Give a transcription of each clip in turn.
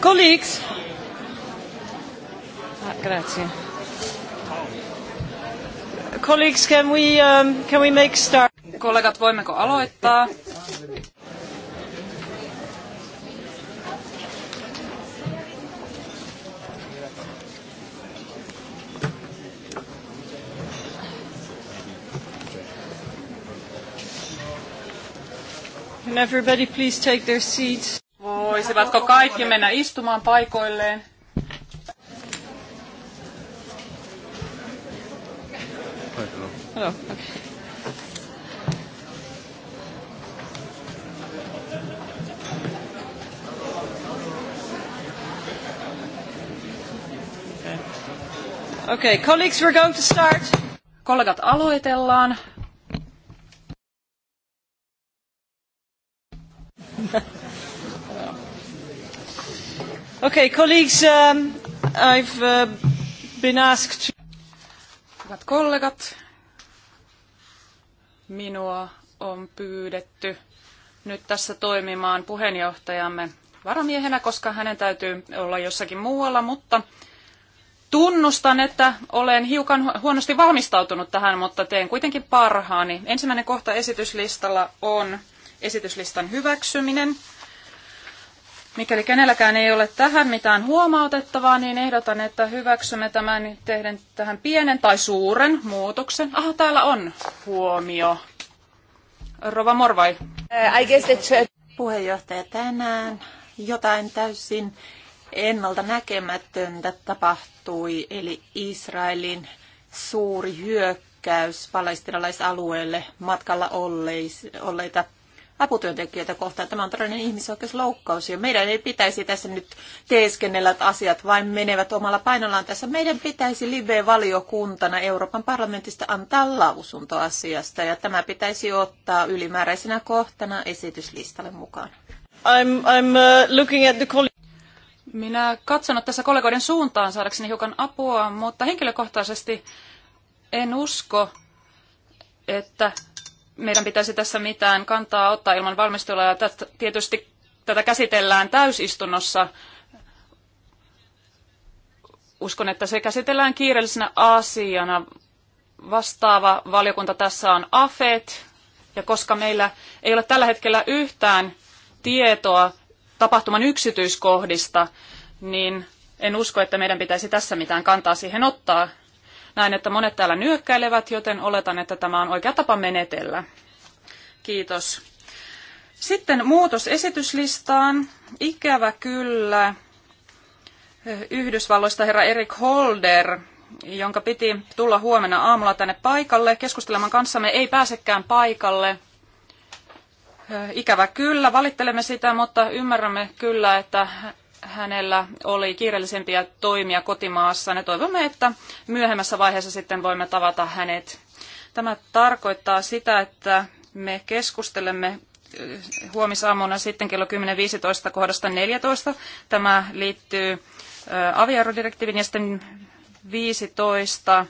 colleagues. Ah, grazie. Colleagues, can we, um, can we make start? Kollegat, voimmeko aloittaa? Can everybody please take their seats? Voisivatko kaikki mennä istumaan paikoilleen? Okay. Okay, colleagues, we're going to start. Kollegat, aloitellaan. Okay, colleagues, um, I've uh, been asked to... Hyvät kollegat, minua on pyydetty nyt tässä toimimaan puheenjohtajamme varamiehenä, koska hänen täytyy olla jossakin muualla, mutta tunnustan, että olen hiukan huonosti valmistautunut tähän, mutta teen kuitenkin parhaani. Ensimmäinen kohta esityslistalla on esityslistan hyväksyminen. Mikäli kenelläkään ei ole tähän mitään huomautettavaa, niin ehdotan, että hyväksymme tämän tehden tähän pienen tai suuren muutoksen. Aha, täällä on huomio. Rova Morvai. Uh, I guess that... Puheenjohtaja tänään jotain täysin ennalta näkemätöntä tapahtui, eli Israelin suuri hyökkäys palestinalaisalueelle matkalla olleita aputyöntekijöitä kohtaan. Tämä on todellinen ihmisoikeusloukkaus ja meidän ei pitäisi tässä nyt teeskennellä, että asiat vain menevät omalla painollaan tässä. Meidän pitäisi live-valiokuntana Euroopan parlamentista antaa lausunto asiasta ja tämä pitäisi ottaa ylimääräisenä kohtana esityslistalle mukaan. I'm, I'm uh, looking at the Minä katson tässä kollegoiden suuntaan saadakseni hiukan apua, mutta henkilökohtaisesti en usko, että meidän pitäisi tässä mitään kantaa ottaa ilman valmistelua. Ja tietysti tätä käsitellään täysistunnossa. Uskon, että se käsitellään kiireellisenä asiana. Vastaava valiokunta tässä on AFET. Ja koska meillä ei ole tällä hetkellä yhtään tietoa tapahtuman yksityiskohdista, niin en usko, että meidän pitäisi tässä mitään kantaa siihen ottaa. Näin, että monet täällä nyökkäilevät, joten oletan, että tämä on oikea tapa menetellä. Kiitos. Sitten muutos esityslistaan. Ikävä kyllä. Eh, Yhdysvalloista herra Erik Holder, jonka piti tulla huomenna aamulla tänne paikalle keskustelemaan kanssamme, ei pääsekään paikalle. Eh, ikävä kyllä, valittelemme sitä, mutta ymmärrämme kyllä, että hänellä oli kiireellisempiä toimia kotimaassa. Ne toivomme, että myöhemmässä vaiheessa sitten voimme tavata hänet. Tämä tarkoittaa sitä, että me keskustelemme eh, huomisaamuna sitten kello 10.15 kohdasta 14. Tämä liittyy eh, aviarodirektiivin ja sitten 15 eh,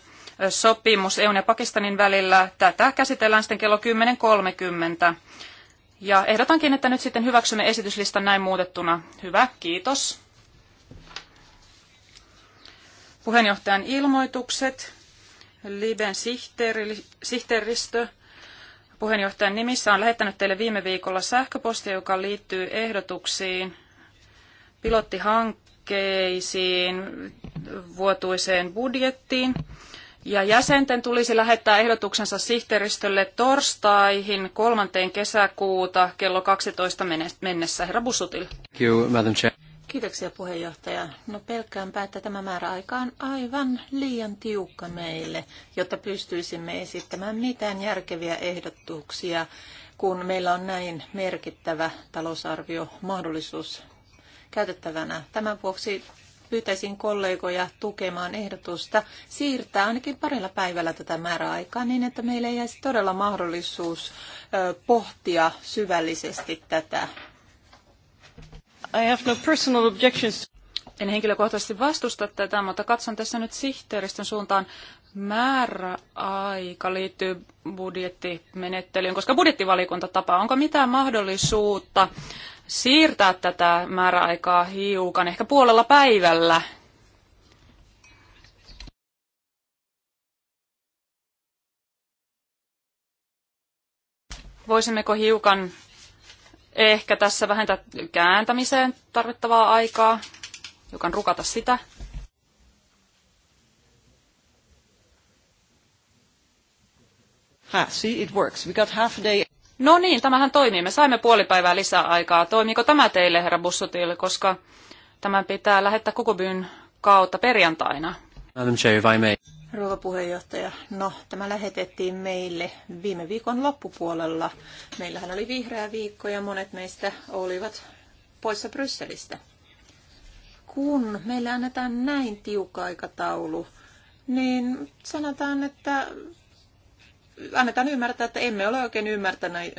sopimus EUn ja Pakistanin välillä. Tätä käsitellään sitten kello 10.30. Ja ehdotankin, että nyt sitten hyväksymme esityslistan näin muutettuna. Hyvä, kiitos. Puheenjohtajan ilmoitukset. Liben sihteeristö puheenjohtajan nimissä on lähettänyt teille viime viikolla sähköpostia, joka liittyy ehdotuksiin pilottihankkeisiin vuotuiseen budjettiin. Ja jäsenten tulisi lähettää ehdotuksensa sihteeristölle torstaihin 3. kesäkuuta kello 12 mennessä. Herra Bussutil. Kiitoksia puheenjohtaja. No pelkkäänpä, että tämä määräaika on aivan liian tiukka meille, jotta pystyisimme esittämään mitään järkeviä ehdotuksia, kun meillä on näin merkittävä talousarvio mahdollisuus käytettävänä. Tämän vuoksi pyytäisin kollegoja tukemaan ehdotusta siirtää ainakin parilla päivällä tätä määräaikaa niin, että meillä jäisi todella mahdollisuus pohtia syvällisesti tätä. I have no personal objections. En henkilökohtaisesti vastusta tätä, mutta katson tässä nyt sihteeristön suuntaan määräaika liittyy budjettimenettelyyn, koska budjettivalikunta tapaa. Onko mitään mahdollisuutta siirtää tätä määräaikaa hiukan, ehkä puolella päivällä. Voisimmeko hiukan ehkä tässä vähentää kääntämiseen tarvittavaa aikaa, hiukan rukata sitä? Ha, see, it works. We got half a day. No niin, tämähän toimii. Me saimme puoli päivää lisää aikaa. Toimiiko tämä teille, herra Bussutille, koska tämän pitää lähettää koko byyn kautta perjantaina? Madam Chair, if I may. Rouva puheenjohtaja, no tämä lähetettiin meille viime viikon loppupuolella. Meillähän oli vihreä viikko ja monet meistä olivat poissa Brysselistä. Kun meille annetaan näin tiukka aikataulu, niin sanotaan, että annetaan ymmärtää, että emme ole oikein ymmärtäneet,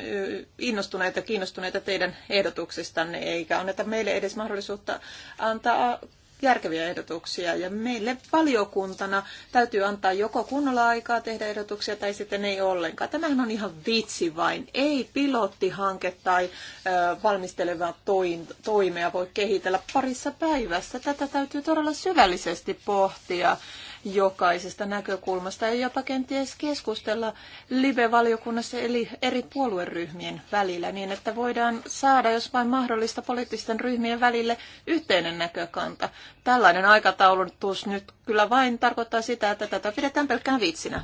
innostuneita ja kiinnostuneita teidän ehdotuksistanne, eikä anneta meille edes mahdollisuutta antaa järkeviä ehdotuksia. Ja meille valiokuntana täytyy antaa joko kunnolla aikaa tehdä ehdotuksia tai sitten ei ollenkaan. Tämähän on ihan vitsi vain. Ei pilottihanke tai ö, valmistelevaa toin, toimea voi kehitellä parissa päivässä. Tätä täytyy todella syvällisesti pohtia jokaisesta näkökulmasta ja jopa kenties keskustella live-valiokunnassa eli eri puolueryhmien välillä niin, että voidaan saada, jos vain mahdollista, poliittisten ryhmien välille yhteinen näkökanta. Tällainen aikataulutus nyt kyllä vain tarkoittaa sitä, että tätä pidetään pelkkään vitsinä.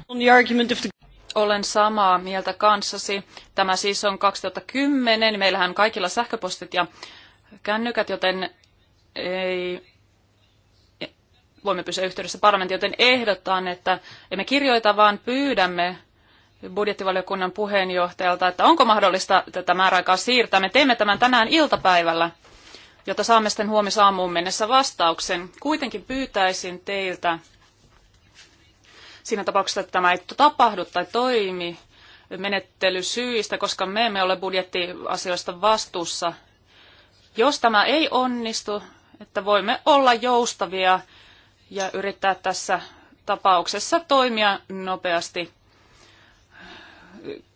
Olen samaa mieltä kanssasi. Tämä siis on 2010. Meillähän kaikilla sähköpostit ja kännykät, joten ei voimme pysyä yhteydessä parlamentin, joten ehdotan, että emme kirjoita, vaan pyydämme budjettivaliokunnan puheenjohtajalta, että onko mahdollista tätä määräaikaa siirtää. Me teemme tämän tänään iltapäivällä, jotta saamme sitten huomisaamuun mennessä vastauksen. Kuitenkin pyytäisin teiltä siinä tapauksessa, että tämä ei tapahdu tai toimi menettelysyistä, koska me emme ole budjettiasioista vastuussa. Jos tämä ei onnistu, että voimme olla joustavia ja yrittää tässä tapauksessa toimia nopeasti.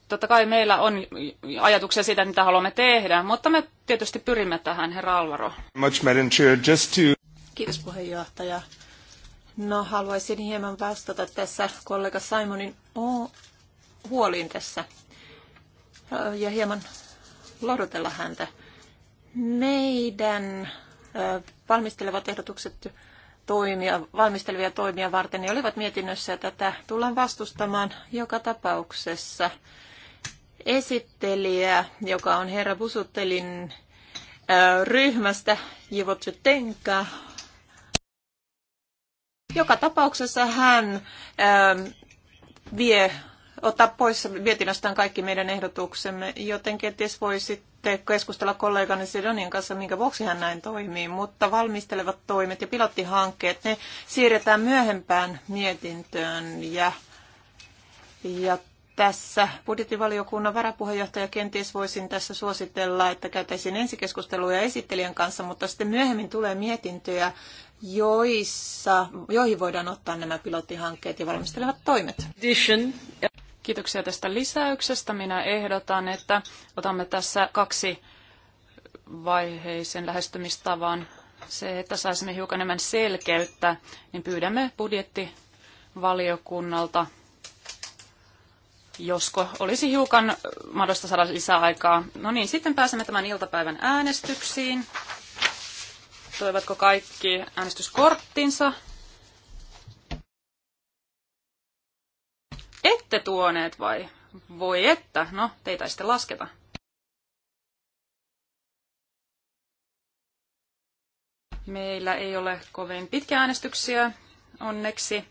Totta kai meillä on ajatuksia siitä, mitä haluamme tehdä, mutta me tietysti pyrimme tähän, herra Alvaro. Much, Chair. Just to... Kiitos puheenjohtaja. No, haluaisin hieman vastata tässä kollega Simonin huoliin tässä ja hieman lohdutella häntä. Meidän valmistelevat ehdotukset toimia, valmistelevia toimia varten, niin olivat mietinnössä, että tätä tullaan vastustamaan joka tapauksessa. Esittelijä, joka on herra Busuttelin ryhmästä, Jivotsytenka, joka tapauksessa hän vie ottaa pois mietinnöstään kaikki meidän ehdotuksemme, joten kenties sitten keskustella kollegani Sidonian kanssa, minkä vuoksi hän näin toimii, mutta valmistelevat toimet ja pilottihankkeet, ne siirretään myöhempään mietintöön ja, ja tässä budjettivaliokunnan varapuheenjohtaja kenties voisin tässä suositella, että käytäisiin ensikeskusteluja esittelijän kanssa, mutta sitten myöhemmin tulee mietintöjä, joissa, joihin voidaan ottaa nämä pilottihankkeet ja valmistelevat toimet. Kiitoksia tästä lisäyksestä. Minä ehdotan, että otamme tässä kaksi vaiheisen lähestymistavan. Se, että saisimme hiukan enemmän selkeyttä, niin pyydämme budjettivaliokunnalta, josko olisi hiukan mahdollista saada lisää aikaa. No niin, sitten pääsemme tämän iltapäivän äänestyksiin. Toivatko kaikki äänestyskorttinsa? Ette tuoneet vai? Voi että, no teitä sitten lasketa. Meillä ei ole kovin pitkiä äänestyksiä, onneksi.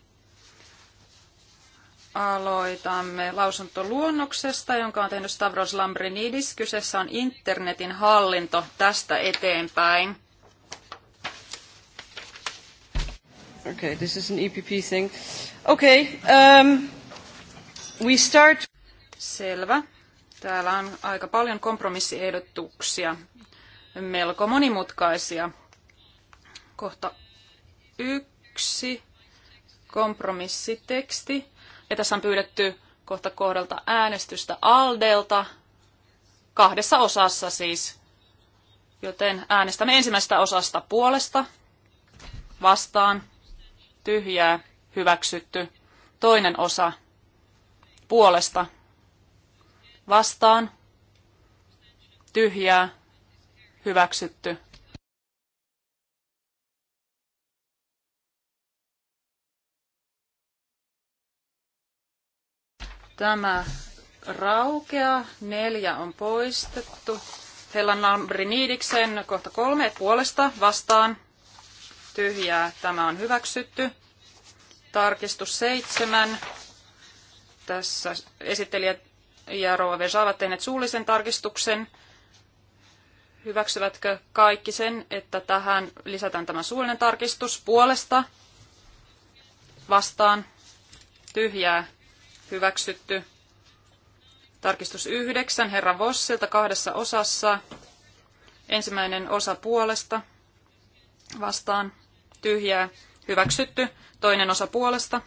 Aloitamme lausuntoluonnoksesta, jonka on tehnyt Stavros Lambrinidis. Kyseessä on internetin hallinto tästä eteenpäin. Okay, this is an EPP thing. Okay, um, We start... Selvä. Täällä on aika paljon kompromissiehdotuksia, melko monimutkaisia. Kohta yksi, kompromissiteksti. Ja tässä on pyydetty kohta kohdalta äänestystä Aldelta, kahdessa osassa siis. Joten äänestämme ensimmäisestä osasta puolesta, vastaan, tyhjää, hyväksytty. Toinen osa puolesta vastaan tyhjää hyväksytty. Tämä raukea, neljä on poistettu. Hella Lambriniidiksen kohta kolme puolesta vastaan. Tyhjää, tämä on hyväksytty. Tarkistus seitsemän tässä esittelijät ja Rova Vesa ovat tehneet suullisen tarkistuksen. Hyväksyvätkö kaikki sen, että tähän lisätään tämä suullinen tarkistus puolesta vastaan tyhjää hyväksytty. Tarkistus yhdeksän herra Vossilta kahdessa osassa. Ensimmäinen osa puolesta vastaan tyhjää hyväksytty. Toinen osa puolesta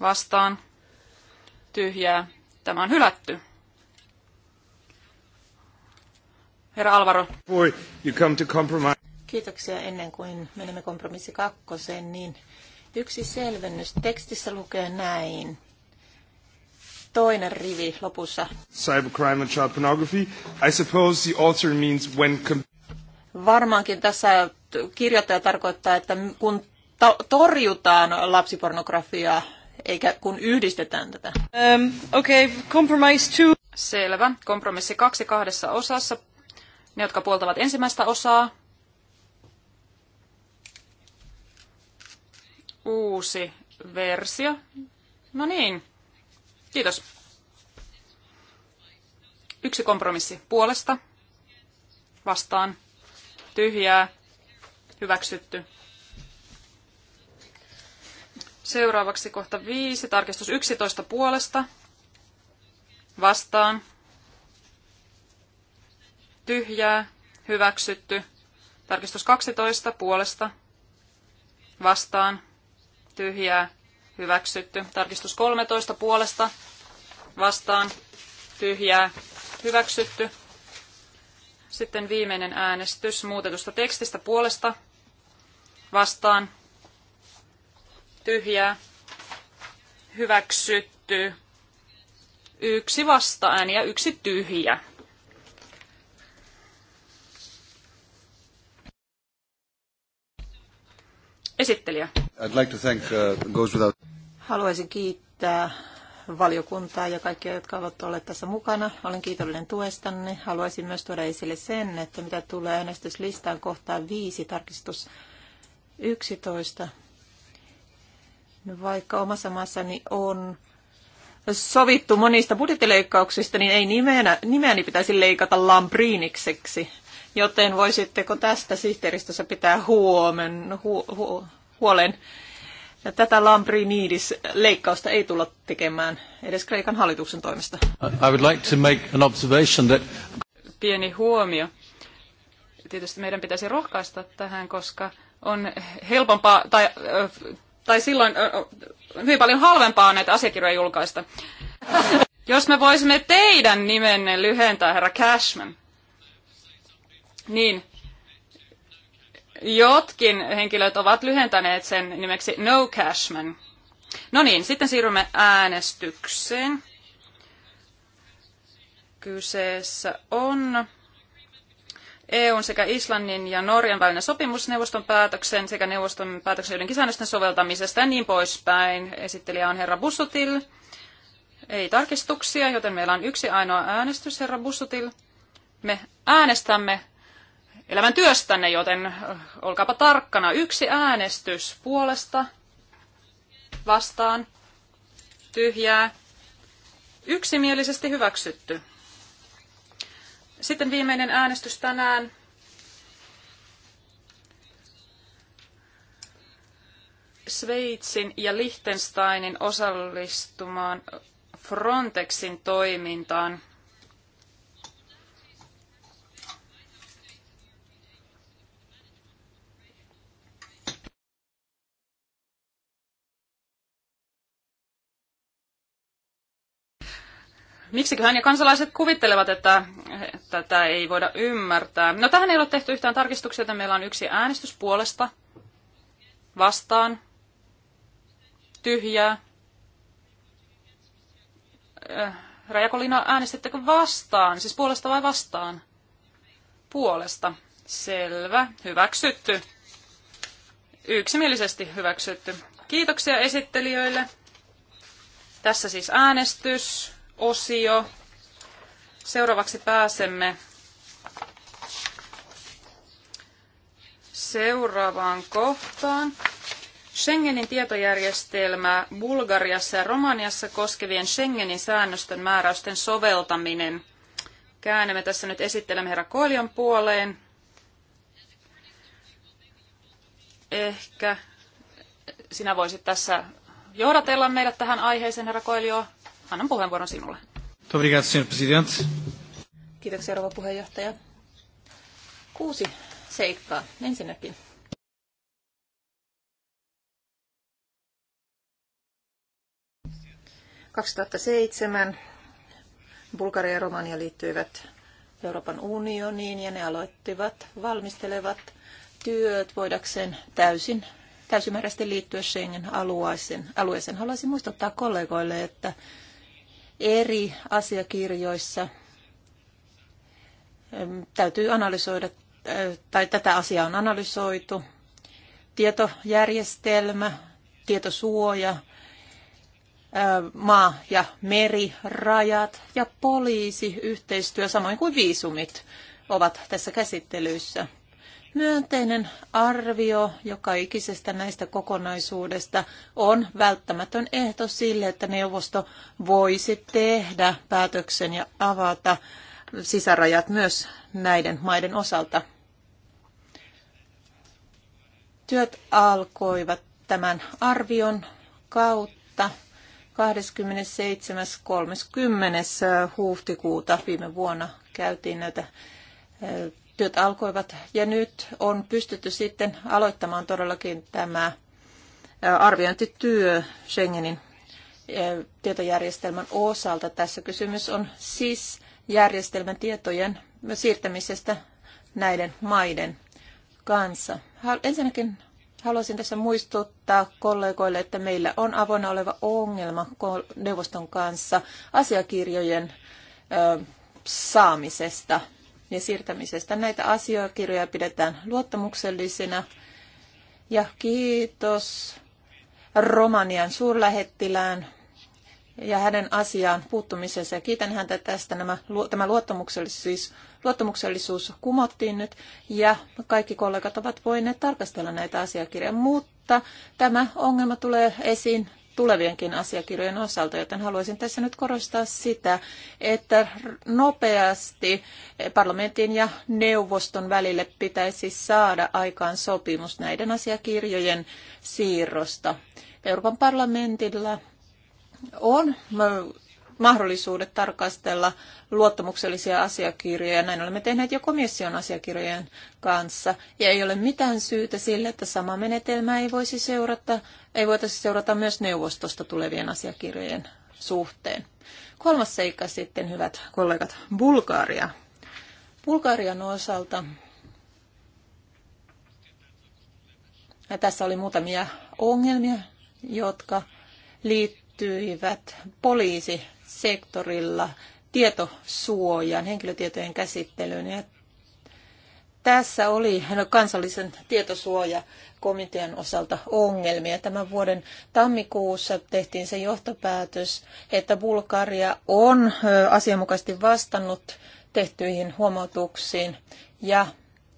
vastaan tyhjää. Tämä on hylätty. Herra Alvaro. Boy, you come to compromise. Kiitoksia ennen kuin menemme kompromissi kakkoseen, niin yksi selvennys. Tekstissä lukee näin. Toinen rivi lopussa. Cybercrime and child pornography. I suppose the author means when... Varmaankin tässä kirjoittaja tarkoittaa, että kun torjutaan lapsipornografiaa, eikä kun yhdistetään tätä. Um, okay, compromise two. Selvä. Kompromissi kaksi kahdessa osassa. Ne, jotka puoltavat ensimmäistä osaa. Uusi versio. No niin. Kiitos. Yksi kompromissi puolesta. Vastaan. Tyhjää. Hyväksytty. Seuraavaksi kohta 5, tarkistus 11 puolesta. Vastaan. Tyhjää. Hyväksytty. Tarkistus 12 puolesta. Vastaan. Tyhjää. Hyväksytty. Tarkistus 13 puolesta. Vastaan. Tyhjää. Hyväksytty. Sitten viimeinen äänestys muutetusta tekstistä puolesta. Vastaan tyhjä, hyväksytty, yksi vastaääni ja yksi tyhjä. Esittelijä. I'd like to thank, uh, goes without... Haluaisin kiittää valiokuntaa ja kaikkia, jotka ovat olleet tässä mukana. Olen kiitollinen tuestanne. Haluaisin myös tuoda esille sen, että mitä tulee äänestyslistaan kohtaan 5, tarkistus 11. Vaikka omassa maassani on sovittu monista budjettileikkauksista, niin ei nimeä, nimeäni pitäisi leikata lampriinikseksi, Joten voisitteko tästä sihteeristössä pitää huomen, hu, hu, huolen? Ja tätä lampriinidis leikkausta ei tulla tekemään edes Kreikan hallituksen toimesta. I would like to make an observation that... Pieni huomio. Tietysti meidän pitäisi rohkaista tähän, koska on helpompaa tai tai silloin hyvin paljon halvempaa näitä asiakirjoja julkaista. Jos me voisimme teidän nimenne lyhentää, herra Cashman, niin jotkin henkilöt ovat lyhentäneet sen nimeksi No Cashman. No niin, sitten siirrymme äänestykseen. Kyseessä on EUn sekä Islannin ja Norjan välinen sopimus neuvoston päätöksen sekä neuvoston päätöksen joidenkin säännösten soveltamisesta ja niin poispäin. Esittelijä on herra Bussutil. Ei tarkistuksia, joten meillä on yksi ainoa äänestys, herra Bussutil. Me äänestämme elämän työstänne, joten olkaapa tarkkana. Yksi äänestys puolesta, vastaan, tyhjää, yksimielisesti hyväksytty. Sitten viimeinen äänestys tänään. Sveitsin ja Liechtensteinin osallistumaan Frontexin toimintaan. Miksiköhän ja kansalaiset kuvittelevat, että tätä ei voida ymmärtää. No tähän ei ole tehty yhtään tarkistuksia, että meillä on yksi äänestys puolesta, vastaan, tyhjää. Äh, Rajakolina, äänestittekö vastaan? Siis puolesta vai vastaan? Puolesta. Selvä. Hyväksytty. Yksimielisesti hyväksytty. Kiitoksia esittelijöille. Tässä siis äänestysosio. Seuraavaksi pääsemme seuraavaan kohtaan. Schengenin tietojärjestelmää Bulgariassa ja Romaniassa koskevien Schengenin säännösten määräysten soveltaminen. Käännämme tässä nyt esittelemme herra Koilion puoleen. Ehkä sinä voisit tässä johdatella meidät tähän aiheeseen, herra Koilio. Annan puheenvuoron sinulle. Obrigado, senhor presidente. Kiitoksia, rouva puheenjohtaja. Kuusi seikkaa ensinnäkin. seitsemän Bulgaria ja Romania liittyivät Euroopan unioniin ja ne aloittivat valmistelevat työt voidakseen täysin, täysimääräisesti liittyä Schengen-alueeseen. Haluaisin muistuttaa kollegoille, että eri asiakirjoissa. Täytyy analysoida, tai tätä asiaa on analysoitu. Tietojärjestelmä, tietosuoja, maa- ja merirajat ja poliisi, yhteistyö, samoin kuin viisumit ovat tässä käsittelyssä. Myönteinen arvio joka ikisestä näistä kokonaisuudesta on välttämätön ehto sille, että neuvosto voisi tehdä päätöksen ja avata sisärajat myös näiden maiden osalta. Työt alkoivat tämän arvion kautta 27.30. huhtikuuta viime vuonna käytiin näitä työt alkoivat ja nyt on pystytty sitten aloittamaan todellakin tämä arviointityö Schengenin tietojärjestelmän osalta. Tässä kysymys on siis järjestelmän tietojen siirtämisestä näiden maiden kanssa. Ensinnäkin haluaisin tässä muistuttaa kollegoille, että meillä on avoinna oleva ongelma neuvoston kanssa asiakirjojen saamisesta ja siirtämisestä. Näitä asiakirjoja pidetään luottamuksellisina. Ja kiitos Romanian suurlähettilään ja hänen asiaan puuttumisensa. kiitän häntä tästä. Nämä, tämä luottamuksellisuus, siis luottamuksellisuus kumottiin nyt ja kaikki kollegat ovat voineet tarkastella näitä asiakirjoja, mutta tämä ongelma tulee esiin tulevienkin asiakirjojen osalta, joten haluaisin tässä nyt korostaa sitä, että nopeasti parlamentin ja neuvoston välille pitäisi saada aikaan sopimus näiden asiakirjojen siirrosta. Euroopan parlamentilla on mahdollisuudet tarkastella luottamuksellisia asiakirjoja. Näin olemme tehneet jo komission asiakirjojen kanssa. Ja ei ole mitään syytä sille, että sama menetelmä ei voisi seurata, ei voitaisi seurata myös neuvostosta tulevien asiakirjojen suhteen. Kolmas seikka sitten, hyvät kollegat, Bulgaria. Bulgarian osalta ja tässä oli muutamia ongelmia, jotka liittyivät poliisi sektorilla tietosuojan, henkilötietojen käsittelyyn. Ja tässä oli no, kansallisen tietosuojakomitean osalta ongelmia. Tämän vuoden tammikuussa tehtiin se johtopäätös, että Bulgaria on asianmukaisesti vastannut tehtyihin huomautuksiin ja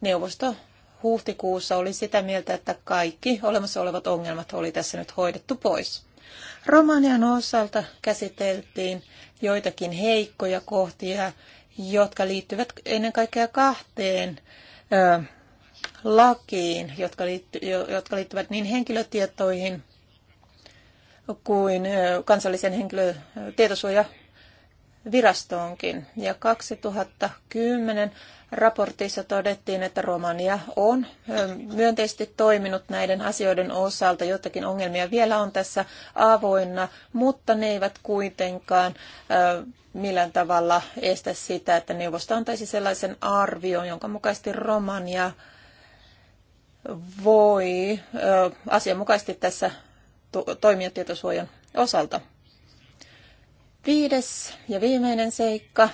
neuvosto huhtikuussa oli sitä mieltä, että kaikki olemassa olevat ongelmat oli tässä nyt hoidettu pois. Romanian osalta käsiteltiin joitakin heikkoja kohtia, jotka liittyvät ennen kaikkea kahteen ö, lakiin, jotka, liitty, jotka liittyvät niin henkilötietoihin kuin kansallisen henkilötietosuojan virastoonkin. Ja 2010 raportissa todettiin, että Romania on myönteisesti toiminut näiden asioiden osalta. Jotakin ongelmia vielä on tässä avoinna, mutta ne eivät kuitenkaan millään tavalla estä sitä, että neuvosto antaisi sellaisen arvion, jonka mukaisesti Romania voi asianmukaisesti tässä toimia tietosuojan osalta. Viides ja viimeinen seikka.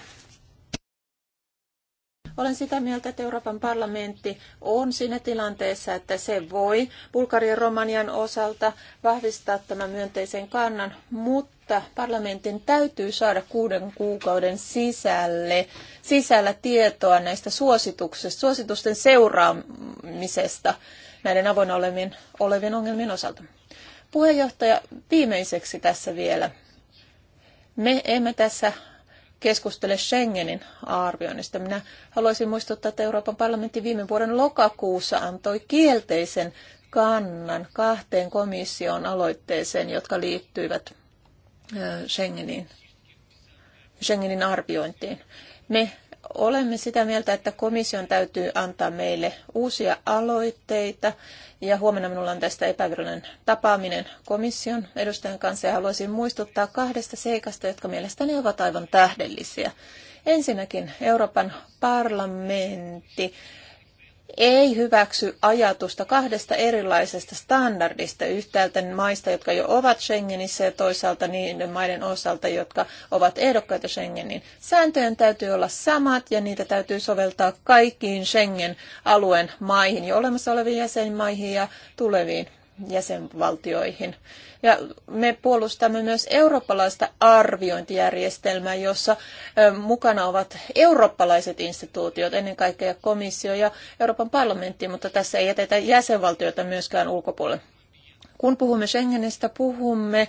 Olen sitä mieltä, että Euroopan parlamentti on siinä tilanteessa, että se voi Bulgarian Romanian osalta vahvistaa tämän myönteisen kannan, mutta parlamentin täytyy saada kuuden kuukauden sisälle, sisällä tietoa näistä suosituksista, suositusten seuraamisesta näiden avoinna olevien, olevien ongelmien osalta. Puheenjohtaja, viimeiseksi tässä vielä me emme tässä keskustele Schengenin arvioinnista. Minä haluaisin muistuttaa, että Euroopan parlamentti viime vuoden lokakuussa antoi kielteisen kannan kahteen komission aloitteeseen, jotka liittyivät Schengenin, Schengenin arviointiin. Me Olemme sitä mieltä, että komission täytyy antaa meille uusia aloitteita ja huomenna minulla on tästä epävirallinen tapaaminen komission edustajan kanssa ja haluaisin muistuttaa kahdesta seikasta, jotka mielestäni ovat aivan tähdellisiä. Ensinnäkin Euroopan parlamentti ei hyväksy ajatusta kahdesta erilaisesta standardista yhtäältä maista, jotka jo ovat Schengenissä ja toisaalta niiden maiden osalta, jotka ovat ehdokkaita Schengenin. Sääntöjen täytyy olla samat ja niitä täytyy soveltaa kaikkiin Schengen-alueen maihin, ja olemassa oleviin jäsenmaihin ja tuleviin jäsenvaltioihin. Ja me puolustamme myös eurooppalaista arviointijärjestelmää, jossa mukana ovat eurooppalaiset instituutiot, ennen kaikkea komissio ja Euroopan parlamentti, mutta tässä ei jätetä jäsenvaltioita myöskään ulkopuolelle. Kun puhumme Schengenistä, puhumme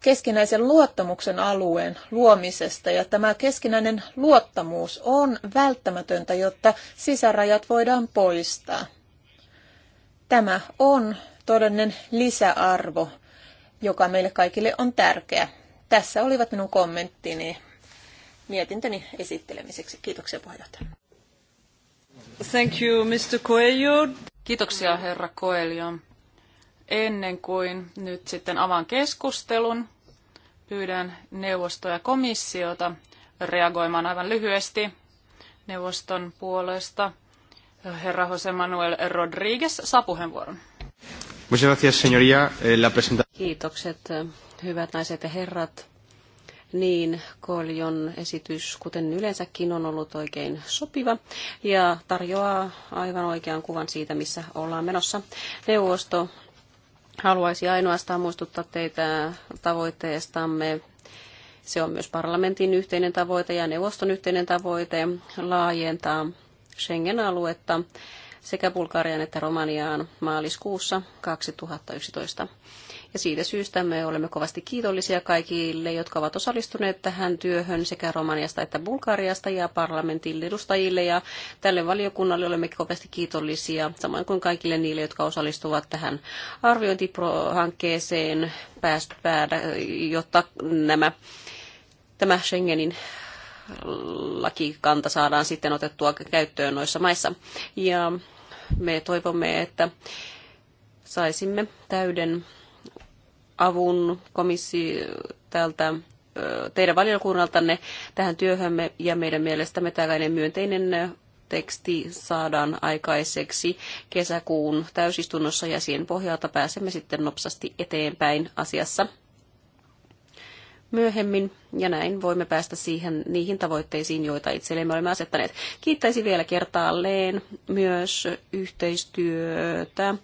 keskinäisen luottamuksen alueen luomisesta. Ja tämä keskinäinen luottamus on välttämätöntä, jotta sisärajat voidaan poistaa. Tämä on todellinen lisäarvo, joka meille kaikille on tärkeä. Tässä olivat minun kommenttini mietintöni esittelemiseksi. Kiitoksia puheenjohtaja. Thank you, Mr. Coelho. Kiitoksia, herra Coelho. Ennen kuin nyt sitten avaan keskustelun, pyydän neuvostoa ja komissiota reagoimaan aivan lyhyesti neuvoston puolesta. Herra Jose Manuel Rodríguez saa puheenvuoron. Eh, Kiitokset, hyvät naiset ja herrat. Niin, Koljon esitys, kuten yleensäkin, on ollut oikein sopiva ja tarjoaa aivan oikean kuvan siitä, missä ollaan menossa. Neuvosto haluaisi ainoastaan muistuttaa teitä tavoitteestamme se on myös parlamentin yhteinen tavoite ja neuvoston yhteinen tavoite laajentaa Schengen-aluetta sekä Bulgarian että Romaniaan maaliskuussa 2011. Ja siitä syystä me olemme kovasti kiitollisia kaikille, jotka ovat osallistuneet tähän työhön sekä Romaniasta että Bulgariasta ja parlamentin edustajille. Ja tälle valiokunnalle olemme kovasti kiitollisia, samoin kuin kaikille niille, jotka osallistuvat tähän arviointihankkeeseen, jotta nämä, tämä Schengenin lakikanta saadaan sitten otettua käyttöön noissa maissa. Ja me toivomme, että saisimme täyden avun komissi tältä teidän valiokunnaltanne tähän työhömme ja meidän mielestämme tällainen myönteinen teksti saadaan aikaiseksi kesäkuun täysistunnossa ja siihen pohjalta pääsemme sitten nopsasti eteenpäin asiassa myöhemmin, ja näin voimme päästä siihen, niihin tavoitteisiin, joita itsellemme olemme asettaneet. Kiittäisin vielä kertaalleen myös yhteistyötä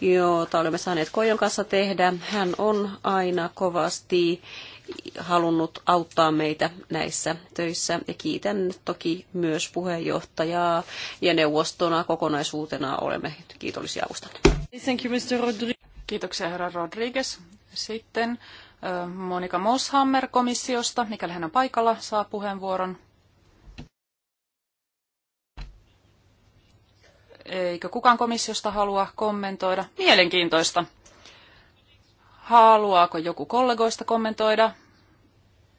jota olemme saaneet Kojon kanssa tehdä. Hän on aina kovasti halunnut auttaa meitä näissä töissä ja kiitän toki myös puheenjohtajaa ja neuvostona kokonaisuutena olemme kiitollisia avustaneet. Kiitoksia herra Rodriguez. Sitten Monika Moshammer komissiosta, mikäli hän on paikalla, saa puheenvuoron. Eikö kukaan komissiosta halua kommentoida? Mielenkiintoista. Haluaako joku kollegoista kommentoida?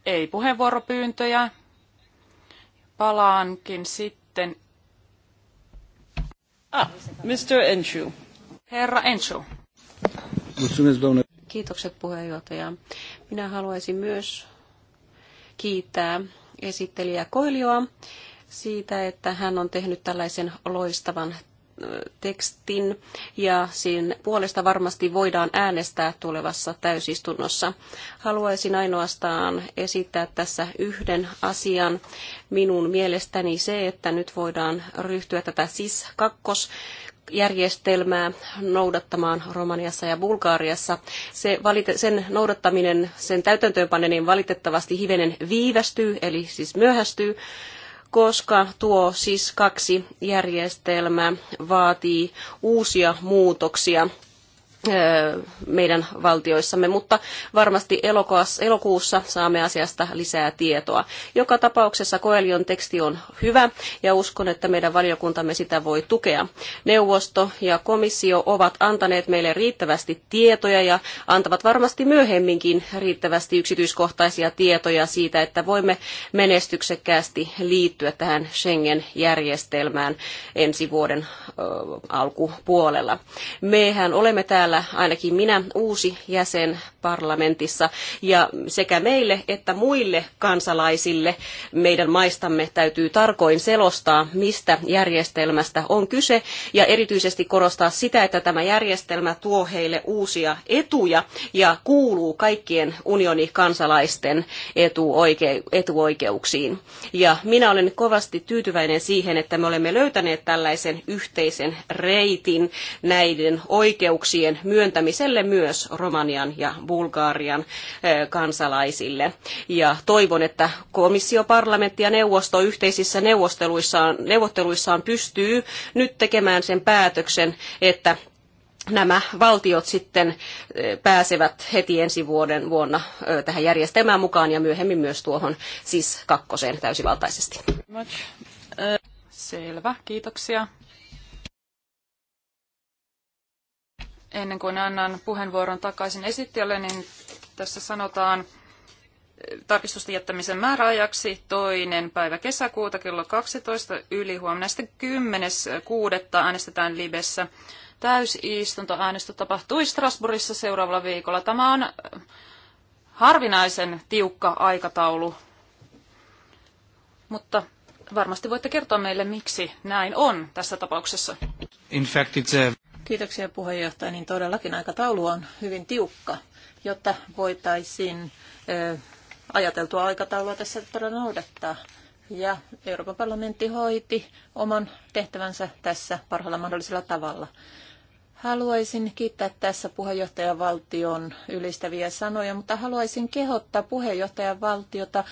Ei puheenvuoropyyntöjä. Palaankin sitten. Ah, Mr. Enchu. Herra Enchu. Mulțumesc, doamnă Kiitokset puheenjohtaja. Minä haluaisin myös kiittää esittelijä Koilioa siitä, että hän on tehnyt tällaisen loistavan tekstin ja sen puolesta varmasti voidaan äänestää tulevassa täysistunnossa. Haluaisin ainoastaan esittää tässä yhden asian. Minun mielestäni se, että nyt voidaan ryhtyä tätä sis 2 järjestelmää noudattamaan Romaniassa ja Bulgaariassa. Se valite- sen noudattaminen, sen täytäntöönpaneminen niin valitettavasti hivenen viivästyy, eli siis myöhästyy, koska tuo siis kaksi järjestelmää vaatii uusia muutoksia meidän valtioissamme, mutta varmasti elokuussa saamme asiasta lisää tietoa. Joka tapauksessa Koelion teksti on hyvä ja uskon, että meidän valiokuntamme sitä voi tukea. Neuvosto ja komissio ovat antaneet meille riittävästi tietoja ja antavat varmasti myöhemminkin riittävästi yksityiskohtaisia tietoja siitä, että voimme menestyksekkäästi liittyä tähän Schengen-järjestelmään ensi vuoden alkupuolella. Mehän olemme täällä täällä ainakin minä uusi jäsen parlamentissa ja sekä meille että muille kansalaisille meidän maistamme täytyy tarkoin selostaa, mistä järjestelmästä on kyse ja erityisesti korostaa sitä, että tämä järjestelmä tuo heille uusia etuja ja kuuluu kaikkien unionin kansalaisten etuoike- etuoikeuksiin. Ja minä olen kovasti tyytyväinen siihen, että me olemme löytäneet tällaisen yhteisen reitin näiden oikeuksien myöntämiselle myös Romanian ja Bulgarian eh, kansalaisille. Ja toivon, että komissio, parlamentti ja neuvosto yhteisissä neuvotteluissaan neuvotteluissaan pystyy nyt tekemään sen päätöksen, että nämä valtiot sitten eh, pääsevät heti ensi vuoden vuonna eh, tähän järjestelmään mukaan ja myöhemmin myös tuohon siis kakkoseen täysivaltaisesti. Selvä, kiitoksia. ennen kuin annan puheenvuoron takaisin esittäjälle, niin tässä sanotaan eh, tarkistusten jättämisen määräajaksi toinen päivä kesäkuuta kello 12 yli huomenna. Sitten 10.6. äänestetään Libessä. Täysistuntoäänestö tapahtui Strasbourgissa seuraavalla viikolla. Tämä on eh, harvinaisen tiukka aikataulu, mutta varmasti voitte kertoa meille, miksi näin on tässä tapauksessa. In fact, it's a... Kiitoksia puheenjohtaja. Niin todellakin aikataulu on hyvin tiukka, jotta voitaisiin ajateltua aikataulua tässä todella noudattaa. Ja Euroopan parlamentti hoiti oman tehtävänsä tässä parhaalla mahdollisella tavalla. Haluaisin kiittää tässä puheenjohtajavaltion ylistäviä sanoja, mutta haluaisin kehottaa puheenjohtajavaltiota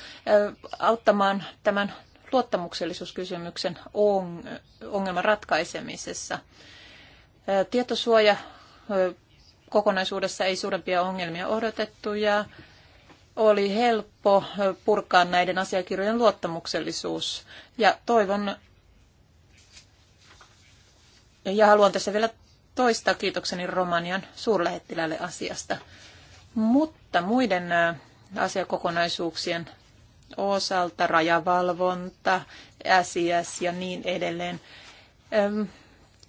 auttamaan tämän luottamuksellisuuskysymyksen ongelman ratkaisemisessa. Tietosuoja kokonaisuudessa ei suurempia ongelmia odotettu ja oli helppo purkaa näiden asiakirjojen luottamuksellisuus. Ja toivon, ja haluan tässä vielä toistaa kiitokseni Romanian suurlähettilälle asiasta. Mutta muiden asiakokonaisuuksien osalta, rajavalvonta, SIS ja niin edelleen.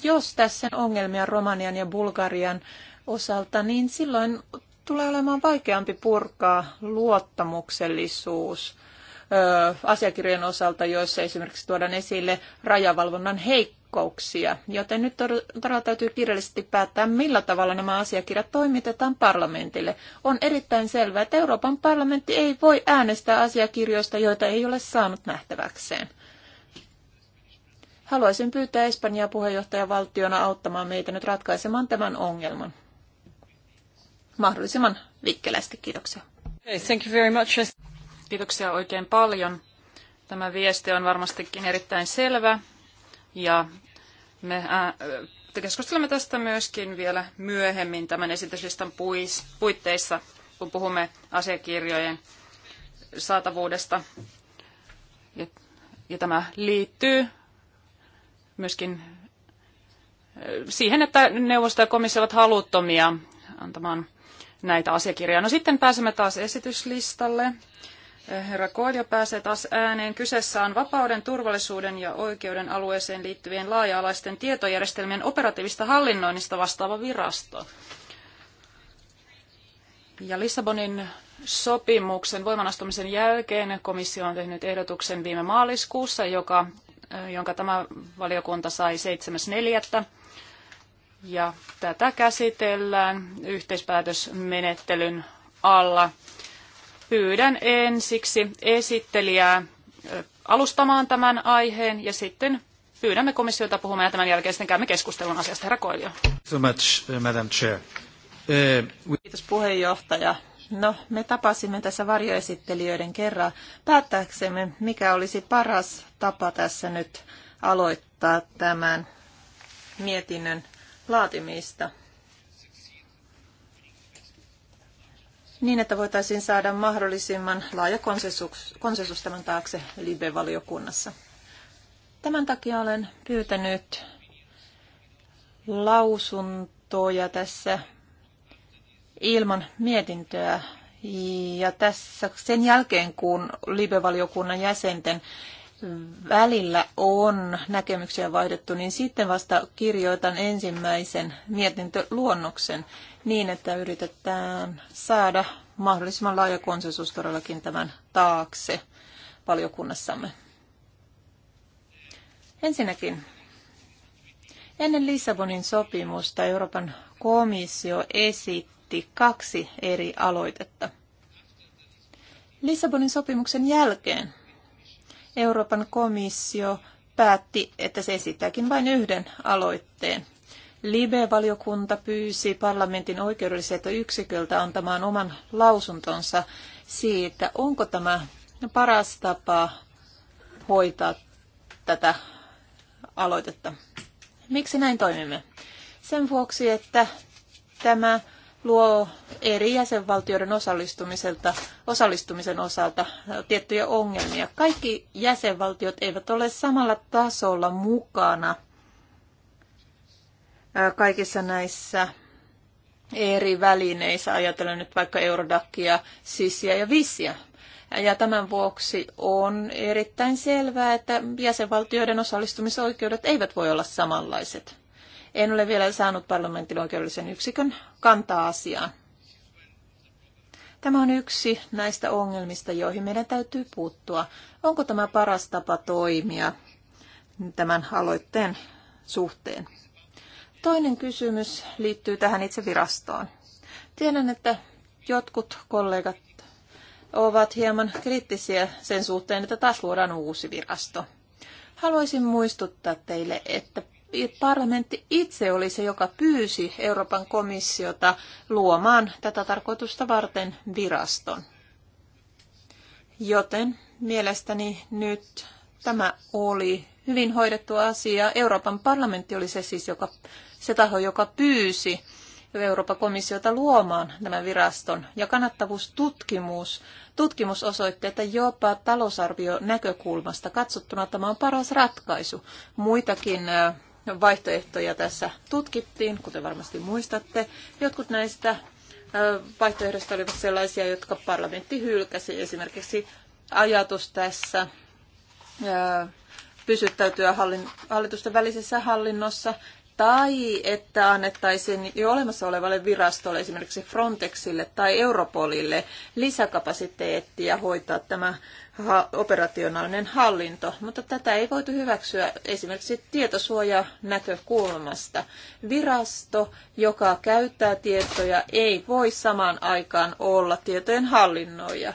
Jos tässä on ongelmia Romanian ja Bulgarian osalta, niin silloin tulee olemaan vaikeampi purkaa luottamuksellisuus asiakirjojen osalta, joissa esimerkiksi tuodaan esille rajavalvonnan heikkouksia. Joten nyt todella täytyy kirjallisesti päättää, millä tavalla nämä asiakirjat toimitetaan parlamentille. On erittäin selvää, että Euroopan parlamentti ei voi äänestää asiakirjoista, joita ei ole saanut nähtäväkseen. Haluaisin pyytää Espanjaa puheenjohtajavaltiona auttamaan meitä nyt ratkaisemaan tämän ongelman. Mahdollisimman vikkelästi, kiitoksia. thank you very much. Kiitoksia oikein paljon. Tämä viesti on varmastikin erittäin selvä ja me ää, keskustelemme tästä myöskin vielä myöhemmin tämän esityslistan puitteissa, kun puhumme asiakirjojen saatavuudesta. Ja, ja tämä liittyy myöskin siihen, että neuvosto ja komissio ovat haluttomia antamaan näitä asiakirjoja. No sitten pääsemme taas esityslistalle. Herra Koilio pääsee taas ääneen. Kyseessä on vapauden, turvallisuuden ja oikeuden alueeseen liittyvien laaja-alaisten tietojärjestelmien operatiivista hallinnoinnista vastaava virasto. Ja Lissabonin sopimuksen voimanastumisen jälkeen komissio on tehnyt ehdotuksen viime maaliskuussa, joka jonka tämä valiokunta sai 7.4. Ja tätä käsitellään yhteispäätösmenettelyn alla. Pyydän ensiksi esittelijää alustamaan tämän aiheen ja sitten pyydämme komissiota puhumaan ja tämän jälkeen sitten käymme keskustelun asiasta. Herra Koilio. So much, uh, Madam Chair. Uh, Kiitos puheenjohtaja. No, me tapasimme tässä varjoesittelijöiden kerran päättääksemme, mikä olisi paras tapa tässä nyt aloittaa tämän mietinnön laatimista. Niin, että voitaisiin saada mahdollisimman laaja konsensus, konsensus tämän taakse Libe-valiokunnassa. Tämän takia olen pyytänyt lausuntoja tässä ilman mietintöä. Ja tässä sen jälkeen, kun libevaliokunnan jäsenten välillä on näkemyksiä vaihdettu, niin sitten vasta kirjoitan ensimmäisen mietintöluonnoksen niin, että yritetään saada mahdollisimman laaja konsensus todellakin tämän taakse valiokunnassamme. Ensinnäkin, ennen Lissabonin sopimusta Euroopan komissio esitti esitti kaksi eri aloitetta. Lissabonin sopimuksen jälkeen Euroopan komissio päätti, että se esittääkin vain yhden aloitteen. Libe-valiokunta pyysi parlamentin oikeudelliselta yksiköltä antamaan oman lausuntonsa siitä, onko tämä paras tapa hoitaa tätä aloitetta. Miksi näin toimimme? Sen vuoksi, että tämä luo eri jäsenvaltioiden osallistumiselta, osallistumisen osalta tiettyjä ongelmia. Kaikki jäsenvaltiot eivät ole samalla tasolla mukana kaikissa näissä eri välineissä, ajatellen nyt vaikka Eurodakia, Sisiä ja Visiä. Ja tämän vuoksi on erittäin selvää, että jäsenvaltioiden osallistumisoikeudet eivät voi olla samanlaiset. En ole vielä saanut parlamentin oikeudellisen yksikön kantaa asiaan. Tämä on yksi näistä ongelmista, joihin meidän täytyy puuttua. Onko tämä paras tapa toimia tämän aloitteen suhteen? Toinen kysymys liittyy tähän itse virastoon. Tiedän, että jotkut kollegat ovat hieman kriittisiä sen suhteen, että taas luodaan uusi virasto. Haluaisin muistuttaa teille, että parlamentti itse oli se, joka pyysi Euroopan komissiota luomaan tätä tarkoitusta varten viraston. Joten mielestäni nyt tämä oli hyvin hoidettu asia. Euroopan parlamentti oli se siis joka, se taho, joka pyysi Euroopan komissiota luomaan tämän viraston. Ja kannattavuustutkimus tutkimus osoitti, että jopa talousarvio näkökulmasta katsottuna tämä on paras ratkaisu. Muitakin äh, vaihtoehtoja tässä tutkittiin, kuten varmasti muistatte. Jotkut näistä vaihtoehdoista olivat sellaisia, jotka parlamentti hylkäsi. Esimerkiksi ajatus tässä pysyttäytyä hallitusten välisessä hallinnossa tai että annettaisiin jo olemassa olevalle virastolle, esimerkiksi Frontexille tai Europolille, lisäkapasiteettia hoitaa tämä ha, operationaalinen hallinto, mutta tätä ei voitu hyväksyä esimerkiksi tietosuojanäkökulmasta. Virasto, joka käyttää tietoja, ei voi samaan aikaan olla tietojen hallinnoija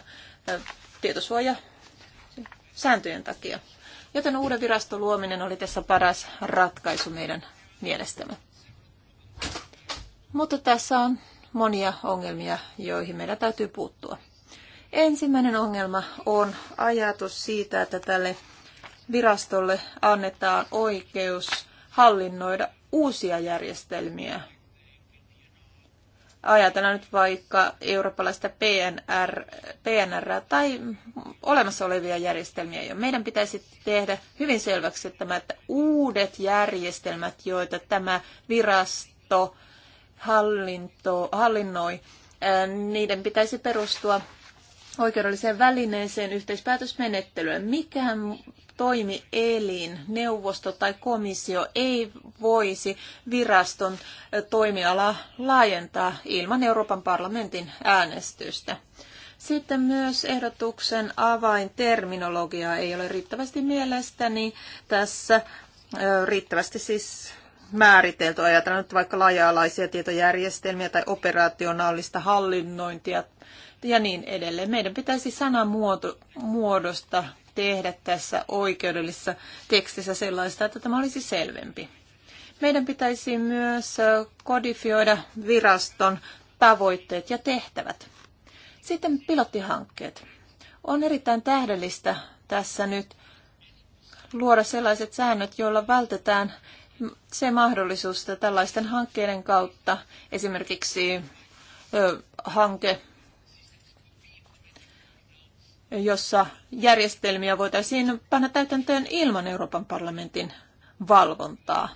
tietosuoja sääntöjen takia. Joten uuden viraston luominen oli tässä paras ratkaisu meidän mielestämme. Mutta tässä on monia ongelmia, joihin meidän täytyy puuttua. Ensimmäinen ongelma on ajatus siitä, että tälle virastolle annetaan oikeus hallinnoida uusia järjestelmiä. Ajatellaan nyt vaikka eurooppalaista PNR, PNR tai olemassa olevia järjestelmiä jo. Meidän pitäisi tehdä hyvin selväksi että tämä, että uudet järjestelmät, joita tämä virasto hallinto, hallinnoi, niiden pitäisi perustua oikeudelliseen välineeseen, yhteispäätösmenettelyyn. Mikään toimielin, neuvosto tai komissio ei voisi viraston toimialaa laajentaa ilman Euroopan parlamentin äänestystä. Sitten myös ehdotuksen avainterminologia ei ole riittävästi mielestäni tässä riittävästi siis määritelty. Ajatellaan nyt vaikka laaja-alaisia tietojärjestelmiä tai operationaalista hallinnointia ja niin edelleen. Meidän pitäisi sanamuodosta tehdä tässä oikeudellisessa tekstissä sellaista, että tämä olisi selvempi. Meidän pitäisi myös kodifioida viraston tavoitteet ja tehtävät. Sitten pilottihankkeet. On erittäin tähdellistä tässä nyt luoda sellaiset säännöt, joilla vältetään se mahdollisuus, että tällaisten hankkeiden kautta esimerkiksi hanke jossa järjestelmiä voitaisiin panna täytäntöön ilman Euroopan parlamentin valvontaa.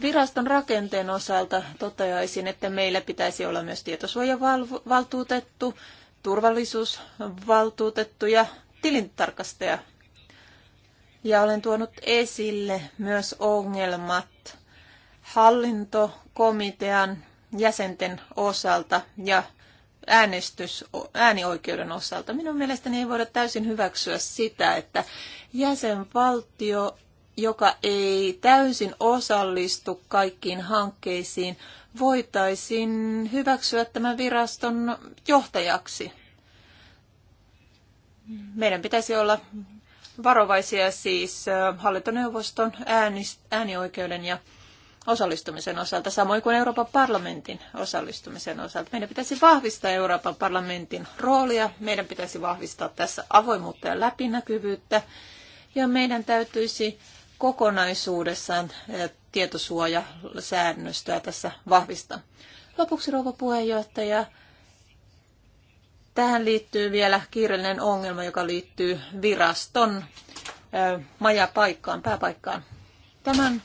Viraston rakenteen osalta toteaisin, että meillä pitäisi olla myös tietosuojavaltuutettu, turvallisuusvaltuutettu ja tilintarkastaja. Ja olen tuonut esille myös ongelmat hallintokomitean jäsenten osalta ja äänestys, äänioikeuden osalta. Minun mielestäni ei voida täysin hyväksyä sitä, että jäsenvaltio, joka ei täysin osallistu kaikkiin hankkeisiin, voitaisiin hyväksyä tämän viraston johtajaksi. Meidän pitäisi olla varovaisia siis hallintoneuvoston äänioikeuden ja osallistumisen osalta, samoin kuin Euroopan parlamentin osallistumisen osalta. Meidän pitäisi vahvistaa Euroopan parlamentin roolia, meidän pitäisi vahvistaa tässä avoimuutta ja läpinäkyvyyttä, ja meidän täytyisi kokonaisuudessaan eh, tietosuojasäännöstöä tässä vahvistaa. Lopuksi rouva puheenjohtaja, tähän liittyy vielä kiireellinen ongelma, joka liittyy viraston eh, majapaikkaan, pääpaikkaan. Tämän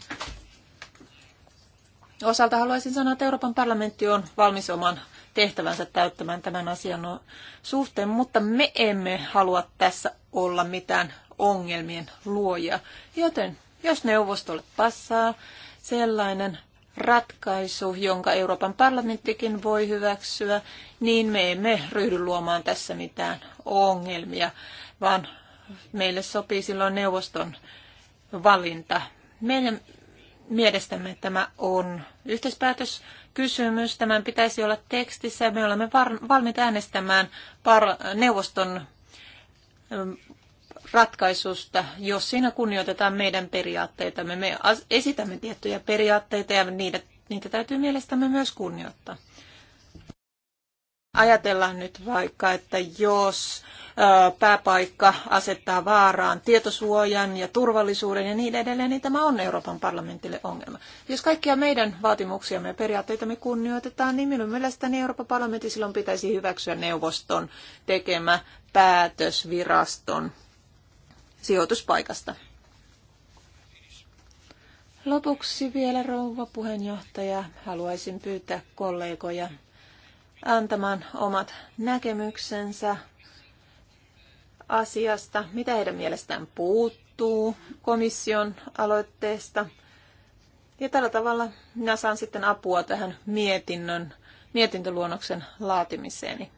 osalta haluaisin sanoa, että Euroopan parlamentti on valmis oman tehtävänsä täyttämään tämän asian no- suhteen, mutta me emme halua tässä olla mitään ongelmien luoja. Joten jos neuvostolle passaa sellainen ratkaisu, jonka Euroopan parlamenttikin voi hyväksyä, niin me emme ryhdy luomaan tässä mitään ongelmia, vaan meille sopii silloin neuvoston valinta. Meidän, mielestämme tämä on yhteispäätöskysymys. Tämän pitäisi olla tekstissä. Me olemme valmiita äänestämään neuvoston ähm, ratkaisusta, jos siinä kunnioitetaan meidän periaatteita, Me esitämme tiettyjä periaatteita ja niitä, niitä täytyy mielestämme myös kunnioittaa. Ajatellaan nyt vaikka, että jos pääpaikka asettaa vaaraan tietosuojan ja turvallisuuden ja niin edelleen, niin tämä on Euroopan parlamentille ongelma. Jos kaikkia meidän vaatimuksiamme ja me kunnioitetaan, niin minun mielestäni Euroopan parlamentti silloin pitäisi hyväksyä neuvoston tekemä päätös viraston sijoituspaikasta. Lopuksi vielä rouva puheenjohtaja, haluaisin pyytää kollegoja antamaan omat näkemyksensä asiasta, mitä heidän mielestään puuttuu komission aloitteesta. Ja tällä tavalla minä saan sitten apua tähän mietinnön, mietintöluonnoksen laatimiseeni.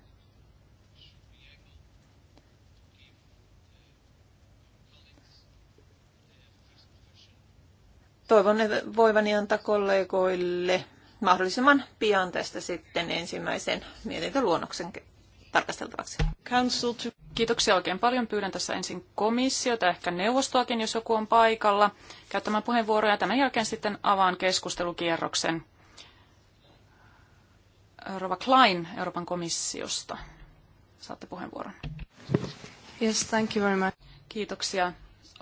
Toivon voivani antaa kollegoille mahdollisimman pian tästä sitten ensimmäisen mietintöluonnoksen tarkasteltavaksi. Kiitoksia oikein paljon. Pyydän tässä ensin komissiota, ehkä neuvostoakin, jos joku on paikalla, käyttämään puheenvuoroja. Tämän jälkeen sitten avaan keskustelukierroksen. Rova Klein Euroopan komissiosta. Saatte puheenvuoron. Yes, thank you very much. Kiitoksia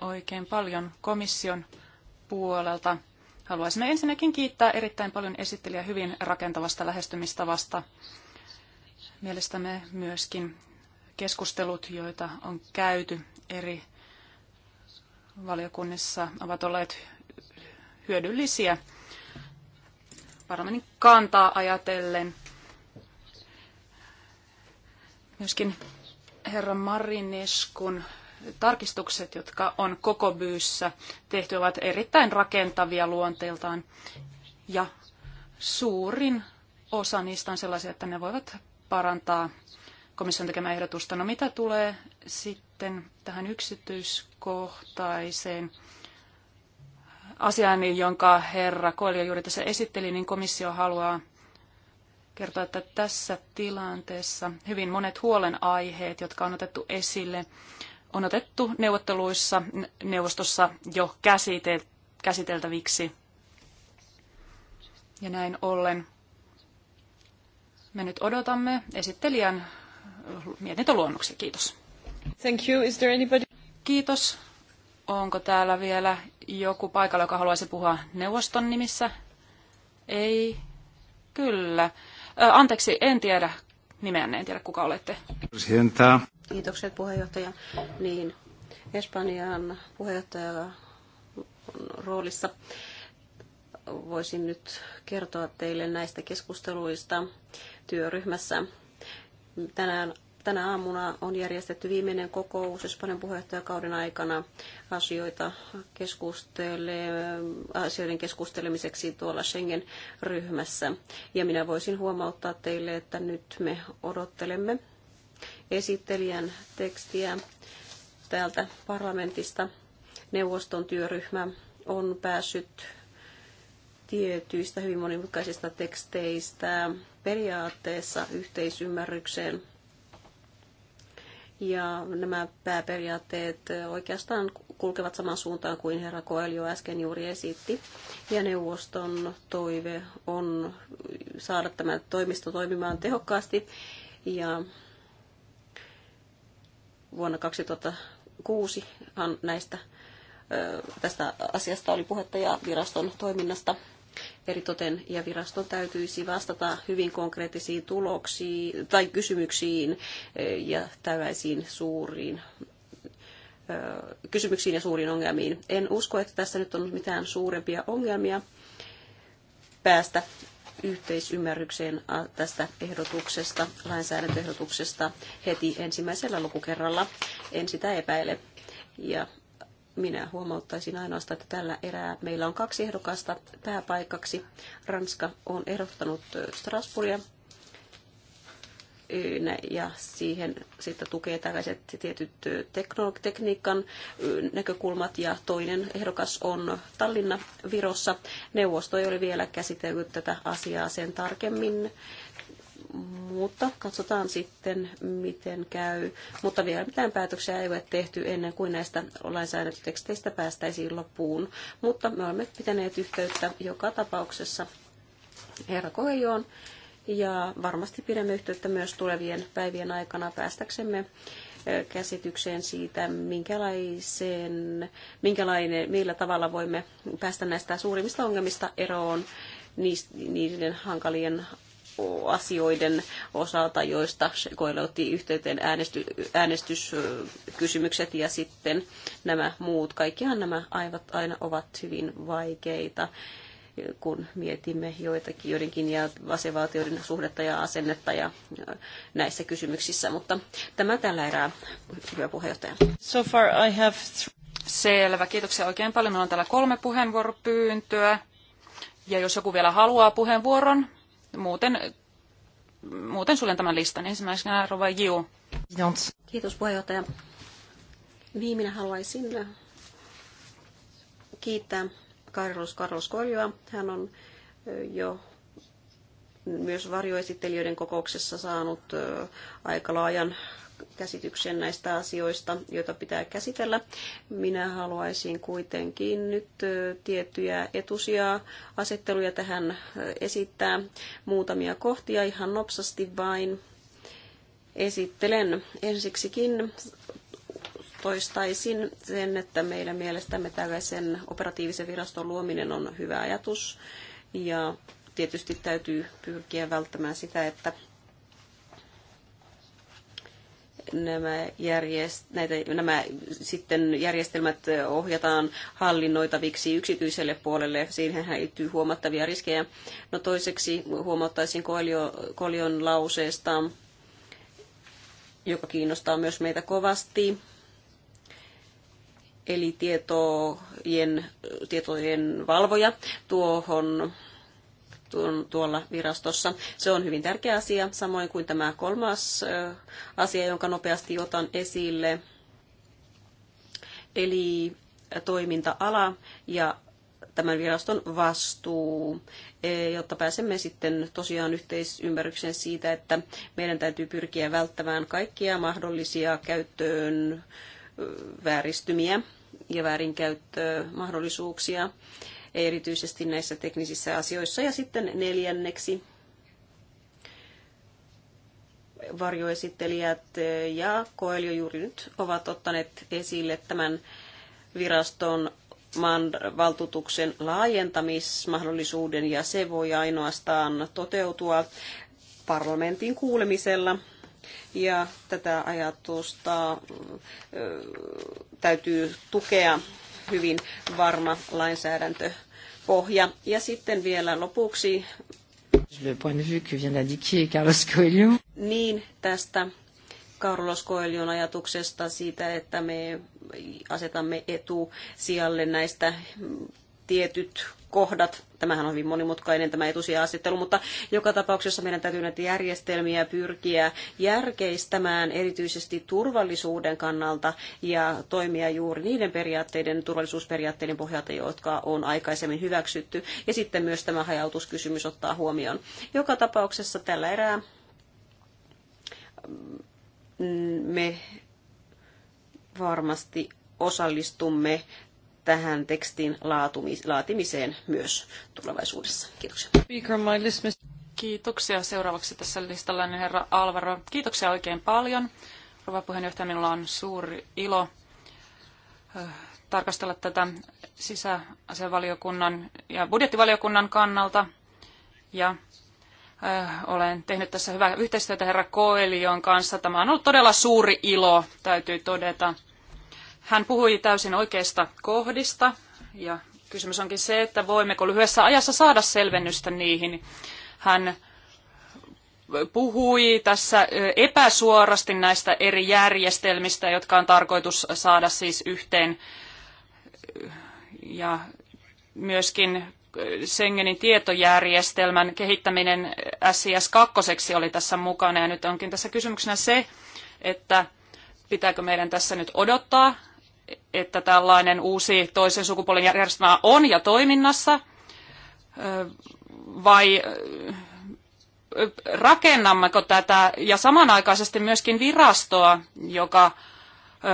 oikein paljon komission puolelta Haluaisimme ensinnäkin kiittää erittäin paljon esittelijä hyvin rakentavasta lähestymistavasta. Mielestämme myöskin keskustelut, joita on käyty eri valiokunnissa, ovat olleet hyödyllisiä parlamentin kantaa ajatellen. Myöskin herra Marineskun tarkistukset, jotka on koko byyssä tehty, ovat erittäin rakentavia luonteeltaan. Ja suurin osa niistä on sellaisia, että ne voivat parantaa komission tekemää ehdotusta. No mitä tulee sitten tähän yksityiskohtaiseen asiaan, niin jonka herra Koelio juuri tässä esitteli, niin komissio haluaa kertoa, että tässä tilanteessa hyvin monet huolenaiheet, jotka on otettu esille, on otettu neuvotteluissa neuvostossa jo käsiteltäviksi. Ja näin ollen me nyt odotamme esittelijän mietintöluonnoksia. Kiitos. Thank you. Is there anybody... Kiitos. Onko täällä vielä joku paikalla, joka haluaisi puhua neuvoston nimissä? Ei. Kyllä. Anteeksi, en tiedä nimeänne, en tiedä kuka olette. Presidenta. Kiitokset puheenjohtaja. Niin, Espanjan puheenjohtaja roolissa voisin nyt kertoa teille näistä keskusteluista työryhmässä. Tänään Tänä aamuna on järjestetty viimeinen kokous Espanjan puheenjohtajakauden aikana asioita keskustele, asioiden keskustelemiseksi tuolla Schengen-ryhmässä. Ja minä voisin huomauttaa teille, että nyt me odottelemme esittelijän tekstiä täältä parlamentista. Neuvoston työryhmä on päässyt tietyistä hyvin monimutkaisista teksteistä periaatteessa yhteisymmärrykseen. Ja nämä pääperiaatteet oikeastaan kulkevat samaan suuntaan kuin herra Koelio äsken juuri esitti. Ja neuvoston toive on saada tämä toimisto toimimaan tehokkaasti ja Vuonna 2006 näistä, tästä asiasta oli puhetta ja viraston toiminnasta eritoten ja viraston täytyisi vastata hyvin konkreettisiin tuloksiin tai kysymyksiin ja tällaisiin suuriin kysymyksiin ja suuriin ongelmiin. En usko, että tässä nyt on mitään suurempia ongelmia päästä yhteisymmärrykseen tästä ehdotuksesta, lainsäädäntöehdotuksesta heti ensimmäisellä lukukerralla. En sitä epäile. Ja minä huomauttaisin ainoastaan, että tällä erää meillä on kaksi ehdokasta pääpaikaksi. Ranska on ehdottanut Strasbourgia ja siihen sitten tukee tällaiset tietyt tekniikan näkökulmat ja toinen ehdokas on Tallinna Virossa. Neuvosto ei ole vielä käsitellyt tätä asiaa sen tarkemmin mutta katsotaan sitten, miten käy. Mutta vielä mitään päätöksiä ei ole tehty ennen kuin näistä lainsäädäntöteksteistä päästäisiin loppuun. Mutta me olemme pitäneet yhteyttä joka tapauksessa herra Kohejoon ja varmasti pidämme yhteyttä myös tulevien päivien aikana päästäksemme käsitykseen siitä, minkälaisen, minkälainen, millä tavalla voimme päästä näistä suurimmista ongelmista eroon niiden hankalien asioiden osalta, joista otti yhteyteen äänesty, äänestyskysymykset ja sitten nämä muut. Kaikkihan nämä aivat aina ovat hyvin vaikeita kun mietimme joitakin joidenkin ja asevaltioiden suhdetta ja asennetta ja näissä kysymyksissä. Mutta tämä tällä erää, hyvä puheenjohtaja. So far I have Selvä, kiitoksia oikein paljon. Meillä on täällä kolme puheenvuoropyyntöä. Ja jos joku vielä haluaa puheenvuoron, muuten, muuten sulen tämän listan. Ensimmäisenä Rova Jiu. Kiitos puheenjohtaja. Niin, minä haluaisin kiittää Carlos Carlos Koljoa. Hän on jo myös varjoesittelijöiden kokouksessa saanut aika laajan käsityksen näistä asioista, joita pitää käsitellä. Minä haluaisin kuitenkin nyt tiettyjä etusia asetteluja tähän esittää. Muutamia kohtia ihan nopsasti vain esittelen. Ensiksikin toistaisin sen, että meidän mielestämme tällaisen operatiivisen viraston luominen on hyvä ajatus ja tietysti täytyy pyrkiä välttämään sitä, että nämä, järjest, näitä, nämä sitten järjestelmät ohjataan hallinnoitaviksi yksityiselle puolelle. Siihen liittyy huomattavia riskejä. No toiseksi huomauttaisin koljon lauseesta, joka kiinnostaa myös meitä kovasti eli tietojen, tietojen valvoja tuohon tuon, tuolla virastossa. Se on hyvin tärkeä asia, samoin kuin tämä kolmas asia, jonka nopeasti otan esille, eli toiminta-ala ja tämän viraston vastuu, e, jotta pääsemme sitten tosiaan yhteisymmärrykseen siitä, että meidän täytyy pyrkiä välttämään kaikkia mahdollisia käyttöön vääristymiä ja väärinkäyttömahdollisuuksia erityisesti näissä teknisissä asioissa. Ja sitten neljänneksi varjoesittelijät ja Koelio juuri nyt ovat ottaneet esille tämän viraston maan valtuutuksen laajentamismahdollisuuden ja se voi ainoastaan toteutua parlamentin kuulemisella ja tätä ajatusta täytyy tukea hyvin varma lainsäädäntöpohja. Ja sitten vielä lopuksi le point de vue que vient d'indiquer Carlos Coelho. Niin, tästä Carlos Coelhon ajatuksesta siitä, että me asetamme etu sijalle näistä tietyt kohdat. Tämähän on hyvin monimutkainen tämä etusija mutta joka tapauksessa meidän täytyy näitä järjestelmiä pyrkiä järkeistämään erityisesti turvallisuuden kannalta ja toimia juuri niiden periaatteiden, turvallisuusperiaatteiden pohjalta, jotka on aikaisemmin hyväksytty. Ja sitten myös tämä hajautuskysymys ottaa huomioon. Joka tapauksessa tällä erää mm, me varmasti osallistumme tähän tekstin laatimiseen myös tulevaisuudessa. Kiitoksia. Kiitoksia. Seuraavaksi tässä listallani herra Alvaro. Kiitoksia oikein paljon. Rouva puheenjohtaja, minulla on suuri ilo eh, tarkastella tätä sisäasevaliokunnan ja budjettivaliokunnan kannalta. Ja eh, olen tehnyt tässä hyvää yhteistyötä herra Koelion kanssa. Tämä on ollut todella suuri ilo, täytyy todeta. Hän puhui täysin oikeista kohdista ja kysymys onkin se, että voimmeko lyhyessä ajassa saada selvennystä niihin. Hän puhui tässä epäsuorasti näistä eri järjestelmistä, jotka on tarkoitus saada siis yhteen ja myöskin Schengenin tietojärjestelmän kehittäminen SIS-2 oli tässä mukana ja nyt onkin tässä kysymyksenä se, että pitääkö meidän tässä nyt odottaa että tällainen uusi toisen sukupuolen järjestelmä on ja toiminnassa, vai rakennammeko tätä ja samanaikaisesti myöskin virastoa, joka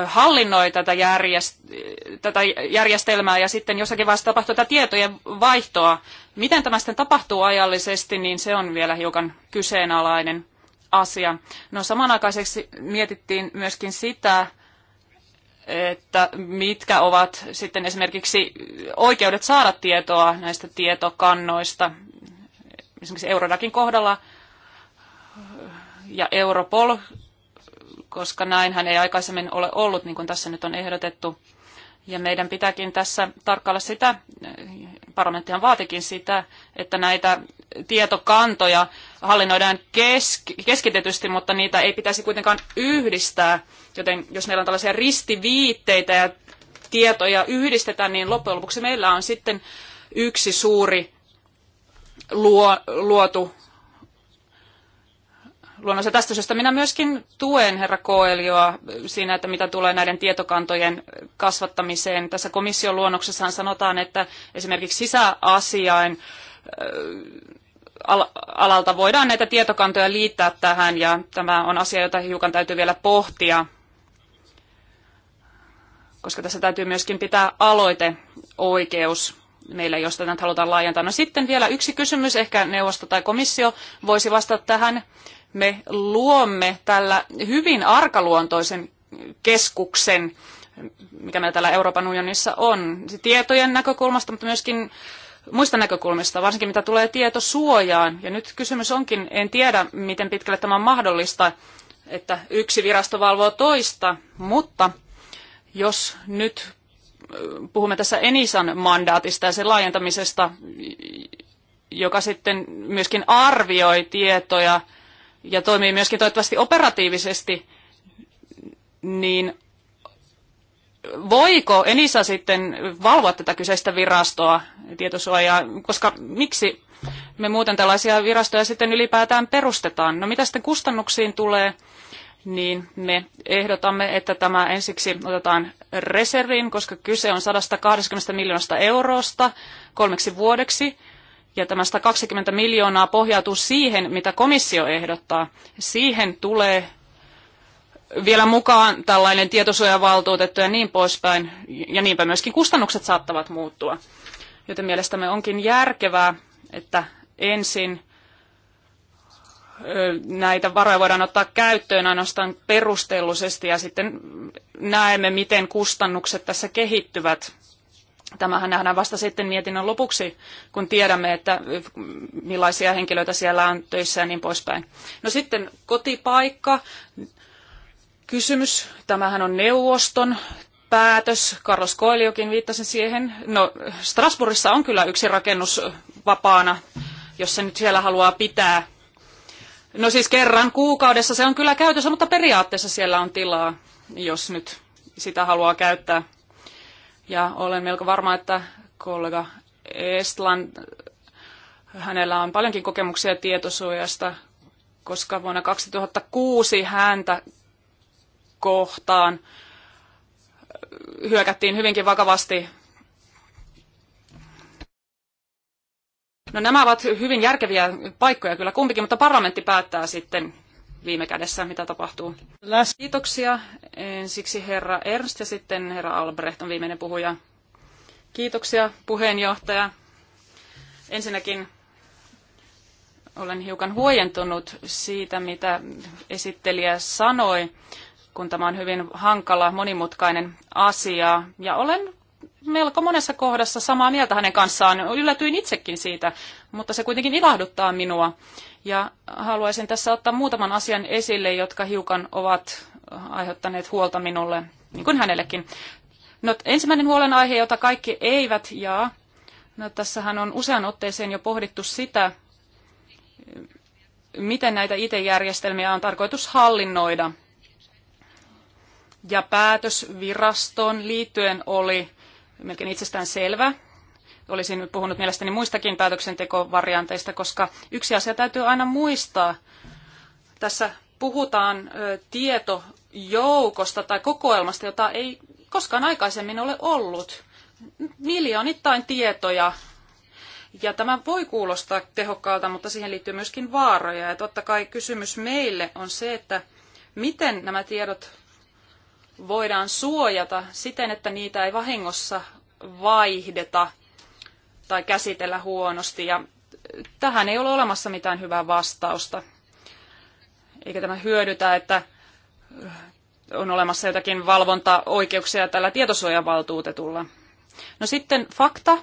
hallinnoi tätä, järjest- tätä järjestelmää ja sitten jossakin vaiheessa tapahtuu tätä tietojen vaihtoa. Miten tämä sitten tapahtuu ajallisesti, niin se on vielä hiukan kyseenalainen asia. No samanaikaiseksi mietittiin myöskin sitä, että mitkä ovat sitten esimerkiksi oikeudet saada tietoa näistä tietokannoista. Esimerkiksi Eurodakin kohdalla ja Europol, koska näinhän ei aikaisemmin ole ollut, niin kuin tässä nyt on ehdotettu. Ja meidän pitääkin tässä tarkkailla sitä, parlamenttihan vaatikin sitä, että näitä tietokantoja hallinnoidaan kesk- keskitetysti, mutta niitä ei pitäisi kuitenkaan yhdistää. Joten jos meillä on tällaisia ristiviitteitä ja tietoja yhdistetään, niin loppujen lopuksi meillä on sitten yksi suuri luo, luotu luonnos. Ja tästä syystä minä myöskin tuen herra Koelioa siinä, että mitä tulee näiden tietokantojen kasvattamiseen. Tässä komission luonnoksessahan sanotaan, että esimerkiksi sisäasiain alalta voidaan näitä tietokantoja liittää tähän ja tämä on asia, jota hiukan täytyy vielä pohtia, koska tässä täytyy myöskin pitää aloiteoikeus meillä, jos tätä halutaan laajentaa. No sitten vielä yksi kysymys, ehkä neuvosto tai komissio voisi vastata tähän. Me luomme tällä hyvin arkaluontoisen keskuksen, mikä meillä täällä Euroopan unionissa on, tietojen näkökulmasta, mutta myöskin muista näkökulmista, varsinkin mitä tulee tietosuojaan. Ja nyt kysymys onkin, en tiedä miten pitkälle tämä on mahdollista, että yksi virasto valvoo toista, mutta jos nyt puhumme tässä Enisan mandaatista ja sen laajentamisesta, joka sitten myöskin arvioi tietoja ja toimii myöskin toivottavasti operatiivisesti, niin voiko Enisa sitten valvoa tätä kyseistä virastoa tietosuojaa, koska miksi me muuten tällaisia virastoja sitten ylipäätään perustetaan? No mitä sitten kustannuksiin tulee, niin me ehdotamme, että tämä ensiksi otetaan reserviin, koska kyse on 120 miljoonasta eurosta kolmeksi vuodeksi, ja tämä 120 miljoonaa pohjautuu siihen, mitä komissio ehdottaa. Siihen tulee vielä mukaan tällainen tietosuojavaltuutettu ja niin poispäin, ja niinpä myöskin kustannukset saattavat muuttua. Joten mielestämme onkin järkevää, että ensin näitä varoja voidaan ottaa käyttöön ainoastaan perustellusesti ja sitten näemme, miten kustannukset tässä kehittyvät. Tämähän nähdään vasta sitten mietinnön lopuksi, kun tiedämme, että millaisia henkilöitä siellä on töissä ja niin poispäin. No sitten kotipaikka kysymys. Tämähän on neuvoston päätös. Carlos Koeliokin viittasi siihen. No, Strasbourgissa on kyllä yksi rakennus vapaana, jos se nyt siellä haluaa pitää. No siis kerran kuukaudessa se on kyllä käytössä, mutta periaatteessa siellä on tilaa, jos nyt sitä haluaa käyttää. Ja olen melko varma, että kollega Estland, hänellä on paljonkin kokemuksia tietosuojasta, koska vuonna 2006 häntä kohtaan hyökättiin hyvinkin vakavasti. No nämä ovat hyvin järkeviä paikkoja kyllä kumpikin, mutta parlamentti päättää sitten viime kädessä, mitä tapahtuu. Kiitoksia ensiksi herra Ernst ja sitten herra Albrecht on viimeinen puhuja. Kiitoksia puheenjohtaja. Ensinnäkin olen hiukan huojentunut siitä, mitä esittelijä sanoi kun tämä on hyvin hankala, monimutkainen asia. Ja olen melko monessa kohdassa samaa mieltä hänen kanssaan. Yllätyin itsekin siitä, mutta se kuitenkin ilahduttaa minua. Ja haluaisin tässä ottaa muutaman asian esille, jotka hiukan ovat aiheuttaneet huolta minulle, niin kuin hänellekin. No, ensimmäinen huolenaihe, jota kaikki eivät jaa. No, tässähän on usean otteeseen jo pohdittu sitä, miten näitä IT-järjestelmiä on tarkoitus hallinnoida – ja päätös virastoon liittyen oli melkein itsestään selvä. Olisin puhunut mielestäni muistakin päätöksentekovarianteista, koska yksi asia täytyy aina muistaa. Tässä puhutaan tietojoukosta tai kokoelmasta, jota ei koskaan aikaisemmin ole ollut. Miljoonittain tietoja. Ja tämä voi kuulostaa tehokkaalta, mutta siihen liittyy myöskin vaaroja. Ja totta kai kysymys meille on se, että miten nämä tiedot voidaan suojata siten, että niitä ei vahingossa vaihdeta tai käsitellä huonosti. Ja tähän ei ole olemassa mitään hyvää vastausta. Eikä tämä hyödytä, että on olemassa jotakin valvontaoikeuksia tällä tietosuojavaltuutetulla. No sitten fakta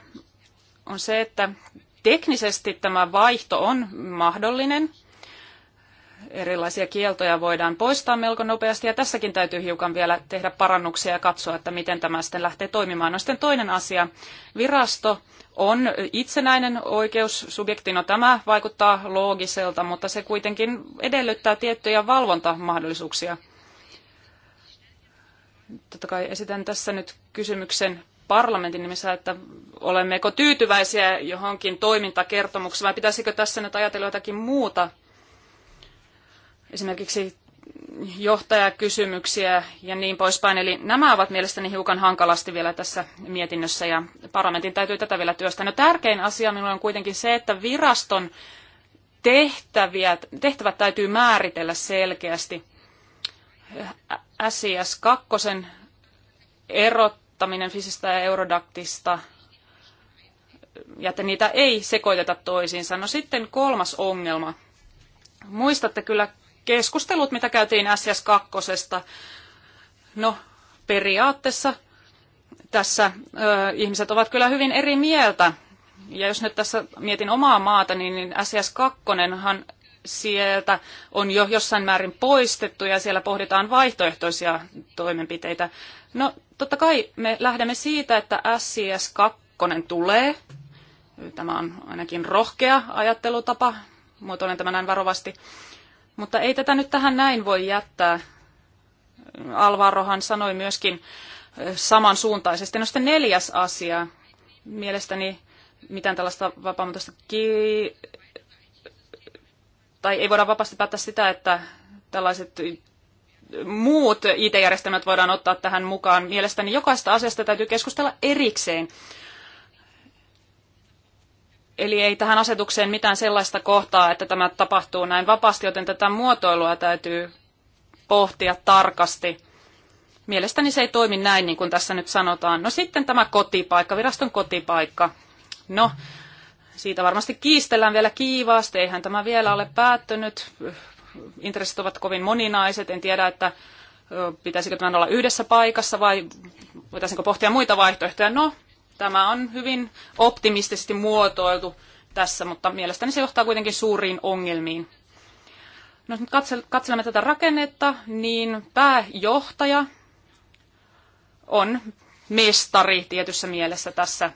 on se, että teknisesti tämä vaihto on mahdollinen – erilaisia kieltoja voidaan poistaa melko nopeasti, ja tässäkin täytyy hiukan vielä tehdä parannuksia ja katsoa, että miten tämä sitten lähtee toimimaan. No sitten toinen asia. Virasto on itsenäinen oikeussubjekti, no tämä vaikuttaa loogiselta, mutta se kuitenkin edellyttää tiettyjä valvontamahdollisuuksia. Totta kai esitän tässä nyt kysymyksen parlamentin nimissä, että olemmeko tyytyväisiä johonkin toimintakertomukseen vai pitäisikö tässä nyt ajatella jotakin muuta esimerkiksi johtajakysymyksiä ja niin poispäin. Eli nämä ovat mielestäni hiukan hankalasti vielä tässä mietinnössä ja parlamentin täytyy tätä vielä työstää. No tärkein asia minulle on kuitenkin se, että viraston tehtäviä, tehtävät täytyy määritellä selkeästi. SIS 2 erottaminen Fisistä ja Eurodaktista ja että niitä ei sekoiteta toisiinsa. No sitten kolmas ongelma. Muistatte kyllä keskustelut, mitä käytiin SS2. No, periaatteessa tässä ö, ihmiset ovat kyllä hyvin eri mieltä. Ja jos nyt tässä mietin omaa maata, niin, niin SS2 sieltä on jo jossain määrin poistettu ja siellä pohditaan vaihtoehtoisia toimenpiteitä. No totta kai me lähdemme siitä, että ss 2 tulee. Tämä on ainakin rohkea ajattelutapa, muotoilen tämän näin varovasti. Mutta ei tätä nyt tähän näin voi jättää. Alvarohan sanoi myöskin samansuuntaisesti. No sitten neljäs asia. Mielestäni mitään tällaista vapaamuutosta ki- tai ei voida vapaasti päättää sitä, että tällaiset muut IT-järjestelmät voidaan ottaa tähän mukaan. Mielestäni jokaista asiasta täytyy keskustella erikseen. Eli ei tähän asetukseen mitään sellaista kohtaa, että tämä tapahtuu näin vapaasti, joten tätä muotoilua täytyy pohtia tarkasti. Mielestäni se ei toimi näin, niin kuin tässä nyt sanotaan. No sitten tämä kotipaikka, viraston kotipaikka. No, siitä varmasti kiistellään vielä kiivaasti, eihän tämä vielä ole päättynyt. Intressit ovat kovin moninaiset, en tiedä, että pitäisikö tämän olla yhdessä paikassa vai voitaisiinko pohtia muita vaihtoehtoja. No, Tämä on hyvin optimistisesti muotoiltu tässä, mutta mielestäni se johtaa kuitenkin suuriin ongelmiin. No, jos nyt katselemme tätä rakennetta, niin pääjohtaja on mestari tietyssä mielessä tässä.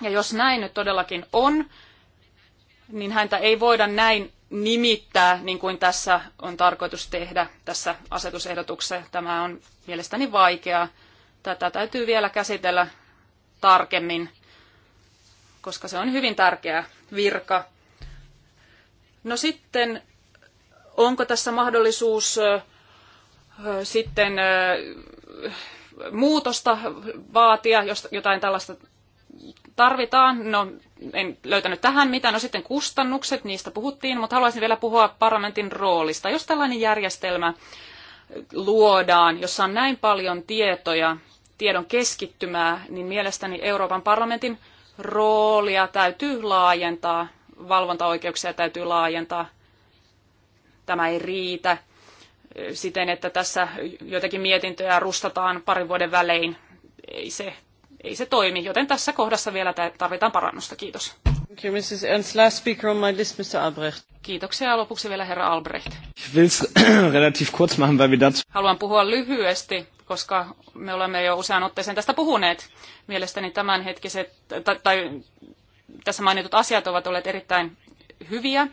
Ja jos näin nyt todellakin on, niin häntä ei voida näin nimittää, niin kuin tässä on tarkoitus tehdä tässä asetusehdotuksessa. Tämä on mielestäni vaikeaa. Tätä täytyy vielä käsitellä tarkemmin, koska se on hyvin tärkeä virka. No sitten, onko tässä mahdollisuus sitten muutosta vaatia, jos jotain tällaista tarvitaan. No, en löytänyt tähän mitään. No sitten kustannukset, niistä puhuttiin, mutta haluaisin vielä puhua parlamentin roolista. Jos tällainen järjestelmä luodaan, jossa on näin paljon tietoja tiedon keskittymää, niin mielestäni Euroopan parlamentin roolia täytyy laajentaa, valvontaoikeuksia täytyy laajentaa. Tämä ei riitä siten, että tässä joitakin mietintöjä rustataan parin vuoden välein. Ei se, ei se toimi, joten tässä kohdassa vielä tarvitaan parannusta. Kiitos. Thank you, Mrs. Ernst. Last speaker on my list, Mr. Albrecht. Kiitoksia lopuksi vielä herra Albrecht. Haluan puhua lyhyesti, koska me olemme jo usean otteeseen tästä puhuneet. Mielestäni tämänhetkiset, tai, tai tässä mainitut asiat ovat olleet erittäin hyviä.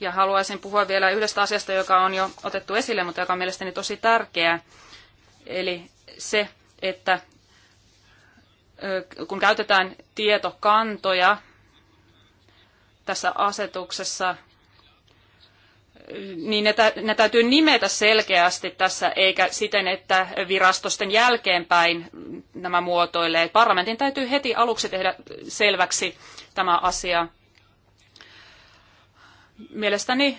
Ja haluaisin puhua vielä yhdestä asiasta, joka on jo otettu esille, mutta joka on mielestäni tosi tärkeää. Eli se, että kun käytetään tietokantoja tässä asetuksessa, niin ne, ne täytyy nimetä selkeästi tässä, eikä siten, että virastosten jälkeenpäin nämä muotoilee. Parlamentin täytyy heti aluksi tehdä selväksi tämä asia. Mielestäni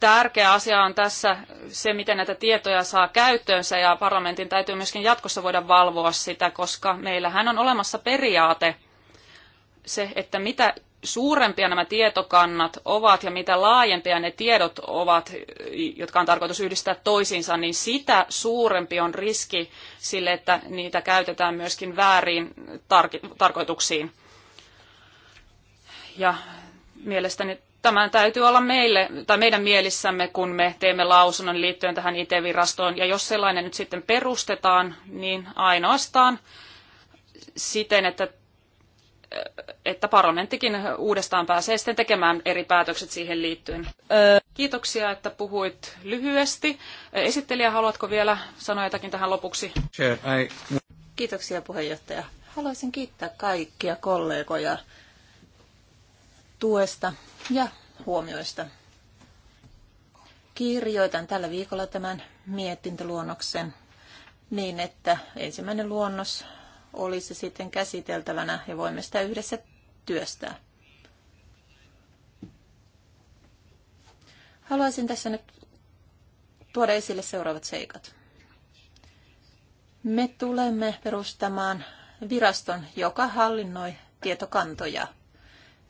tärkeä asia on tässä se, miten näitä tietoja saa käyttöönsä ja parlamentin täytyy myöskin jatkossa voida valvoa sitä, koska meillähän on olemassa periaate se, että mitä suurempia nämä tietokannat ovat ja mitä laajempia ne tiedot ovat, jotka on tarkoitus yhdistää toisiinsa, niin sitä suurempi on riski sille, että niitä käytetään myöskin väärin tar- tarkoituksiin. Ja mielestäni tämän täytyy olla meille, tai meidän mielissämme, kun me teemme lausunnon liittyen tähän IT-virastoon. Ja jos sellainen nyt sitten perustetaan, niin ainoastaan siten, että että parlamenttikin uudestaan pääsee sitten tekemään eri päätökset siihen liittyen. Kiitoksia, että puhuit lyhyesti. Esittelijä, haluatko vielä sanoa jotakin tähän lopuksi? Kiitoksia puheenjohtaja. Haluaisin kiittää kaikkia kollegoja tuesta ja huomioista. Kirjoitan tällä viikolla tämän mietintöluonnoksen niin, että ensimmäinen luonnos olisi sitten käsiteltävänä ja voimme sitä yhdessä työstää. Haluaisin tässä nyt tuoda esille seuraavat seikat. Me tulemme perustamaan viraston, joka hallinnoi tietokantoja.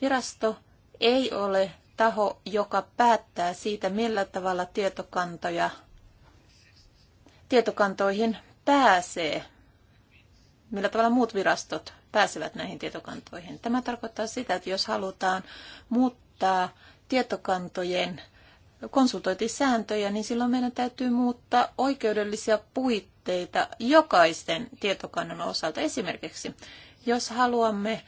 Virasto ei ole taho, joka päättää siitä, millä tavalla tietokantoja, tietokantoihin pääsee millä tavalla muut virastot pääsevät näihin tietokantoihin. Tämä tarkoittaa sitä, että jos halutaan muuttaa tietokantojen konsultointisääntöjä, niin silloin meidän täytyy muuttaa oikeudellisia puitteita jokaisen tietokannan osalta. Esimerkiksi jos haluamme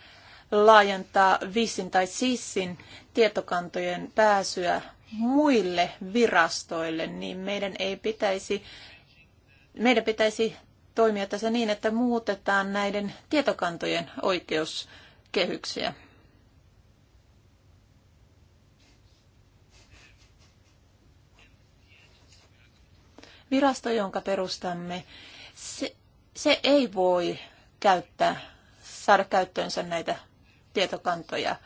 laajentaa VISin tai SISin tietokantojen pääsyä muille virastoille, niin meidän ei pitäisi meidän pitäisi toimia tässä niin, että muutetaan näiden tietokantojen oikeuskehyksiä. Virasto, jonka perustamme, se, se ei voi käyttää, saada käyttöönsä näitä tietokantoja.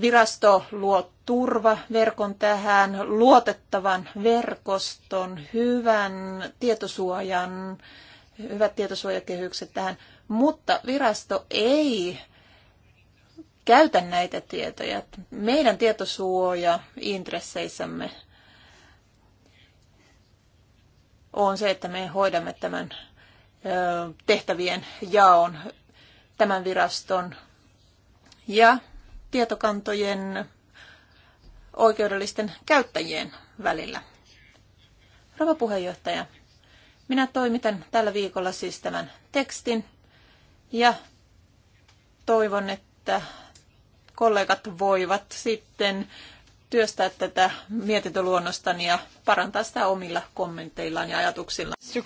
Virasto luo turvaverkon tähän, luotettavan verkoston, hyvän tietosuojan, hyvät tietosuojakehykset tähän, mutta virasto ei käytä näitä tietoja meidän tietosuoja-intresseissämme on se, että me hoidamme tämän tehtävien jaon tämän viraston ja tietokantojen oikeudellisten käyttäjien välillä. Rova puheenjohtaja, minä toimitan tällä viikolla siis tämän tekstin ja toivon, että kollegat voivat sitten työstää tätä mietintöluonnostani ja parantaa sitä omilla kommenteillaan ja ajatuksillaan.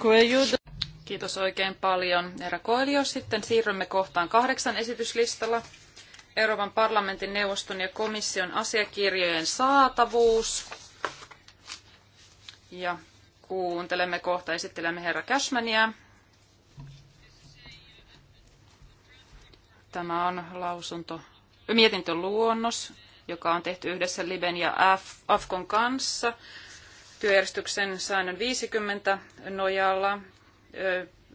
Kiitos oikein paljon, Eera Koelio. Sitten siirrymme kohtaan kahdeksan esityslistalla. Euroopan parlamentin neuvoston ja komission asiakirjojen saatavuus. Ja kuuntelemme kohta esittelemme herra Cashmania. Tämä on lausunto, mietintöluonnos, joka on tehty yhdessä Liben ja Afkon kanssa työjärjestyksen säännön 50 nojalla.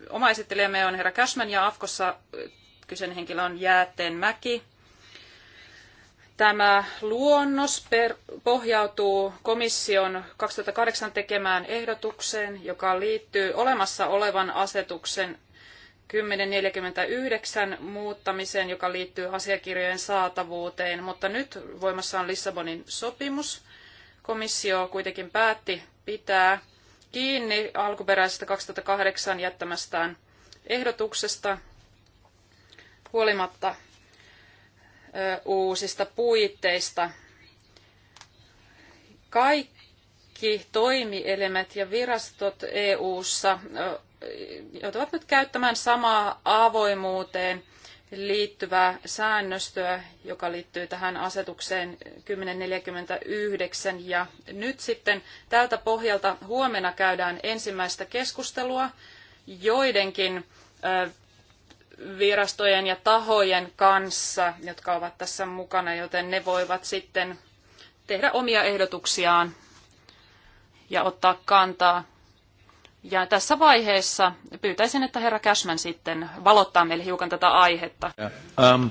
Oma esittelijämme on herra Cashman ja Afkossa kyseinen henkilö on Jääteen Mäki. Tämä luonnos per, pohjautuu komission 2008 tekemään ehdotukseen, joka liittyy olemassa olevan asetuksen 1049 muuttamiseen, joka liittyy asiakirjojen saatavuuteen, mutta nyt voimassa on Lissabonin sopimus. Komissio kuitenkin päätti pitää kiinni alkuperäisestä 2008 jättämästään ehdotuksesta huolimatta uusista puitteista. Kaikki toimielimet ja virastot EU:ssa joutuvat nyt käyttämään samaa avoimuuteen liittyvää säännöstöä, joka liittyy tähän asetukseen 1049. Ja nyt sitten tältä pohjalta huomenna käydään ensimmäistä keskustelua joidenkin virastojen ja tahojen kanssa, jotka ovat tässä mukana, joten ne voivat sitten tehdä omia ehdotuksiaan ja ottaa kantaa. Ja tässä vaiheessa pyytäisin, että herra Cashman sitten valottaa meille hiukan tätä aihetta. Ähm,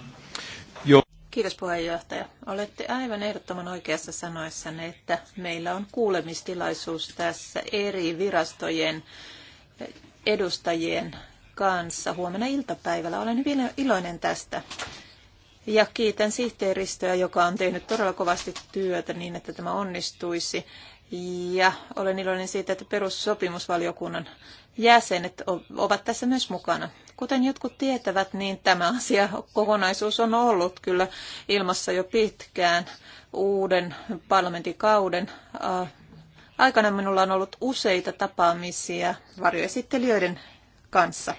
Kiitos puheenjohtaja. Olette aivan ehdottoman oikeassa sanoessanne, että meillä on kuulemistilaisuus tässä eri virastojen edustajien kanssa huomenna iltapäivällä. Olen hyvin iloinen tästä. Ja kiitän sihteeristöä, joka on tehnyt todella kovasti työtä niin, että tämä onnistuisi. Ja olen iloinen siitä, että perussopimusvaliokunnan jäsenet ovat tässä myös mukana. Kuten jotkut tietävät, niin tämä asia kokonaisuus on ollut kyllä ilmassa jo pitkään uuden parlamentikauden aikana minulla on ollut useita tapaamisia varjoesittelijöiden kanssa.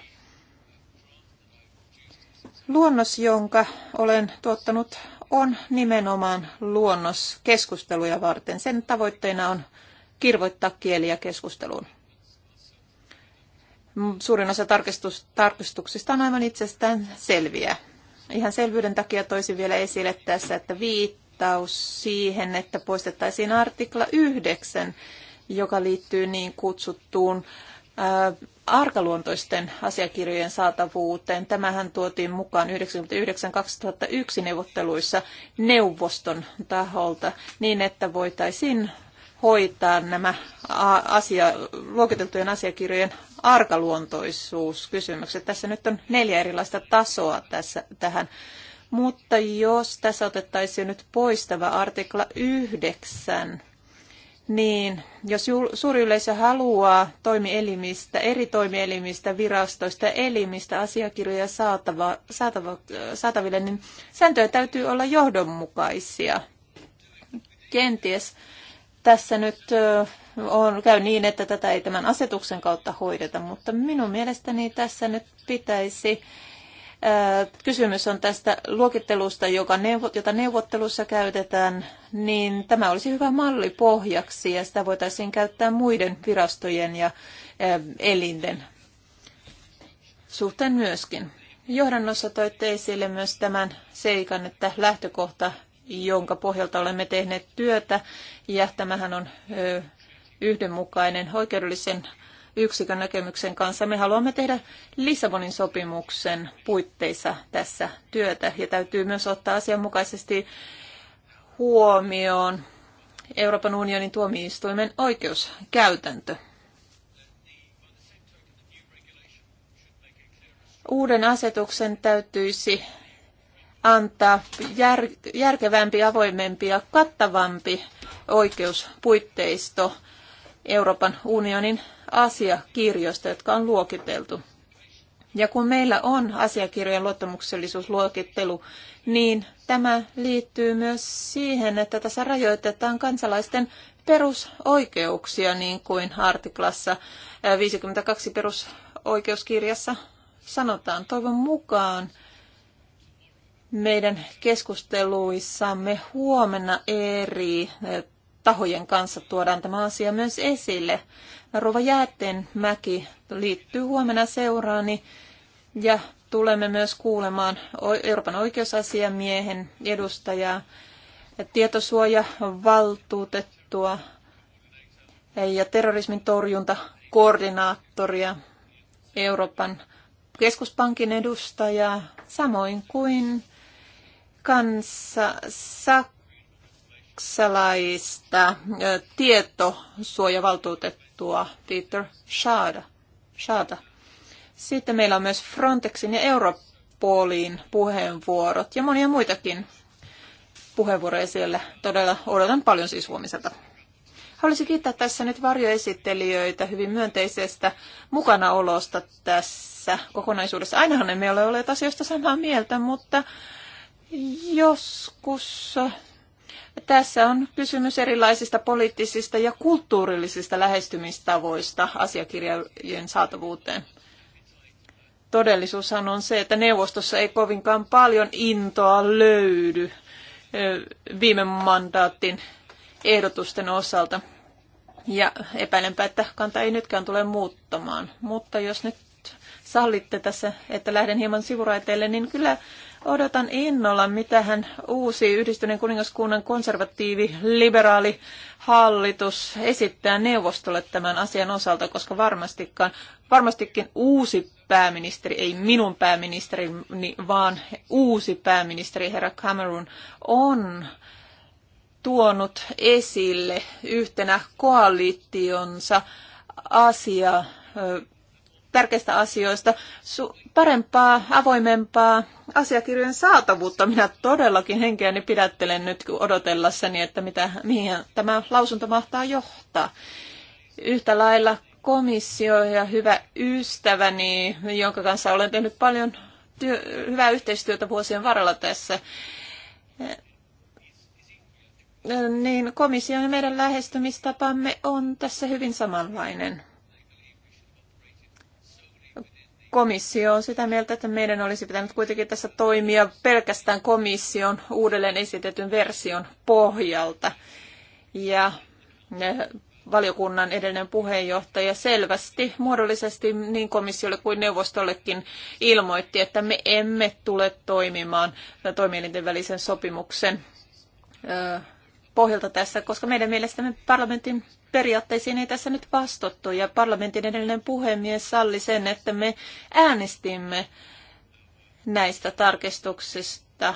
Luonnos, jonka olen tuottanut, on nimenomaan luonnos keskusteluja varten. Sen tavoitteena on kirvoittaa kieliä keskusteluun. Suurin osa tarkistuksista on aivan itsestään selviä. Ihan selvyyden takia toisin vielä esille tässä, että viittaus siihen, että poistettaisiin artikla 9, joka liittyy niin kutsuttuun arkaluontoisten asiakirjojen saatavuuteen. Tämähän tuotiin mukaan 1999-2001 neuvotteluissa neuvoston taholta niin, että voitaisiin hoitaa nämä asia, luokiteltujen asiakirjojen arkaluontoisuuskysymykset. Tässä nyt on neljä erilaista tasoa tässä, tähän. Mutta jos tässä otettaisiin nyt poistava artikla 9, niin jos suuri yleisö haluaa toimielimistä, eri toimielimistä, virastoista, elimistä asiakirjoja saatava, saatava, saataville, niin sääntöjä täytyy olla johdonmukaisia. Kenties tässä nyt on, käy niin, että tätä ei tämän asetuksen kautta hoideta, mutta minun mielestäni tässä nyt pitäisi kysymys on tästä luokittelusta, joka jota neuvottelussa käytetään, niin tämä olisi hyvä malli pohjaksi ja sitä voitaisiin käyttää muiden virastojen ja elinten suhteen myöskin. Johdannossa toitte esille myös tämän seikan, että lähtökohta, jonka pohjalta olemme tehneet työtä, ja tämähän on yhdenmukainen oikeudellisen yksikön näkemyksen kanssa. Me haluamme tehdä Lissabonin sopimuksen puitteissa tässä työtä ja täytyy myös ottaa asianmukaisesti huomioon Euroopan unionin tuomioistuimen oikeuskäytäntö. Uuden asetuksen täytyisi antaa jär, järkevämpi, avoimempi ja kattavampi oikeuspuitteisto Euroopan unionin asiakirjoista, jotka on luokiteltu. Ja kun meillä on asiakirjojen luottamuksellisuusluokittelu, niin tämä liittyy myös siihen, että tässä rajoitetaan kansalaisten perusoikeuksia, niin kuin artiklassa 52 perusoikeuskirjassa sanotaan. Toivon mukaan meidän keskusteluissamme huomenna eri tahojen kanssa tuodaan tämä asia myös esille. Rova Jäätteenmäki liittyy huomenna seuraani ja tulemme myös kuulemaan Euroopan oikeusasiamiehen edustajaa, tietosuojavaltuutettua ja terrorismin torjuntakoordinaattoria, Euroopan keskuspankin edustajaa, samoin kuin kanssa, sak, saksalaista tietosuojavaltuutettua Peter Schada. Schada. Sitten meillä on myös Frontexin ja Europoliin puheenvuorot ja monia muitakin puheenvuoroja siellä. Todella odotan paljon siis huomiselta. Haluaisin kiittää tässä nyt varjoesittelijöitä hyvin myönteisestä mukanaolosta tässä kokonaisuudessa. Ainahan emme ole olleet asioista samaa mieltä, mutta joskus tässä on kysymys erilaisista poliittisista ja kulttuurillisista lähestymistavoista asiakirjojen saatavuuteen. Todellisuushan on se, että neuvostossa ei kovinkaan paljon intoa löydy viime mandaattin ehdotusten osalta. Ja epäilenpä, että kanta ei nytkään tule muuttamaan. Mutta jos nyt sallitte tässä, että lähden hieman sivuraiteille, niin kyllä Odotan innolla, mitä hän uusi yhdistyneen kuningaskunnan konservatiivi, liberaali hallitus esittää neuvostolle tämän asian osalta, koska varmastikaan, varmastikin uusi pääministeri, ei minun pääministeri, vaan uusi pääministeri, herra Cameron, on tuonut esille yhtenä koalitionsa asia, tärkeistä asioista, su- parempaa, avoimempaa asiakirjojen saatavuutta. Minä todellakin henkeäni pidättelen nyt odotellessani, että mitä, mihin tämä lausunto mahtaa johtaa. Yhtä lailla komissio ja hyvä ystäväni, jonka kanssa olen tehnyt paljon työ, hyvää yhteistyötä vuosien varrella tässä, niin komission ja meidän lähestymistapamme on tässä hyvin samanlainen komissio on sitä mieltä, että meidän olisi pitänyt kuitenkin tässä toimia pelkästään komission uudelleen esitetyn version pohjalta. Ja eh, valiokunnan edellinen puheenjohtaja selvästi muodollisesti niin komissiolle kuin neuvostollekin ilmoitti, että me emme tule toimimaan toimielinten välisen sopimuksen eh, pohjalta tässä, koska meidän mielestämme parlamentin periaatteisiin ei tässä nyt vastattu. Ja parlamentin edellinen puhemies salli sen, että me äänestimme näistä tarkistuksista.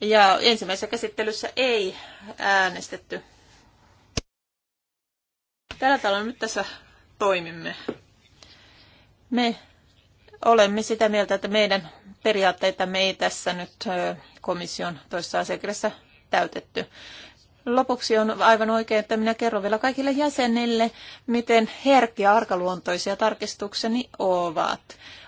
Ja ensimmäisessä käsittelyssä ei äänestetty. Tällä tavalla nyt tässä toimimme. Me olemme sitä mieltä, että meidän periaatteita ei tässä nyt komission toisessa asiakirjassa täytetty. Lopuksi on aivan oikein, että minä kerron vielä kaikille jäsenille, miten herkkiä arkaluontoisia tarkistukseni ovat.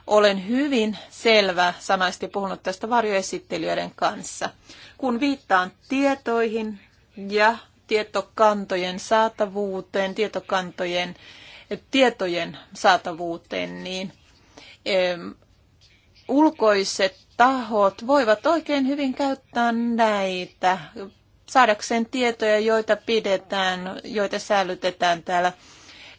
Olen hyvin selvä sanaisesti puhunut tästä varjoesittelijöiden kanssa. Kun viittaan tietoihin ja tietokantojen saatavuuteen, tietokantojen tietojen saatavuuteen, niin – ulkoiset tahot voivat oikein hyvin käyttää näitä saadakseen tietoja, joita pidetään, joita säilytetään täällä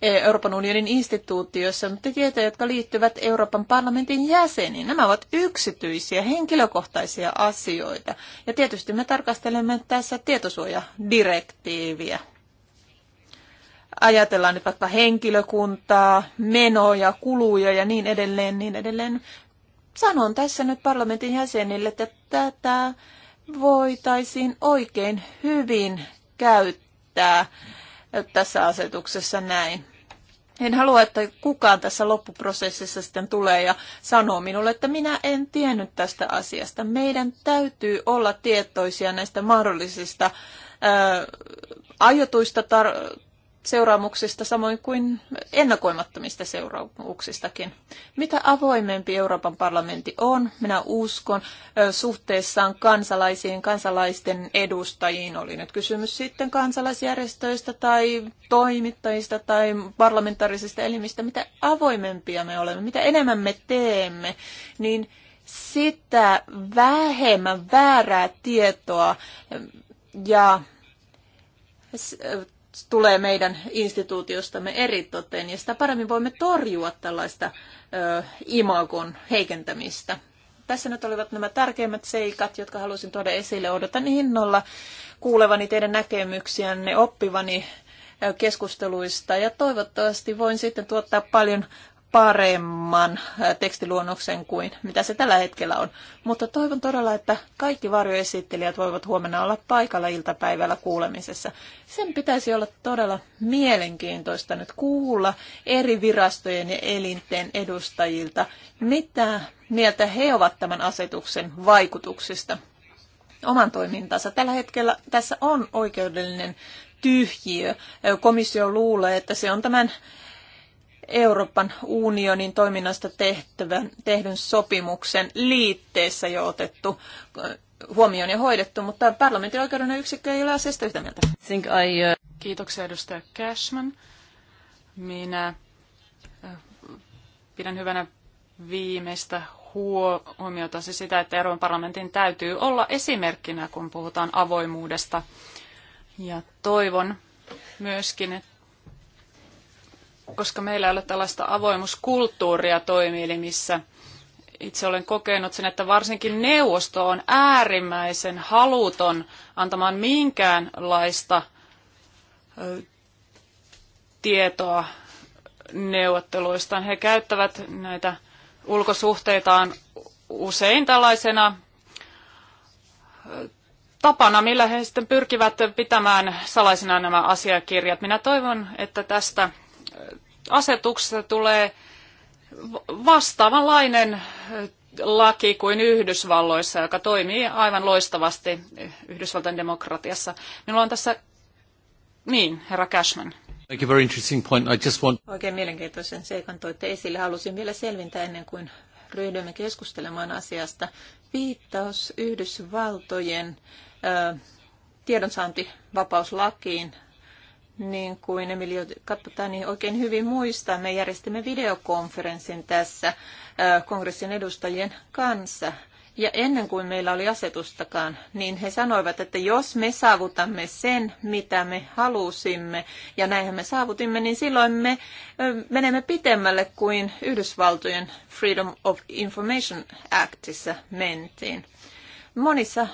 e, Euroopan unionin instituutiossa. mutta tietoja, jotka liittyvät Euroopan parlamentin jäseniin. Nämä ovat yksityisiä, henkilökohtaisia asioita. Ja tietysti me tarkastelemme tässä tietosuojadirektiiviä ajatellaan nyt vaikka henkilökuntaa, menoja, kuluja ja niin edelleen, niin edelleen. Sanon tässä nyt parlamentin jäsenille, että tätä voitaisiin oikein hyvin käyttää tässä asetuksessa näin. En halua, että kukaan tässä loppuprosessissa sitten tulee ja sanoo minulle, että minä en tiennyt tästä asiasta. Meidän täytyy olla tietoisia näistä mahdollisista ää, aiotuista tar- seuraamuksista samoin kuin ennakoimattomista seuraamuksistakin. Mitä avoimempi Euroopan parlamentti on, minä uskon, suhteessaan kansalaisiin, kansalaisten edustajiin, oli nyt kysymys sitten kansalaisjärjestöistä tai toimittajista tai parlamentaarisista elimistä, mitä avoimempia me olemme, mitä enemmän me teemme, niin sitä vähemmän väärää tietoa ja tulee meidän instituutiostamme eritoten, ja sitä paremmin voimme torjua tällaista ö, imagon heikentämistä. Tässä nyt olivat nämä tärkeimmät seikat, jotka halusin tuoda esille. Odotan innolla kuulevani teidän näkemyksiänne, oppivani keskusteluista ja toivottavasti voin sitten tuottaa paljon paremman tekstiluonnoksen kuin mitä se tällä hetkellä on. Mutta toivon todella, että kaikki varjoesittelijät voivat huomenna olla paikalla iltapäivällä kuulemisessa. Sen pitäisi olla todella mielenkiintoista nyt kuulla eri virastojen ja elinten edustajilta, mitä mieltä he ovat tämän asetuksen vaikutuksista oman toimintansa. Tällä hetkellä tässä on oikeudellinen tyhjiö. Komissio luulee, että se on tämän Euroopan unionin toiminnasta tehtävän, tehdyn sopimuksen liitteessä jo otettu huomioon ja hoidettu, mutta parlamentin oikeudellinen yksikkö ei ole asiasta yhtä mieltä. Think I, uh... Kiitoksia edustaja Cashman. Minä pidän hyvänä viimeistä huomiota se sitä, että Euroopan parlamentin täytyy olla esimerkkinä, kun puhutaan avoimuudesta. Ja toivon myöskin, että koska meillä ei ole tällaista avoimuuskulttuuria toimielimissä. Itse olen kokenut sen, että varsinkin neuvosto on äärimmäisen haluton antamaan minkäänlaista tietoa neuvotteluistaan. He käyttävät näitä ulkosuhteitaan usein tällaisena tapana, millä he sitten pyrkivät pitämään salaisina nämä asiakirjat. Minä toivon, että tästä asetuksesta tulee vastaavanlainen laki kuin Yhdysvalloissa, joka toimii aivan loistavasti Yhdysvaltain demokratiassa. Minulla on tässä, niin, herra Cashman. Thank you very interesting point. I just want... Oikein mielenkiintoisen seikan toitte esille. Halusin vielä selvintää ennen kuin ryhdymme keskustelemaan asiasta. Viittaus Yhdysvaltojen ö, tiedonsaantivapauslakiin niin kuin Emilio katsotaan, niin oikein hyvin muistaa. Me järjestimme videokonferenssin tässä kongressin edustajien kanssa. Ja ennen kuin meillä oli asetustakaan, niin he sanoivat, että jos me saavutamme sen, mitä me halusimme, ja näinhän me saavutimme, niin silloin me menemme pitemmälle kuin Yhdysvaltojen Freedom of Information Actissa mentiin. Monissa,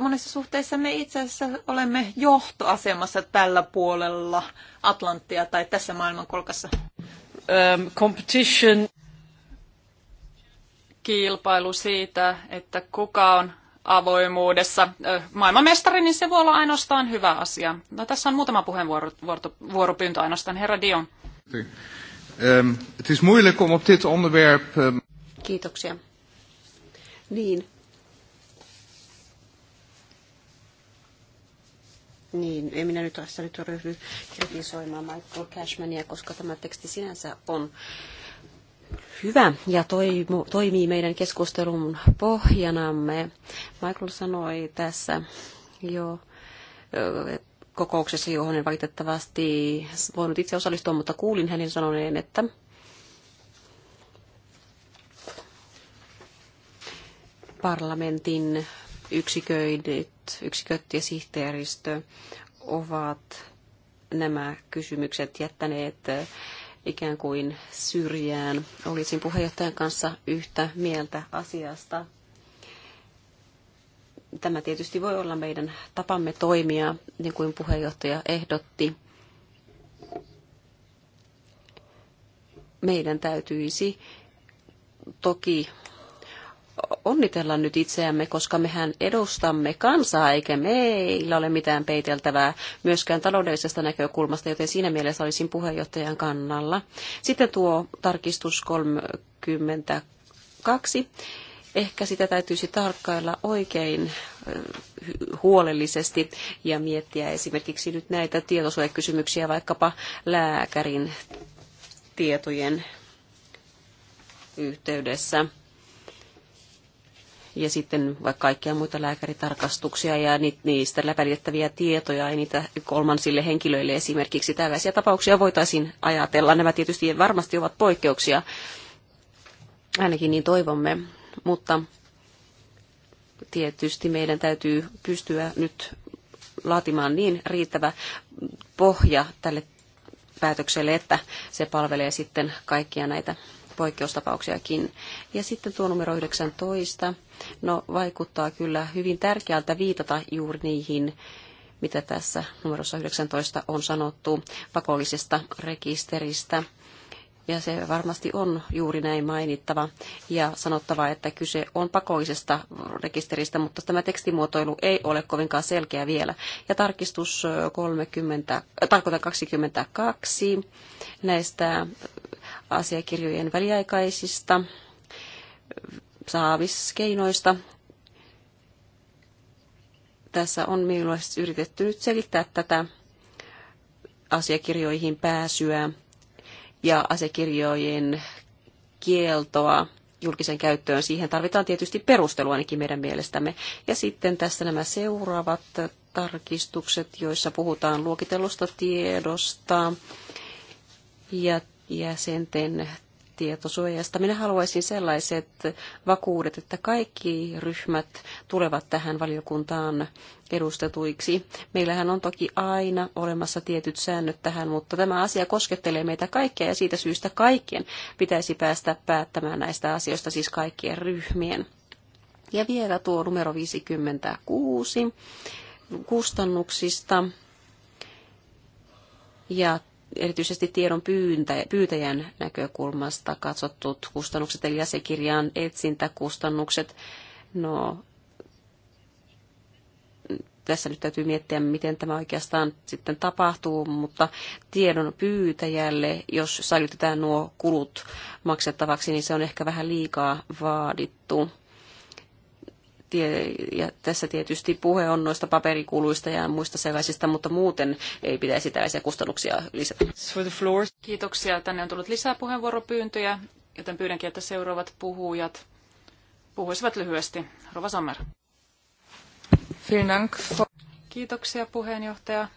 monissa suhteissa me itse asiassa olemme johtoasemassa tällä puolella Atlanttia tai tässä maailmankolkassa. Um, competition. Kilpailu siitä, että kuka on avoimuudessa maailmanmestari, niin se voi olla ainoastaan hyvä asia. No, tässä on muutama puheenvuoropyyntö ainoastaan. Herra Dion. Um, het is om op dit onderwerp... Um, Kiitoksia. Niin, Niin, en minä nyt tässä nyt ryhdy kritisoimaan Michael Cashmania, koska tämä teksti sinänsä on hyvä ja toimu, toimii meidän keskustelun pohjanamme. Michael sanoi tässä jo kokouksessa, johon en valitettavasti voinut itse osallistua, mutta kuulin hänen sanoneen, että parlamentin yksiköiden yksiköt ja sihteeristö ovat nämä kysymykset jättäneet eh, ikään kuin syrjään. Olisin puheenjohtajan kanssa yhtä mieltä asiasta. Tämä tietysti voi olla meidän tapamme toimia, niin kuin puheenjohtaja ehdotti. Meidän täytyisi toki onnitella nyt itseämme, koska mehän edustamme kansaa, eikä meillä ole mitään peiteltävää myöskään taloudellisesta näkökulmasta, joten siinä mielessä olisin puheenjohtajan kannalla. Sitten tuo tarkistus 32. Ehkä sitä täytyisi tarkkailla oikein eh, huolellisesti ja miettiä esimerkiksi nyt näitä tietosuojakysymyksiä vaikkapa lääkärin tietojen yhteydessä ja sitten vaikka kaikkia muita lääkäritarkastuksia ja niistä läpäljettäviä tietoja ja niitä kolmansille henkilöille esimerkiksi tällaisia tapauksia voitaisiin ajatella. Nämä tietysti varmasti ovat poikkeuksia, ainakin niin toivomme, mutta tietysti meidän täytyy pystyä nyt laatimaan niin riittävä pohja tälle päätökselle, että se palvelee sitten kaikkia näitä poikkeustapauksiakin. Ja sitten tuo numero 19. No, vaikuttaa kyllä hyvin tärkeältä viitata juuri niihin, mitä tässä numerossa 19 on sanottu pakollisesta rekisteristä ja se varmasti on juuri näin mainittava ja sanottava, että kyse on pakollisesta rekisteristä, mutta tämä tekstimuotoilu ei ole kovinkaan selkeä vielä. Ja tarkistus 30, äh, tarkoitan 22 näistä asiakirjojen väliaikaisista saaviskeinoista. Tässä on minulle yritetty nyt selittää tätä asiakirjoihin pääsyä ja asekirjojen kieltoa julkisen käyttöön. Siihen tarvitaan tietysti perustelu ainakin meidän mielestämme. Ja sitten tässä nämä seuraavat tarkistukset, joissa puhutaan luokitellusta tiedosta ja jäsenten tietosuojasta. Minä haluaisin sellaiset vakuudet, että kaikki ryhmät tulevat tähän valiokuntaan edustetuiksi. Meillähän on toki aina olemassa tietyt säännöt tähän, mutta tämä asia koskettelee meitä kaikkia ja siitä syystä kaikkien pitäisi päästä päättämään näistä asioista, siis kaikkien ryhmien. Ja vielä tuo numero 56 kustannuksista ja erityisesti tiedon pyytäjän näkökulmasta katsottut kustannukset, eli asiakirjan etsintäkustannukset. No, tässä nyt täytyy miettiä, miten tämä oikeastaan sitten tapahtuu, mutta tiedon pyytäjälle, jos säilytetään nuo kulut maksettavaksi, niin se on ehkä vähän liikaa vaadittu ja tässä tietysti puhe on noista paperikuluista ja muista sellaisista, mutta muuten ei pitäisi tällaisia kustannuksia lisätä. Kiitoksia. Tänne on tullut lisää puheenvuoropyyntöjä, joten pyydänkin, että seuraavat puhujat puhuisivat lyhyesti. Rova Sammer. Kiitoksia puheenjohtaja.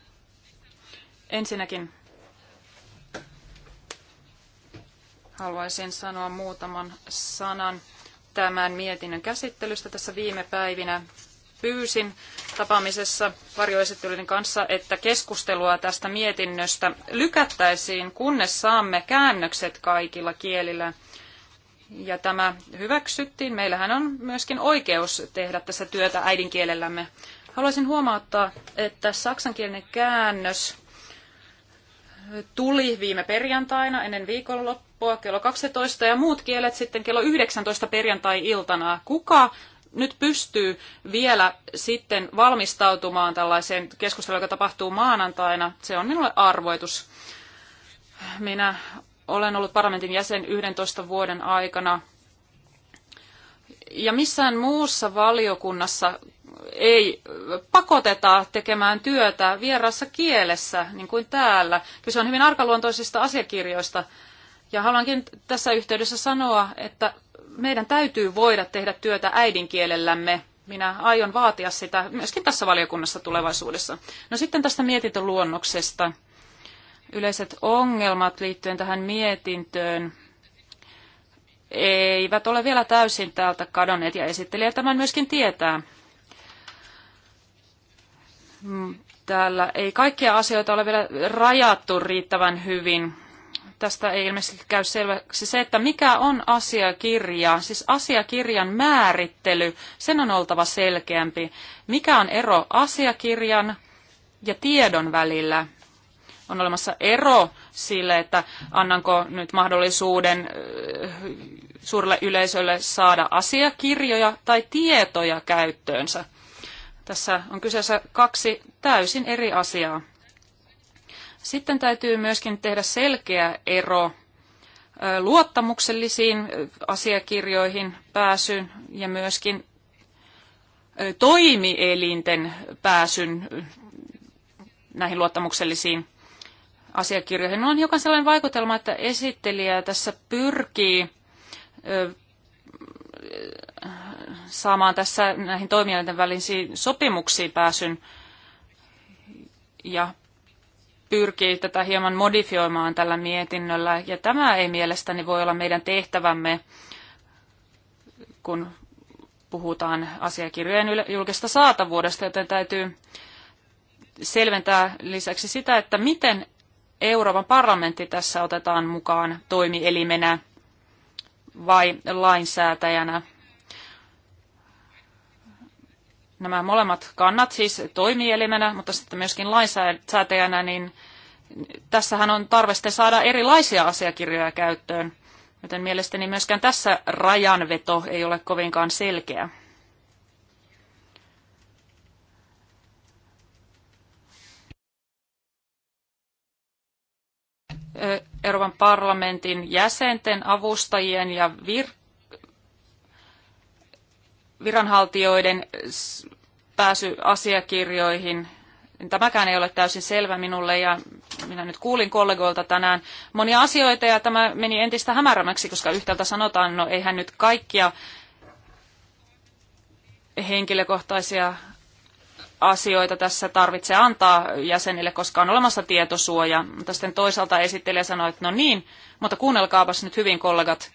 Ensinnäkin haluaisin sanoa muutaman sanan tämän mietinnön käsittelystä tässä viime päivinä. Pyysin tapaamisessa varjoesittelyiden kanssa, että keskustelua tästä mietinnöstä lykättäisiin, kunnes saamme käännökset kaikilla kielillä. Ja tämä hyväksyttiin. Meillähän on myöskin oikeus tehdä tässä työtä äidinkielellämme. Haluaisin huomauttaa, että saksankielinen käännös tuli viime perjantaina ennen viikonloppua loppua kello 12 ja muut kielet sitten kello 19 perjantai-iltana. Kuka nyt pystyy vielä sitten valmistautumaan tällaiseen keskusteluun, joka tapahtuu maanantaina? Se on minulle arvoitus. Minä olen ollut parlamentin jäsen 11 vuoden aikana. Ja missään muussa valiokunnassa ei pakoteta tekemään työtä vieraassa kielessä, niin kuin täällä. Kyse on hyvin arkaluontoisista asiakirjoista. Ja haluankin tässä yhteydessä sanoa, että meidän täytyy voida tehdä työtä äidinkielellämme. Minä aion vaatia sitä myöskin tässä valiokunnassa tulevaisuudessa. No sitten tästä mietintöluonnoksesta. Yleiset ongelmat liittyen tähän mietintöön eivät ole vielä täysin täältä kadonneet ja esittelijä tämän myöskin tietää. Mm, täällä ei kaikkia asioita ole vielä rajattu riittävän hyvin tästä ei ilmeisesti käy selväksi se, että mikä on asiakirja, siis asiakirjan määrittely, sen on oltava selkeämpi. Mikä on ero asiakirjan ja tiedon välillä? On olemassa ero sille, että annanko nyt mahdollisuuden äh, suurelle yleisölle saada asiakirjoja tai tietoja käyttöönsä. Tässä on kyseessä kaksi täysin eri asiaa. Sitten täytyy myöskin tehdä selkeä ero luottamuksellisiin asiakirjoihin pääsyn ja myöskin toimielinten pääsyn näihin luottamuksellisiin asiakirjoihin. No on hiukan sellainen vaikutelma, että esittelijä tässä pyrkii saamaan tässä näihin toimielinten välisiin sopimuksiin pääsyn ja pyrkii tätä hieman modifioimaan tällä mietinnöllä, ja tämä ei mielestäni voi olla meidän tehtävämme, kun puhutaan asiakirjojen julkista saatavuudesta, joten täytyy selventää lisäksi sitä, että miten Euroopan parlamentti tässä otetaan mukaan toimielimenä vai lainsäätäjänä. nämä molemmat kannat siis toimielimenä, mutta sitten myöskin lainsäätäjänä, niin tässähän on tarve saada erilaisia asiakirjoja käyttöön. Joten mielestäni myöskään tässä rajanveto ei ole kovinkaan selkeä. Euroopan parlamentin jäsenten, avustajien ja vir- viranhaltijoiden pääsy asiakirjoihin. Niin tämäkään ei ole täysin selvä minulle ja minä nyt kuulin kollegoilta tänään monia asioita ja tämä meni entistä hämärämmäksi, koska yhtäältä sanotaan, no eihän nyt kaikkia henkilökohtaisia asioita tässä tarvitse antaa jäsenille, koska on olemassa tietosuoja. Mutta sitten toisaalta esittelijä sanoi, että no niin, mutta kuunnelkaapas nyt hyvin kollegat,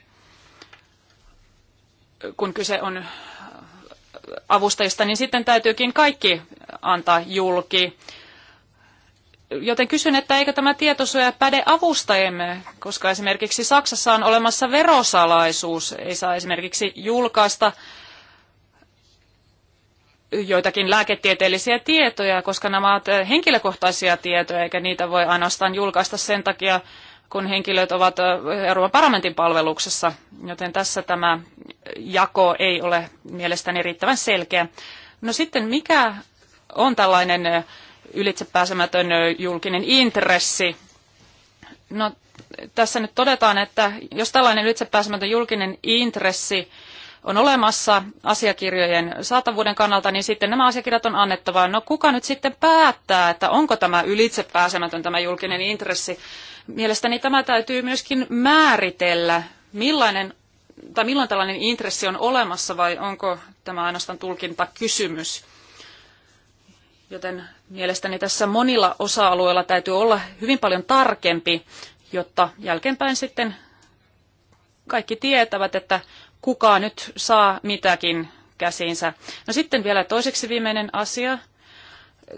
kun kyse on avustajista, niin sitten täytyykin kaikki antaa julki. Joten kysyn, että eikö tämä tietosuoja päde avustajemme, koska esimerkiksi Saksassa on olemassa verosalaisuus. Ei saa esimerkiksi julkaista joitakin lääketieteellisiä tietoja, koska nämä ovat henkilökohtaisia tietoja, eikä niitä voi ainoastaan julkaista sen takia, kun henkilöt ovat Euroopan parlamentin palveluksessa, joten tässä tämä jako ei ole mielestäni riittävän selkeä. No sitten mikä on tällainen ylitsepääsemätön julkinen intressi? No tässä nyt todetaan, että jos tällainen ylitsepääsemätön julkinen intressi on olemassa asiakirjojen saatavuuden kannalta, niin sitten nämä asiakirjat on annettava. No kuka nyt sitten päättää, että onko tämä ylitsepääsemätön tämä julkinen intressi? Mielestäni tämä täytyy myöskin määritellä, millainen tai milloin tällainen intressi on olemassa vai onko tämä ainoastaan tulkintakysymys. Joten mielestäni tässä monilla osa-alueilla täytyy olla hyvin paljon tarkempi, jotta jälkeenpäin sitten kaikki tietävät, että kuka nyt saa mitäkin käsiinsä. No sitten vielä toiseksi viimeinen asia.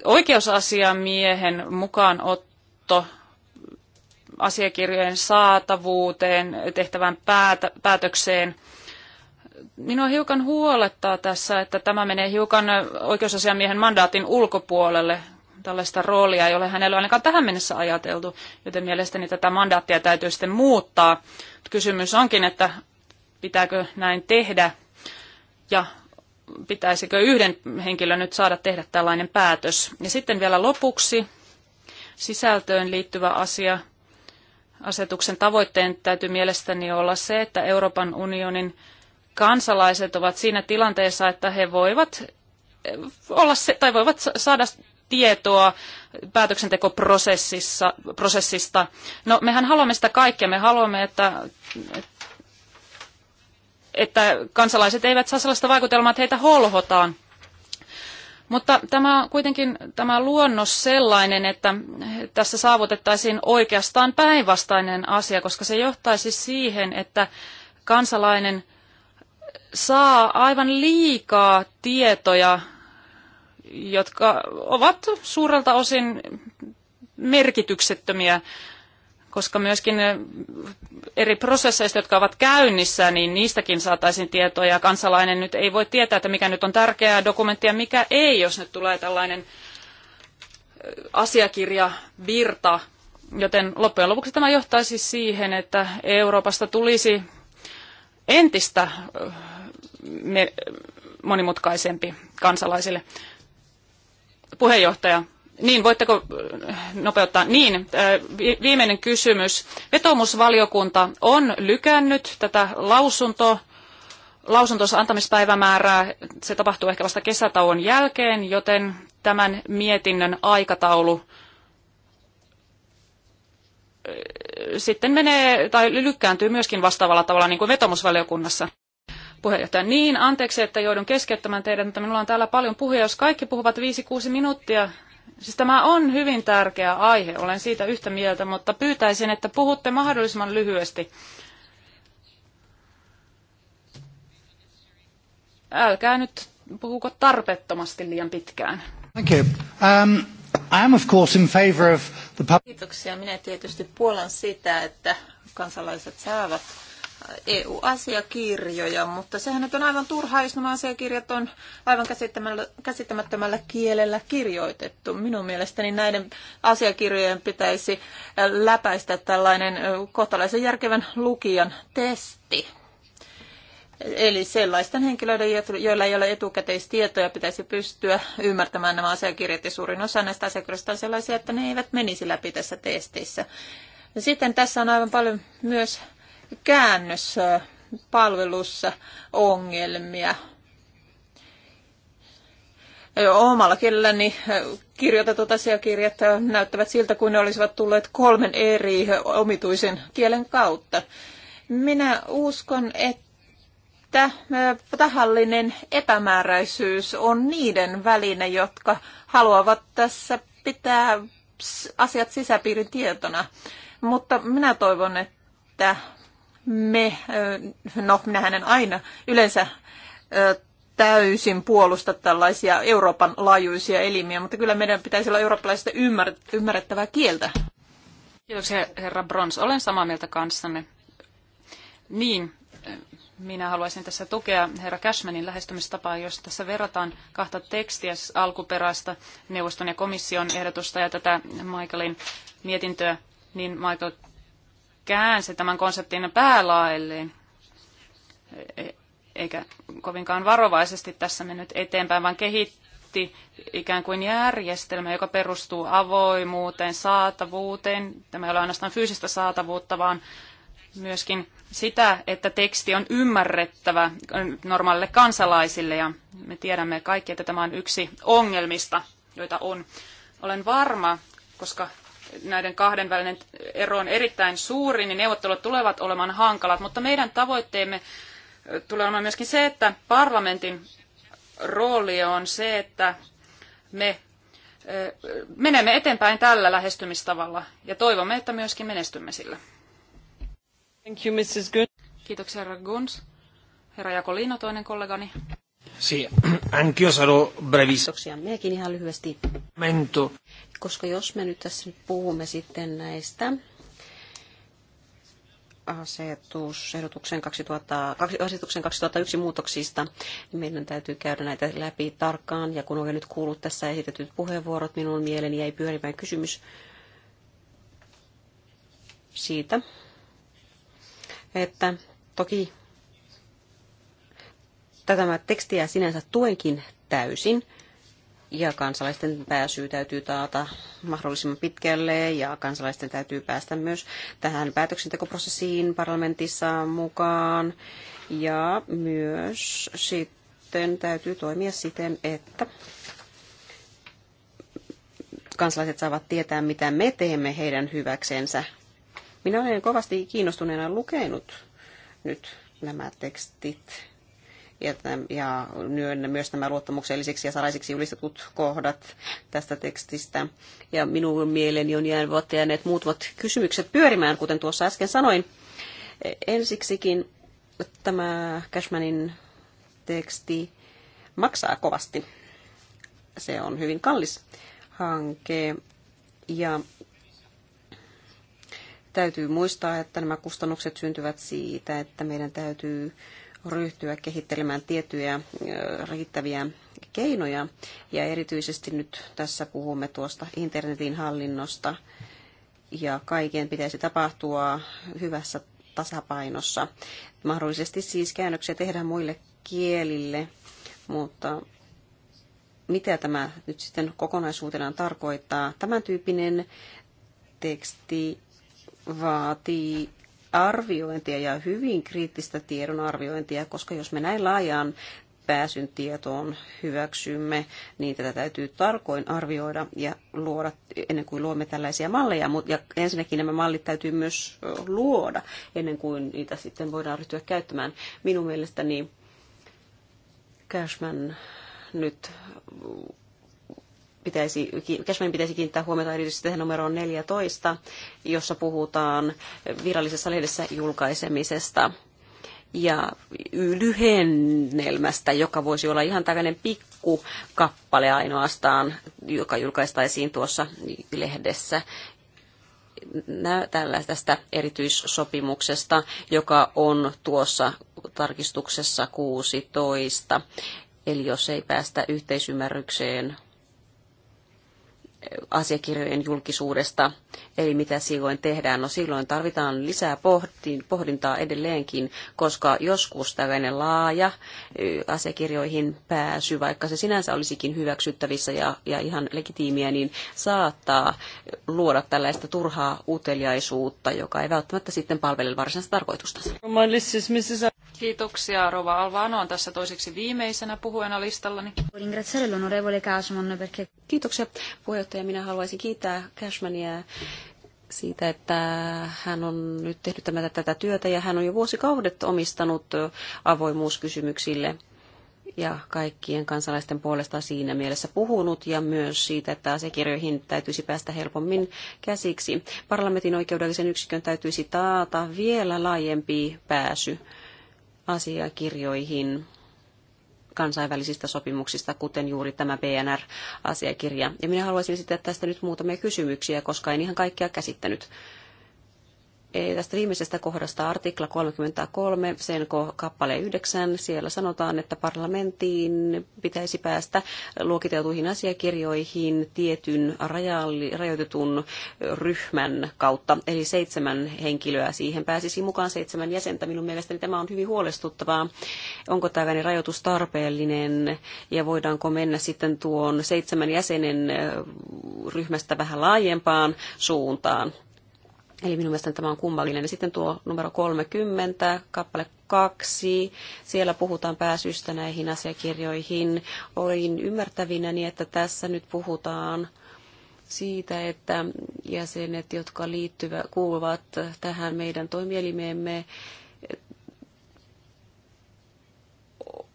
Oikeusasiamiehen mukaanotto asiakirjojen saatavuuteen, tehtävään päätä, päätökseen. Minua hiukan huolettaa tässä, että tämä menee hiukan oikeusasiamiehen mandaatin ulkopuolelle. Tällaista roolia ei ole hänellä ainakaan tähän mennessä ajateltu, joten mielestäni tätä mandaattia täytyy sitten muuttaa. Kysymys onkin, että pitääkö näin tehdä ja pitäisikö yhden henkilön nyt saada tehdä tällainen päätös. Ja sitten vielä lopuksi sisältöön liittyvä asia asetuksen tavoitteen täytyy mielestäni olla se, että Euroopan unionin kansalaiset ovat siinä tilanteessa, että he voivat eh, olla se, tai voivat saada tietoa päätöksentekoprosessissa, prosessista. No mehän haluamme sitä kaikkea. Me haluamme, että, että kansalaiset eivät saa sellaista vaikutelmaa, että heitä holhotaan – mutta tämä on kuitenkin tämä luonnos sellainen, että tässä saavutettaisiin oikeastaan päinvastainen asia, koska se johtaisi siihen, että kansalainen saa aivan liikaa tietoja, jotka ovat suurelta osin merkityksettömiä koska myöskin eh, eri prosesseista, jotka ovat käynnissä, niin niistäkin saataisiin tietoa, ja kansalainen nyt ei voi tietää, että mikä nyt on tärkeää dokumenttia ja mikä ei, jos nyt tulee tällainen eh, asiakirja virta. Joten loppujen lopuksi tämä johtaisi siihen, että Euroopasta tulisi entistä eh, monimutkaisempi kansalaisille. Puheenjohtaja, niin, voitteko äh, nopeuttaa? Niin, äh, viimeinen kysymys. Vetomusvaliokunta on lykännyt tätä lausuntoa lausuntonsa antamispäivämäärää. Se tapahtuu ehkä vasta kesätauon jälkeen, joten tämän mietinnön aikataulu äh, sitten menee tai lykkääntyy myöskin vastaavalla tavalla niin kuin vetomusvaliokunnassa. Puheenjohtaja, niin anteeksi, että joudun keskeyttämään teidän, mutta minulla on täällä paljon puhuja. Jos kaikki puhuvat 5-6 minuuttia, Siis tämä on hyvin tärkeä aihe, olen siitä yhtä mieltä, mutta pyytäisin, että puhutte mahdollisimman lyhyesti. Älkää nyt puhuko tarpeettomasti liian pitkään. Thank you. Um, I am of course in favor of the Kiitoksia. Minä tietysti puolan sitä, että kansalaiset saavat EU-asiakirjoja, mutta sehän nyt on aivan turhaa, jos nämä asiakirjat on aivan käsittämällä, käsittämättömällä kielellä kirjoitettu. Minun mielestäni näiden asiakirjojen pitäisi läpäistä tällainen kohtalaisen järkevän lukijan testi. Eli sellaisten henkilöiden, joilla ei ole etukäteistietoja, pitäisi pystyä ymmärtämään nämä asiakirjat. Ja suurin osa näistä asiakirjoista on sellaisia, että ne eivät menisi läpi tässä testissä. Ja sitten tässä on aivan paljon myös käännöspalvelussa ongelmia. Omalla kielelläni kirjoitetut asiakirjat näyttävät siltä, kuin ne olisivat tulleet kolmen eri omituisen kielen kautta. Minä uskon, että tahallinen epämääräisyys on niiden väline, jotka haluavat tässä pitää asiat sisäpiirin tietona. Mutta minä toivon, että me, no minähän en aina yleensä täysin puolusta tällaisia Euroopan laajuisia elimiä, mutta kyllä meidän pitäisi olla eurooppalaisista ymmärrettävää kieltä. Kiitoksia herra Brons. Olen samaa mieltä kanssanne. Niin, minä haluaisin tässä tukea herra Cashmanin lähestymistapaa, jos tässä verrataan kahta tekstiä siis alkuperäistä neuvoston ja komission ehdotusta ja tätä Michaelin mietintöä, niin Michael käänsi tämän konseptin päälaelleen, e- eikä kovinkaan varovaisesti tässä mennyt eteenpäin, vaan kehitti ikään kuin järjestelmä, joka perustuu avoimuuteen, saatavuuteen. Tämä ei ole ainoastaan fyysistä saatavuutta, vaan myöskin sitä, että teksti on ymmärrettävä normaalille kansalaisille ja me tiedämme kaikki, että tämä on yksi ongelmista, joita on. Olen varma, koska näiden kahden välinen ero on erittäin suuri, niin neuvottelut tulevat olemaan hankalat. Mutta meidän tavoitteemme tulee olemaan myöskin se, että parlamentin rooli on se, että me menemme eteenpäin tällä lähestymistavalla ja toivomme, että myöskin menestymme sillä. Thank you, Mrs. Kiitoksia, herra Guns. Herra Jakolino, toinen kollegani. Si, anch'io sarò brevissimo. Kiitoksia. Minäkin ihan lyhyesti. Mento. Koska jos me nyt tässä nyt puhumme sitten näistä asetusehdotuksen 2000, asetuksen 2001 muutoksista, niin meidän täytyy käydä näitä läpi tarkkaan. Ja kun olen nyt kuullut tässä esitetyt puheenvuorot, minun mieleni jäi pyörimään kysymys siitä, että toki Tätä tekstiä sinänsä tuenkin täysin ja kansalaisten pääsy täytyy taata mahdollisimman pitkälle ja kansalaisten täytyy päästä myös tähän päätöksentekoprosessiin parlamentissa mukaan ja myös sitten täytyy toimia siten, että kansalaiset saavat tietää, mitä me teemme heidän hyväksensä. Minä olen kovasti kiinnostuneena lukenut nyt nämä tekstit ja, myönnä myös nämä luottamuksellisiksi ja salaisiksi julistetut kohdat tästä tekstistä. Ja minun mieleeni on jäänyt, jääneet muutamat kysymykset pyörimään, kuten tuossa äsken sanoin. Ensiksikin tämä Cashmanin teksti maksaa kovasti. Se on hyvin kallis hanke ja täytyy muistaa, että nämä kustannukset syntyvät siitä, että meidän täytyy ryhtyä kehittelemään tiettyjä riittäviä keinoja. Ja erityisesti nyt tässä puhumme tuosta internetin hallinnosta ja kaiken pitäisi tapahtua hyvässä tasapainossa. Mahdollisesti siis käännöksiä tehdään muille kielille, mutta mitä tämä nyt sitten kokonaisuutenaan tarkoittaa? Tämän tyyppinen teksti vaatii arviointia ja hyvin kriittistä tiedon arviointia, koska jos me näin laajaan pääsyn tietoon hyväksymme, niin tätä täytyy tarkoin arvioida ja luoda ennen kuin luomme tällaisia malleja. Ja ensinnäkin nämä mallit täytyy myös luoda ennen kuin niitä sitten voidaan ryhtyä käyttämään. Minun mielestäni Cashman nyt pitäisi, Cashmanin pitäisi kiinnittää huomiota erityisesti tähän numeroon 14, jossa puhutaan virallisessa lehdessä julkaisemisesta ja lyhennelmästä, joka voisi olla ihan tällainen pikku kappale ainoastaan, joka julkaistaisiin tuossa lehdessä tällaisesta erityissopimuksesta, joka on tuossa tarkistuksessa 16. Eli jos ei päästä yhteisymmärrykseen asiakirjojen julkisuudesta, eli mitä silloin tehdään. No silloin tarvitaan lisää pohdintaa edelleenkin, koska joskus tällainen laaja asiakirjoihin pääsy, vaikka se sinänsä olisikin hyväksyttävissä ja, ja ihan legitiimiä, niin saattaa luoda tällaista turhaa uteliaisuutta, joka ei välttämättä sitten palvele varsinaista tarkoitusta. Kiitoksia. Rova Alvano on tässä toiseksi viimeisenä puhujana listallani. Kiitoksia puheenjohtaja. Minä haluaisin kiittää Cashmania siitä, että hän on nyt tehnyt tätä työtä ja hän on jo vuosikaudet omistanut avoimuuskysymyksille ja kaikkien kansalaisten puolesta siinä mielessä puhunut ja myös siitä, että asiakirjoihin täytyisi päästä helpommin käsiksi. Parlamentin oikeudellisen yksikön täytyisi taata vielä laajempi pääsy asiakirjoihin kansainvälisistä sopimuksista, kuten juuri tämä PNR-asiakirja. Ja minä haluaisin esittää tästä nyt muutamia kysymyksiä, koska en ihan kaikkea käsittänyt tästä viimeisestä kohdasta artikla 33, sen kappale 9, siellä sanotaan, että parlamenttiin pitäisi päästä luokiteltuihin asiakirjoihin tietyn rajoitetun ryhmän kautta, eli seitsemän henkilöä. Siihen pääsisi mukaan seitsemän jäsentä. Minun mielestäni tämä on hyvin huolestuttavaa. Onko tämä rajoitus tarpeellinen ja voidaanko mennä sitten tuon seitsemän jäsenen ryhmästä vähän laajempaan suuntaan? Eli minun mielestäni tämä on kummallinen. Ja sitten tuo numero 30, kappale 2, siellä puhutaan pääsystä näihin asiakirjoihin. Olin ymmärtävinäni, että tässä nyt puhutaan siitä, että jäsenet, jotka liittyvät, kuuluvat tähän meidän toimielimeemme,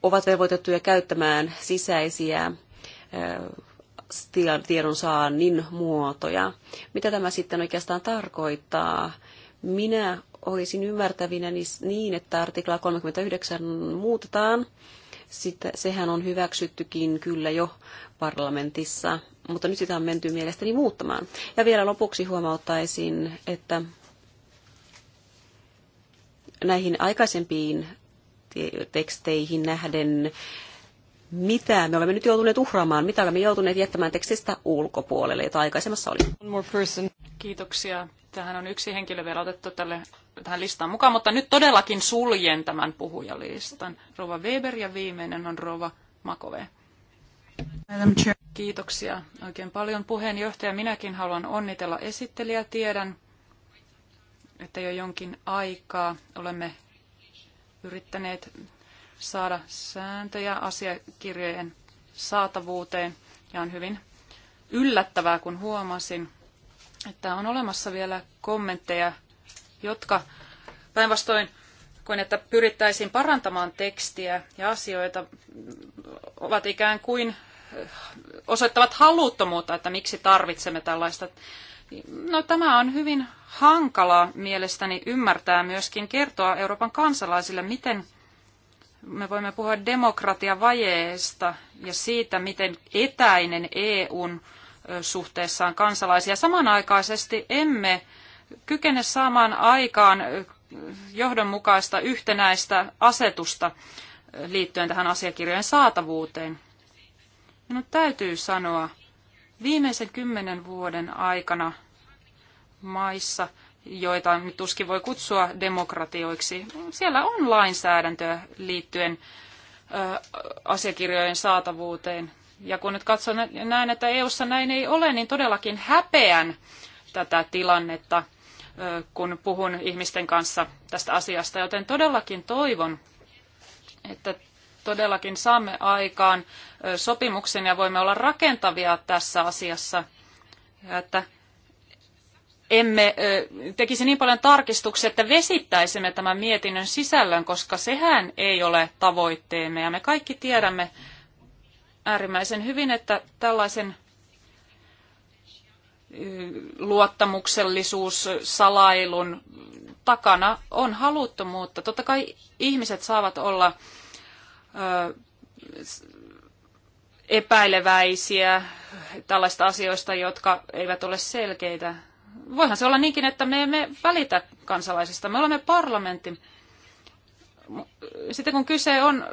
ovat velvoitettuja käyttämään sisäisiä tiedon saannin muotoja. Mitä tämä sitten oikeastaan tarkoittaa? Minä olisin ymmärtävinä niin, että artikla 39 muutetaan. Sitä, sehän on hyväksyttykin kyllä jo parlamentissa, mutta nyt sitä on menty mielestäni muuttamaan. Ja vielä lopuksi huomauttaisin, että näihin aikaisempiin teksteihin nähden mitä me olemme nyt joutuneet uhraamaan, mitä olemme joutuneet jättämään tekstistä ulkopuolelle, jota aikaisemmassa oli. Kiitoksia. Tähän on yksi henkilö vielä otettu tälle, tähän listaan mukaan, mutta nyt todellakin suljen tämän puhujalistan. Rova Weber ja viimeinen on Rova Makove. Kiitoksia oikein paljon puheenjohtaja. Minäkin haluan onnitella esittelijä. Tiedän, että jo jonkin aikaa olemme yrittäneet saada sääntöjä asiakirjojen saatavuuteen ja on hyvin yllättävää, kun huomasin, että on olemassa vielä kommentteja, jotka päinvastoin kuin että pyrittäisiin parantamaan tekstiä ja asioita, ovat ikään kuin eh, osoittavat haluttomuutta, että miksi tarvitsemme tällaista. No, tämä on hyvin hankalaa mielestäni ymmärtää myöskin kertoa Euroopan kansalaisille, miten me voimme puhua demokratiavajeesta ja siitä, miten etäinen EUn suhteessaan kansalaisia. Samanaikaisesti emme kykene saamaan aikaan johdonmukaista yhtenäistä asetusta liittyen tähän asiakirjojen saatavuuteen. Minun täytyy sanoa, viimeisen kymmenen vuoden aikana maissa, joita tuskin voi kutsua demokratioiksi. Siellä on lainsäädäntöä liittyen asiakirjojen saatavuuteen. Ja kun nyt katson näin, että EUssa näin ei ole, niin todellakin häpeän tätä tilannetta, kun puhun ihmisten kanssa tästä asiasta. Joten todellakin toivon, että todellakin saamme aikaan sopimuksen ja voimme olla rakentavia tässä asiassa. Ja että emme tekisi niin paljon tarkistuksia, että vesittäisimme tämän mietinnön sisällön, koska sehän ei ole tavoitteemme. Ja me kaikki tiedämme äärimmäisen hyvin, että tällaisen luottamuksellisuus, salailun takana on haluttomuutta. Totta kai ihmiset saavat olla epäileväisiä tällaista asioista, jotka eivät ole selkeitä voihan se olla niinkin, että me emme välitä kansalaisista. Me olemme parlamentti. Sitten kun kyse on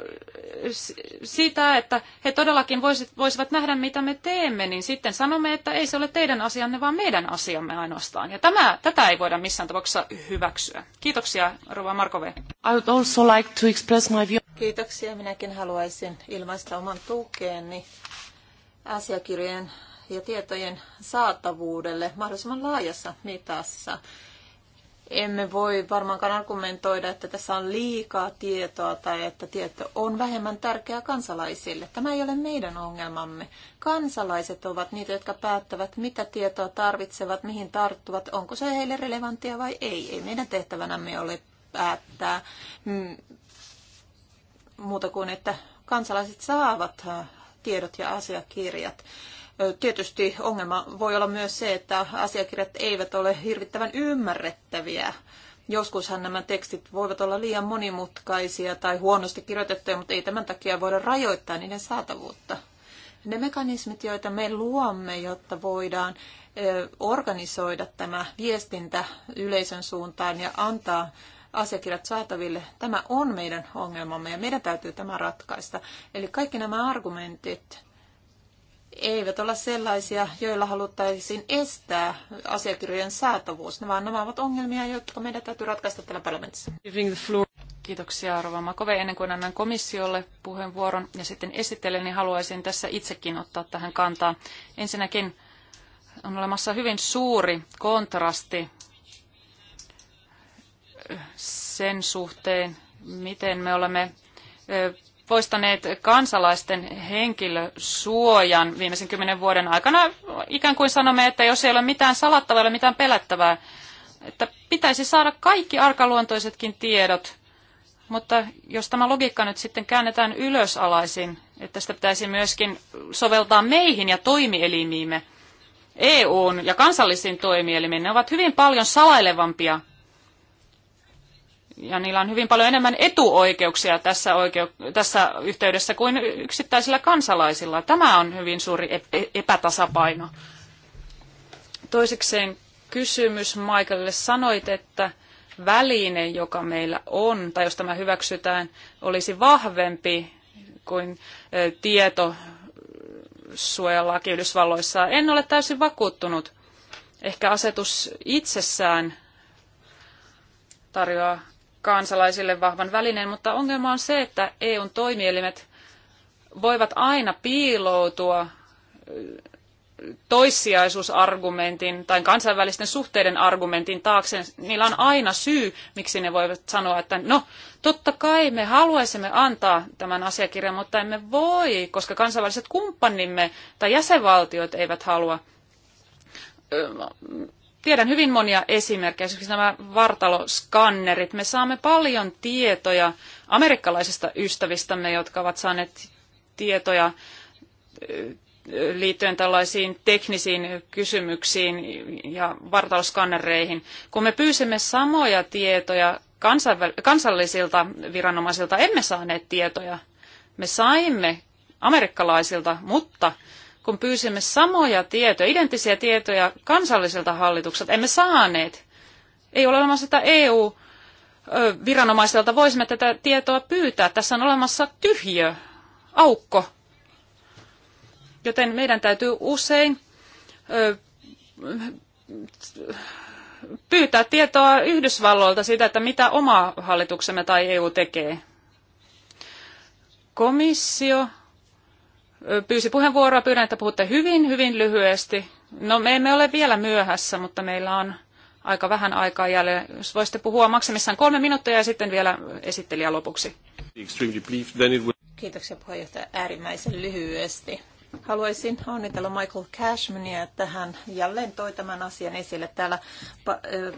sitä, että he todellakin voisivat nähdä, mitä me teemme, niin sitten sanomme, että ei se ole teidän asianne, vaan meidän asiamme ainoastaan. Ja tämä, tätä ei voida missään tapauksessa hyväksyä. Kiitoksia, Rova Markove. I would also like to express my view. Kiitoksia. Minäkin haluaisin ilmaista oman tukeni asiakirjojen ja tietojen saatavuudelle mahdollisimman laajassa mitassa. Emme voi varmaankaan argumentoida, että tässä on liikaa tietoa tai että tieto on vähemmän tärkeää kansalaisille. Tämä ei ole meidän ongelmamme. Kansalaiset ovat niitä, jotka päättävät, mitä tietoa tarvitsevat, mihin tarttuvat, onko se heille relevanttia vai ei. Ei meidän tehtävänämme ole päättää mm, muuta kuin, että kansalaiset saavat äh, tiedot ja asiakirjat. Tietysti ongelma voi olla myös se, että asiakirjat eivät ole hirvittävän ymmärrettäviä. Joskushan nämä tekstit voivat olla liian monimutkaisia tai huonosti kirjoitettuja, mutta ei tämän takia voida rajoittaa niiden saatavuutta. Ne mekanismit, joita me luomme, jotta voidaan organisoida tämä viestintä yleisön suuntaan ja antaa asiakirjat saataville, tämä on meidän ongelmamme ja meidän täytyy tämä ratkaista. Eli kaikki nämä argumentit, eivät ole sellaisia, joilla haluttaisiin estää asiakirjojen saatavuus. Nämä, nämä ovat ongelmia, jotka meidän täytyy ratkaista täällä parlamentissa. Kiitoksia Rova Makove. Ennen kuin annan komissiolle puheenvuoron ja sitten esittelen, niin haluaisin tässä itsekin ottaa tähän kantaa. Ensinnäkin on olemassa hyvin suuri kontrasti sen suhteen, miten me olemme poistaneet kansalaisten henkilösuojan viimeisen kymmenen vuoden aikana. Ikään kuin sanomme, että jos ei ole mitään salattavaa, ei ole mitään pelättävää, että pitäisi saada kaikki arkaluontoisetkin tiedot. Mutta jos tämä logiikka nyt sitten käännetään ylösalaisin, että sitä pitäisi myöskin soveltaa meihin ja toimielimiimme, EUn ja kansallisiin toimielimiin, ne ovat hyvin paljon salailevampia ja niillä on hyvin paljon enemmän etuoikeuksia tässä, oikeu- tässä yhteydessä kuin yksittäisillä kansalaisilla. Tämä on hyvin suuri epätasapaino. Toisekseen kysymys Michaelille. Sanoit, että väline, joka meillä on, tai jos tämä hyväksytään, olisi vahvempi kuin tieto suojalaki Yhdysvalloissa. En ole täysin vakuuttunut. Ehkä asetus itsessään tarjoaa kansalaisille vahvan välineen, mutta ongelma on se, että EUn toimielimet voivat aina piiloutua toissijaisuusargumentin tai kansainvälisten suhteiden argumentin taakse, niillä on aina syy, miksi ne voivat sanoa, että no, totta kai me haluaisimme antaa tämän asiakirjan, mutta emme voi, koska kansainväliset kumppanimme tai jäsenvaltiot eivät halua tiedän hyvin monia esimerkkejä, esimerkiksi nämä vartaloskannerit. Me saamme paljon tietoja amerikkalaisista ystävistämme, jotka ovat saaneet tietoja liittyen tällaisiin teknisiin kysymyksiin ja vartaloskannereihin. Kun me pyysimme samoja tietoja kansallisilta viranomaisilta, emme saaneet tietoja. Me saimme amerikkalaisilta, mutta kun pyysimme samoja tietoja, identtisiä tietoja kansallisilta hallitukselta, emme saaneet. Ei ole olemassa sitä EU- viranomaisilta voisimme tätä tietoa pyytää. Tässä on olemassa tyhjö, aukko. Joten meidän täytyy usein pyytää tietoa Yhdysvalloilta siitä, että mitä oma hallituksemme tai EU tekee. Komissio pyysi puheenvuoroa. Pyydän, että puhutte hyvin, hyvin lyhyesti. No me emme ole vielä myöhässä, mutta meillä on aika vähän aikaa jäljellä. Jos voisitte puhua maksimissaan kolme minuuttia ja sitten vielä esittelijä lopuksi. Kiitoksia puheenjohtaja äärimmäisen lyhyesti. Haluaisin onnitella Michael Cashmania, että hän jälleen toi tämän asian esille täällä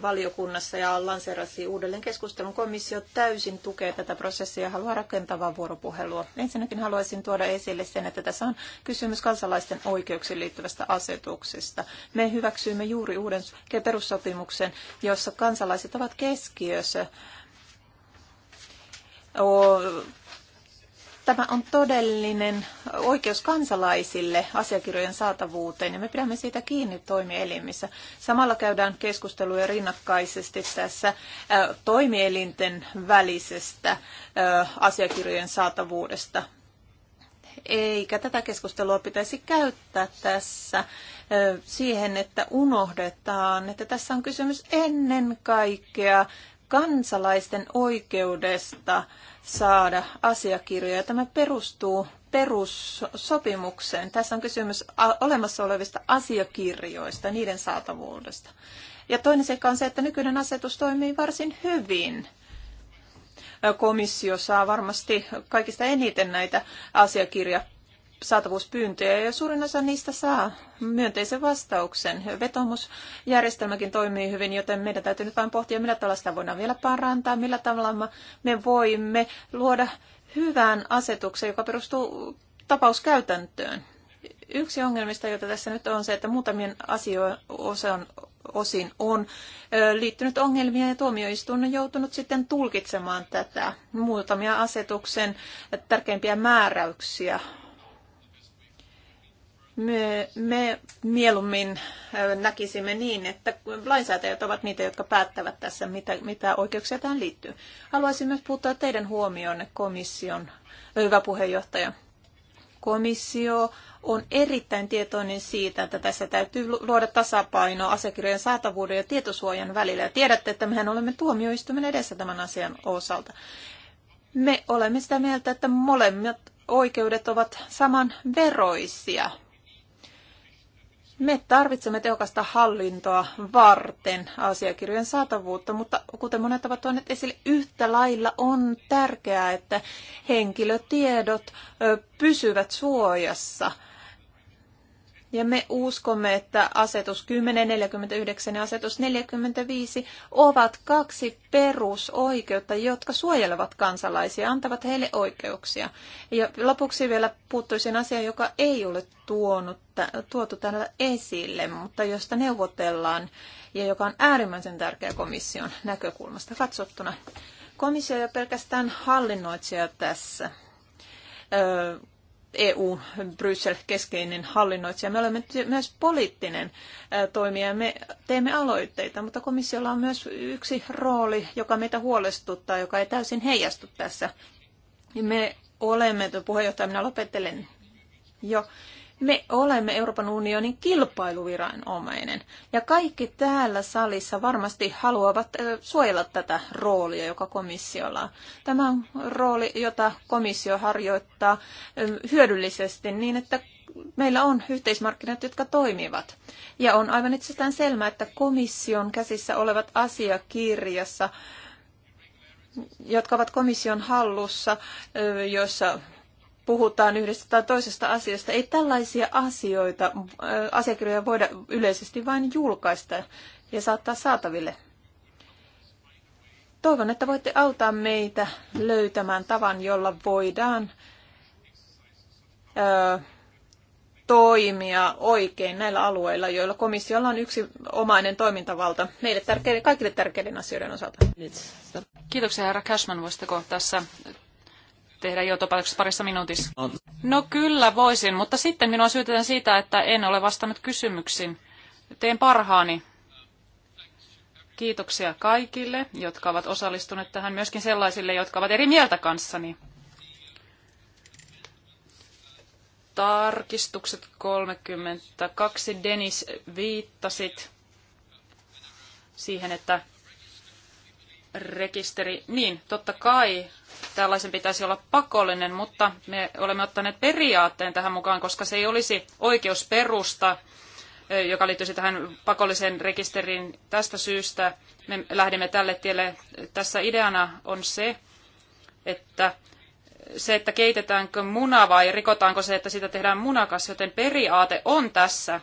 valiokunnassa ja lanseerasi uudelleen keskustelun. Komissio täysin tukee tätä prosessia ja haluaa rakentavaa vuoropuhelua. Ensinnäkin haluaisin tuoda esille sen, että tässä on kysymys kansalaisten oikeuksiin liittyvästä asetuksesta. Me hyväksyimme juuri uuden perussopimuksen, jossa kansalaiset ovat keskiössä Tämä on todellinen oikeus kansalaisille asiakirjojen saatavuuteen ja me pidämme siitä kiinni toimielimissä. Samalla käydään keskusteluja rinnakkaisesti tässä toimielinten välisestä asiakirjojen saatavuudesta. Eikä tätä keskustelua pitäisi käyttää tässä siihen, että unohdetaan, että tässä on kysymys ennen kaikkea kansalaisten oikeudesta saada asiakirjoja. Tämä perustuu perussopimukseen. Tässä on kysymys olemassa olevista asiakirjoista, niiden saatavuudesta. Ja toinen seikka on se, että nykyinen asetus toimii varsin hyvin. Komissio saa varmasti kaikista eniten näitä asiakirjoja saatavuuspyyntöjä ja suurin osa niistä saa myönteisen vastauksen. Vetomusjärjestelmäkin toimii hyvin, joten meidän täytyy nyt vain pohtia, millä tavalla sitä voidaan vielä parantaa, millä tavalla me voimme luoda hyvän asetuksen, joka perustuu tapauskäytäntöön. Yksi ongelmista, jota tässä nyt on se, että muutamien asioiden osin on liittynyt ongelmia ja tuomioistuin on joutunut sitten tulkitsemaan tätä. Muutamia asetuksen tärkeimpiä määräyksiä me, me mieluummin näkisimme niin, että lainsäätäjät ovat niitä, jotka päättävät tässä, mitä, mitä oikeuksia tähän liittyy. Haluaisin myös puuttua teidän huomioon komission, hyvä puheenjohtaja. Komissio on erittäin tietoinen siitä, että tässä täytyy luoda tasapaino asiakirjojen saatavuuden ja tietosuojan välillä. Ja tiedätte, että mehän olemme tuomioistuimen edessä tämän asian osalta. Me olemme sitä mieltä, että molemmat oikeudet ovat samanveroisia. Me tarvitsemme tehokasta hallintoa varten asiakirjojen saatavuutta, mutta kuten monet ovat tuoneet esille, yhtä lailla on tärkeää, että henkilötiedot pysyvät suojassa – ja me uskomme, että asetus 1049 ja asetus 45 ovat kaksi perusoikeutta, jotka suojelevat kansalaisia, antavat heille oikeuksia. Ja lopuksi vielä puuttuisin asiaan, joka ei ole tuonut, tuotu täällä esille, mutta josta neuvotellaan ja joka on äärimmäisen tärkeä komission näkökulmasta katsottuna. Komissio ei ole pelkästään hallinnoitsija tässä EU-Bryssel-keskeinen hallinnoitsija. Me olemme myös poliittinen toimija, me teemme aloitteita, mutta komissiolla on myös yksi rooli, joka meitä huolestuttaa, joka ei täysin heijastu tässä. Me olemme, puheenjohtaja, minä lopettelen jo me olemme Euroopan unionin kilpailuviranomainen ja kaikki täällä salissa varmasti haluavat suojella tätä roolia, joka komissiolla on. Tämä on rooli, jota komissio harjoittaa hyödyllisesti niin, että meillä on yhteismarkkinat, jotka toimivat. Ja on aivan itsestään selvää, että komission käsissä olevat asiakirjassa jotka ovat komission hallussa, joissa puhutaan yhdestä tai toisesta asiasta. Ei tällaisia asioita, asiakirjoja voida yleisesti vain julkaista ja saattaa saataville. Toivon, että voitte auttaa meitä löytämään tavan, jolla voidaan ö, toimia oikein näillä alueilla, joilla komissiolla on yksi omainen toimintavalta meille tärkeiden, kaikille tärkeiden asioiden osalta. Kiitoksia herra Cashman, voisitteko tässä tehdä johtopäätöksessä parissa minuutissa? No kyllä voisin, mutta sitten minua syytetään siitä, että en ole vastannut kysymyksiin. Teen parhaani. Kiitoksia kaikille, jotka ovat osallistuneet tähän, myöskin sellaisille, jotka ovat eri mieltä kanssani. Tarkistukset 32. Denis viittasit siihen, että rekisteri, niin totta kai tällaisen pitäisi olla pakollinen, mutta me olemme ottaneet periaatteen tähän mukaan, koska se ei olisi oikeusperusta, joka liittyisi tähän pakolliseen rekisteriin tästä syystä. Me lähdimme tälle tielle. Tässä ideana on se, että se, että keitetäänkö muna vai rikotaanko se, että siitä tehdään munakas, joten periaate on tässä.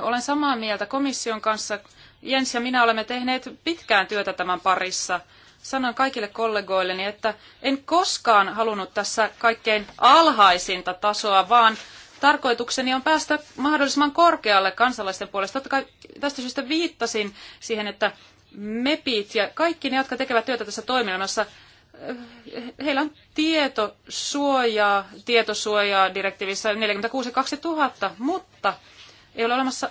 Olen samaa mieltä komission kanssa Jens ja minä olemme tehneet pitkään työtä tämän parissa. Sanoin kaikille kollegoilleni, että en koskaan halunnut tässä kaikkein alhaisinta tasoa, vaan tarkoitukseni on päästä mahdollisimman korkealle kansalaisten puolesta. Totta kai tästä syystä viittasin siihen, että MEPit ja kaikki ne, jotka tekevät työtä tässä toiminnassa, eh, heillä on tietosuojaa, tietosuojaa direktiivissä 46-2000, mutta ei ole olemassa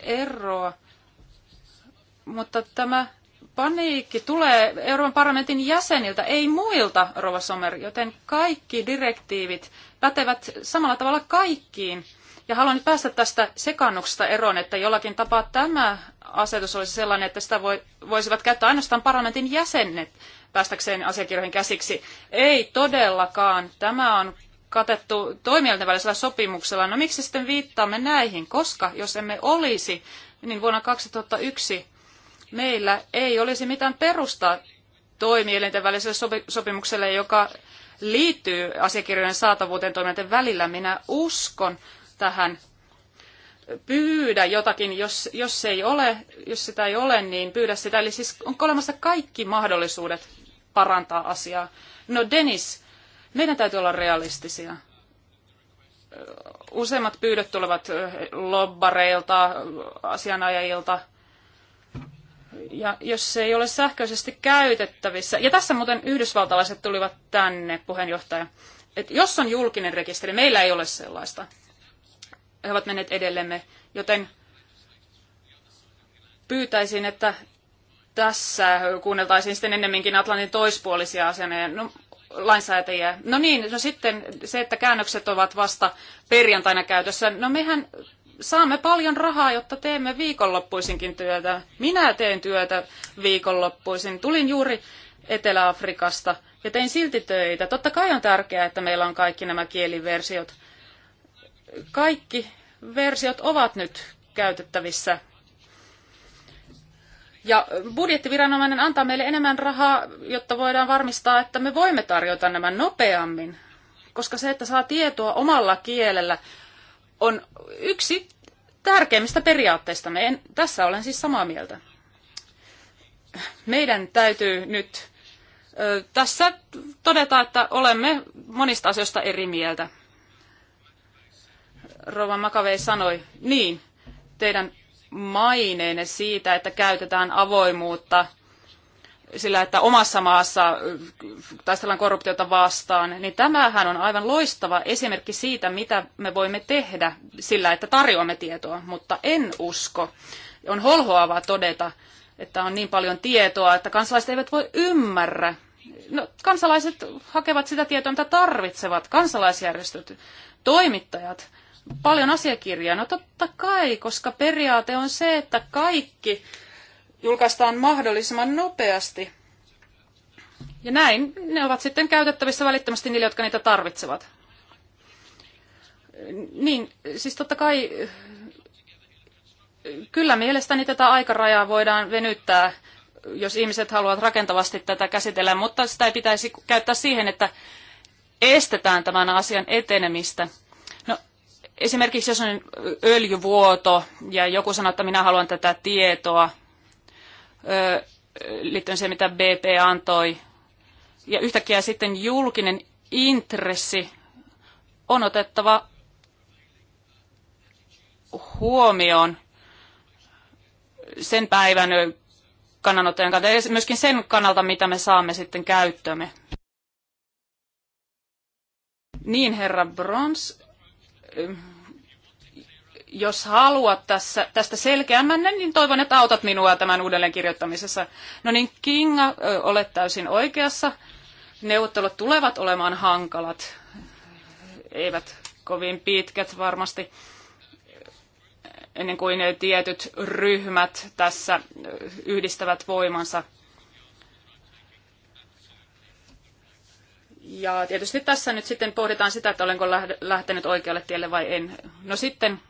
eroa mutta tämä paniikki tulee Euroopan parlamentin jäseniltä, ei muilta, Rova Sommer, joten kaikki direktiivit pätevät samalla tavalla kaikkiin. Ja haluan nyt päästä tästä sekannuksesta eroon, että jollakin tapaa tämä asetus olisi sellainen, että sitä voisivat käyttää ainoastaan parlamentin jäsenet päästäkseen asiakirjoihin käsiksi. Ei todellakaan. Tämä on katettu toimijoiden välisellä sopimuksella. No miksi sitten viittaamme näihin? Koska jos emme olisi, niin vuonna 2001 meillä ei olisi mitään perustaa toimielinten väliselle sopimukselle, joka liittyy asiakirjojen saatavuuteen toimijoiden välillä. Minä uskon tähän pyydä jotakin, jos, jos, ei ole, jos sitä ei ole, niin pyydä sitä. Eli siis on olemassa kaikki mahdollisuudet parantaa asiaa. No Dennis, meidän täytyy olla realistisia. Useimmat pyydöt tulevat eh, lobbareilta, asianajajilta – ja jos se ei ole sähköisesti käytettävissä. Ja tässä muuten yhdysvaltalaiset tulivat tänne, puheenjohtaja. Et jos on julkinen rekisteri, meillä ei ole sellaista. He ovat menneet edellemme, joten pyytäisin, että tässä kuunneltaisiin sitten ennemminkin Atlantin toispuolisia asiana, no, lainsäätäjiä. No niin, no sitten se, että käännökset ovat vasta perjantaina käytössä. No mehän saamme paljon rahaa, jotta teemme viikonloppuisinkin työtä. Minä teen työtä viikonloppuisin. Tulin juuri Etelä-Afrikasta ja tein silti töitä. Totta kai on tärkeää, että meillä on kaikki nämä kieliversiot. Kaikki versiot ovat nyt käytettävissä. Ja budjettiviranomainen antaa meille enemmän rahaa, jotta voidaan varmistaa, että me voimme tarjota nämä nopeammin. Koska se, että saa tietoa omalla kielellä, on yksi tärkeimmistä periaatteista. Me en, tässä olen siis samaa mieltä. Meidän täytyy nyt ö, tässä todeta, että olemme monista asioista eri mieltä. Rova Makavei sanoi, niin, teidän maineenne siitä, että käytetään avoimuutta – sillä, että omassa maassa äh, taistellaan korruptiota vastaan, niin tämähän on aivan loistava esimerkki siitä, mitä me voimme tehdä sillä, että tarjoamme tietoa, mutta en usko. On holhoavaa todeta, että on niin paljon tietoa, että kansalaiset eivät voi ymmärrä. No, kansalaiset hakevat sitä tietoa, mitä tarvitsevat, kansalaisjärjestöt, toimittajat, paljon asiakirjaa. No totta kai, koska periaate on se, että kaikki julkaistaan mahdollisimman nopeasti. Ja näin ne ovat sitten käytettävissä välittömästi niille, jotka niitä tarvitsevat. Niin, siis totta kai kyllä mielestäni tätä aikarajaa voidaan venyttää, jos ihmiset haluavat rakentavasti tätä käsitellä, mutta sitä ei pitäisi käyttää siihen, että estetään tämän asian etenemistä. No, esimerkiksi jos on öljyvuoto ja joku sanoo, että minä haluan tätä tietoa, liittyen siihen, mitä BP antoi. Ja yhtäkkiä sitten julkinen intressi on otettava huomioon sen päivän kannanottojen kannalta, ja myöskin sen kannalta, mitä me saamme sitten käyttöömme. Niin, herra Brons, jos haluat tässä, tästä selkeämmän, niin toivon, että autat minua tämän uudelleen kirjoittamisessa. No niin, Kinga, olet täysin oikeassa. Neuvottelut tulevat olemaan hankalat, eivät kovin pitkät varmasti, ennen kuin tietyt ryhmät tässä yhdistävät voimansa. Ja tietysti tässä nyt sitten pohditaan sitä, että olenko lähtenyt oikealle tielle vai en. No sitten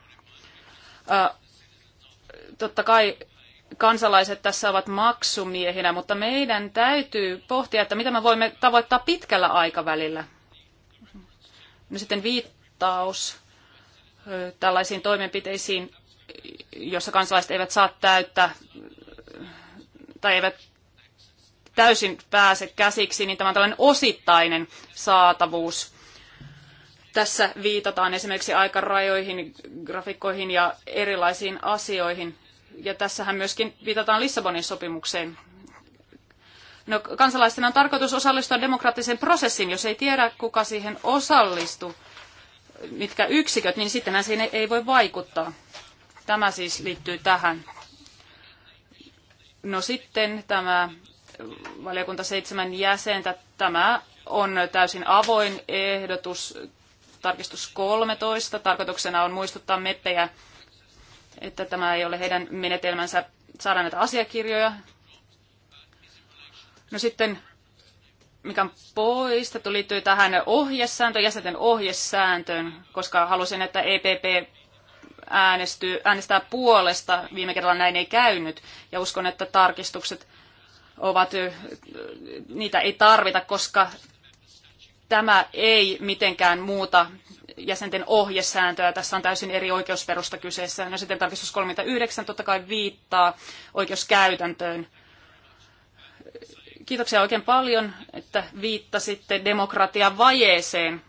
totta kai kansalaiset tässä ovat maksumiehinä, mutta meidän täytyy pohtia, että mitä me voimme tavoittaa pitkällä aikavälillä. No sitten viittaus tällaisiin toimenpiteisiin, jossa kansalaiset eivät saa täyttää tai eivät täysin pääse käsiksi, niin tämä on tällainen osittainen saatavuus. Tässä viitataan esimerkiksi aikarajoihin, grafikkoihin ja erilaisiin asioihin. Ja tässähän myöskin viitataan Lissabonin sopimukseen. No, kansalaisten on tarkoitus osallistua demokraattiseen prosessiin. Jos ei tiedä, kuka siihen osallistuu, mitkä yksiköt, niin sittenhän siihen ei voi vaikuttaa. Tämä siis liittyy tähän. No sitten tämä valiokunta seitsemän jäsentä, tämä on täysin avoin ehdotus tarkistus 13. Tarkoituksena on muistuttaa meppejä, että tämä ei ole heidän menetelmänsä saada näitä asiakirjoja. No sitten, mikä on poistettu, liittyy tähän ohjesääntöön, jäsenten ohjesääntöön, koska halusin, että EPP äänestyy, äänestää puolesta. Viime kerralla näin ei käynyt, ja uskon, että tarkistukset ovat, niitä ei tarvita, koska tämä ei mitenkään muuta jäsenten ohjesääntöä. Tässä on täysin eri oikeusperusta kyseessä. No sitten tarkistus 39 totta kai viittaa oikeuskäytäntöön. Kiitoksia oikein paljon, että viittasitte demokratian vajeeseen.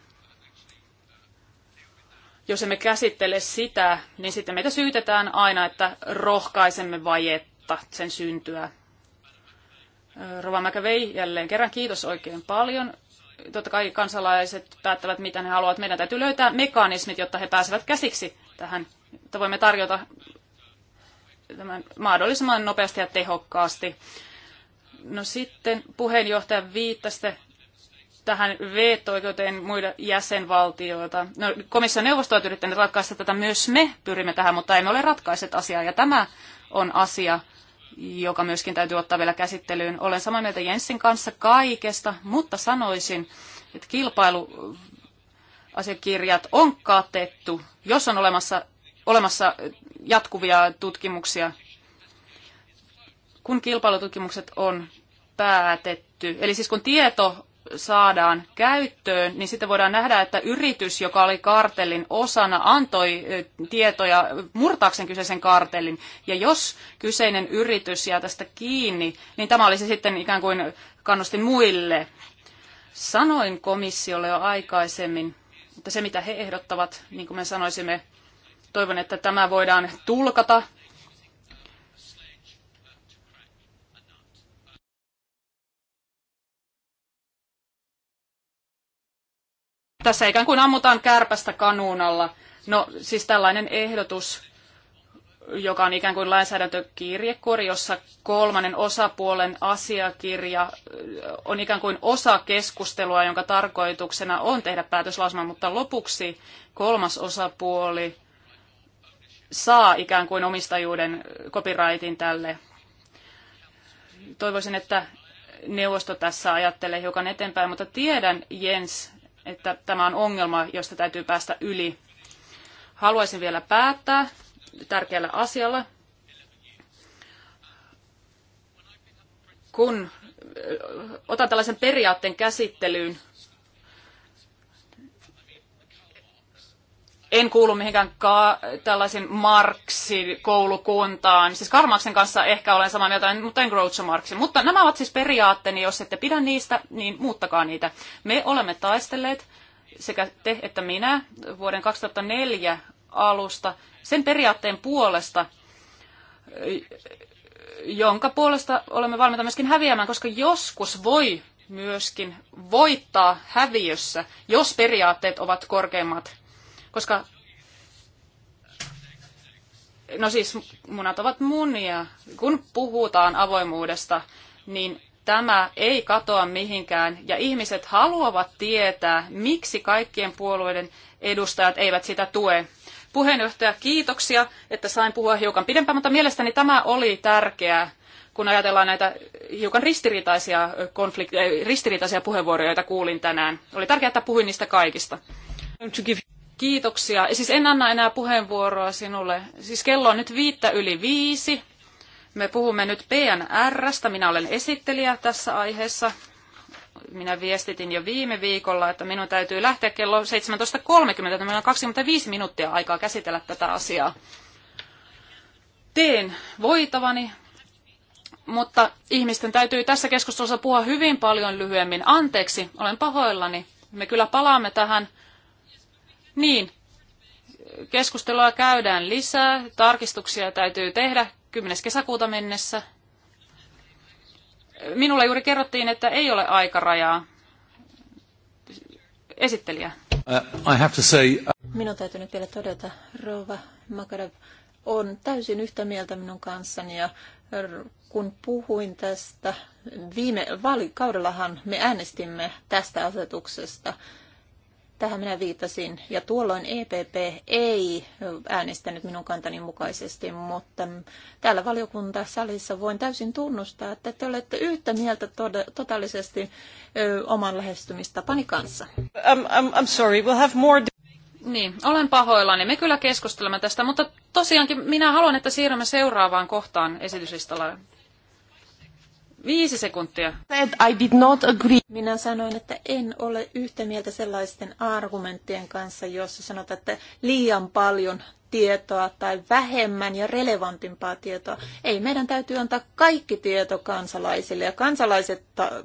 Jos emme käsittele sitä, niin sitten meitä syytetään aina, että rohkaisemme vajetta sen syntyä. Rova Mäkävei, jälleen kerran kiitos oikein paljon totta kai kansalaiset päättävät, mitä ne haluavat. Meidän täytyy löytää mekanismit, jotta he pääsevät käsiksi tähän, että voimme tarjota tämän mahdollisimman nopeasti ja tehokkaasti. No sitten puheenjohtaja viittasi tähän veto-oikeuteen muiden jäsenvaltioita. No, komission neuvosto on yrittänyt ratkaista tätä, myös me pyrimme tähän, mutta emme ole ratkaiset asiaa. Ja tämä on asia, joka myöskin täytyy ottaa vielä käsittelyyn. Olen samaa mieltä Jenssin kanssa kaikesta, mutta sanoisin, että kilpailuasiakirjat on katettu, jos on olemassa, olemassa jatkuvia tutkimuksia, kun kilpailututkimukset on päätetty. Eli siis kun tieto saadaan käyttöön, niin sitten voidaan nähdä, että yritys, joka oli kartellin osana, antoi tietoja murtaakseen kyseisen kartellin. Ja jos kyseinen yritys jää tästä kiinni, niin tämä olisi sitten ikään kuin kannustin muille. Sanoin komissiolle jo aikaisemmin, että se mitä he ehdottavat, niin kuin me sanoisimme, toivon, että tämä voidaan tulkata tässä ikään kuin ammutaan kärpästä kanuunalla. No siis tällainen ehdotus, joka on ikään kuin lainsäädäntökirjekuori, jossa kolmannen osapuolen asiakirja on ikään kuin osa keskustelua, jonka tarkoituksena on tehdä päätöslausuma, mutta lopuksi kolmas osapuoli saa ikään kuin omistajuuden copyrightin tälle. Toivoisin, että neuvosto tässä ajattelee hiukan eteenpäin, mutta tiedän Jens että tämä on ongelma, josta täytyy päästä yli. Haluaisin vielä päättää tärkeällä asialla. Kun otan tällaisen periaatteen käsittelyyn, en kuulu mihinkään ka- tällaisen Marxin koulukuntaan. Siis Karl Marxin kanssa ehkä olen samaa mieltä, mutta en Groucho Marxin. Mutta nämä ovat siis periaatteeni, jos ette pidä niistä, niin muuttakaa niitä. Me olemme taistelleet, sekä te että minä, vuoden 2004 alusta sen periaatteen puolesta, jonka puolesta olemme valmiita myöskin häviämään, koska joskus voi myöskin voittaa häviössä, jos periaatteet ovat korkeimmat koska no siis munat ovat munia. Kun puhutaan avoimuudesta, niin tämä ei katoa mihinkään ja ihmiset haluavat tietää, miksi kaikkien puolueiden edustajat eivät sitä tue. Puheenjohtaja, kiitoksia, että sain puhua hiukan pidempään, mutta mielestäni tämä oli tärkeää, kun ajatellaan näitä hiukan ristiriitaisia, konflikt- äh, ristiriitaisia puheenvuoroja, joita kuulin tänään. Oli tärkeää, että puhuin niistä kaikista. Kiitoksia. Siis en anna enää puheenvuoroa sinulle. Siis kello on nyt viittä yli viisi. Me puhumme nyt PNRstä. Minä olen esittelijä tässä aiheessa. Minä viestitin jo viime viikolla, että minun täytyy lähteä kello 17.30, meillä on 25 minuuttia aikaa käsitellä tätä asiaa. Teen voitavani, mutta ihmisten täytyy tässä keskustelussa puhua hyvin paljon lyhyemmin. Anteeksi, olen pahoillani. Me kyllä palaamme tähän niin, keskustelua käydään lisää, tarkistuksia täytyy tehdä 10. kesäkuuta mennessä. Minulle juuri kerrottiin, että ei ole aikarajaa. Esittelijä. Uh, I have to say, uh... Minun täytyy nyt vielä todeta, Rova Makarev on täysin yhtä mieltä minun kanssani ja kun puhuin tästä, viime vaalikaudellahan me äänestimme tästä asetuksesta Tähän minä viitasin. Ja tuolloin EPP ei äänestänyt minun kantani mukaisesti, mutta täällä valiokunta salissa voin täysin tunnustaa, että te olette yhtä mieltä tod- totaalisesti ö, oman lähestymistapani kanssa. I'm, um, I'm, um, I'm sorry, we'll have more... Niin, olen pahoillani. Me kyllä keskustelemme tästä, mutta tosiaankin minä haluan, että siirrymme seuraavaan kohtaan esityslistalla. Viisi sekuntia. I did not agree. Minä sanoin, että en ole yhtä mieltä sellaisten argumenttien kanssa, jossa sanotaan, että liian paljon tietoa tai vähemmän ja relevantimpaa tietoa. Ei, meidän täytyy antaa kaikki tieto kansalaisille ja kansalaiset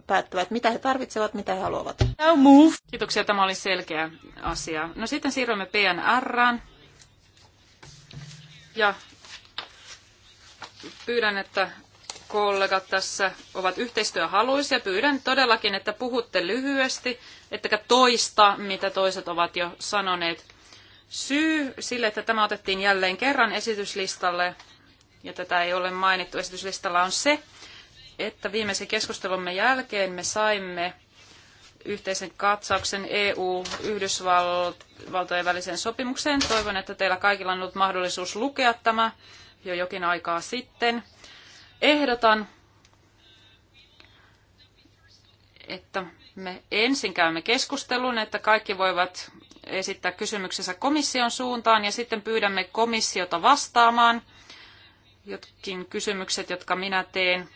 päättävät, mitä he tarvitsevat, mitä he haluavat. Now move. Kiitoksia, tämä oli selkeä asia. No sitten siirrymme PNRään. Ja pyydän, että kollegat tässä ovat yhteistyöhaluisia. Pyydän todellakin, että puhutte lyhyesti, ettekä toista, mitä toiset ovat jo sanoneet. Syy sille, että tämä otettiin jälleen kerran esityslistalle, ja tätä ei ole mainittu esityslistalla, on se, että viimeisen keskustelumme jälkeen me saimme yhteisen katsauksen EU-Yhdysvaltojen väliseen sopimukseen. Toivon, että teillä kaikilla on ollut mahdollisuus lukea tämä jo jokin aikaa sitten ehdotan, että me ensin käymme keskustelun, että kaikki voivat esittää kysymyksensä komission suuntaan ja sitten pyydämme komissiota vastaamaan. Jotkin kysymykset, jotka minä teen,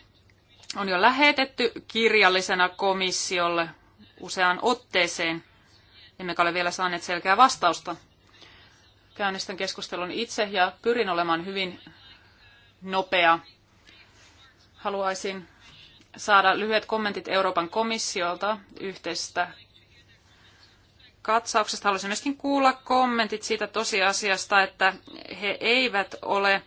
on jo lähetetty kirjallisena komissiolle useaan otteeseen, emmekä ole vielä saaneet selkeää vastausta. Käynnistän keskustelun itse ja pyrin olemaan hyvin nopea Haluaisin saada lyhyet kommentit Euroopan komissiolta yhteistä katsauksesta. Haluaisin myöskin kuulla kommentit siitä tosiasiasta, että he eivät ole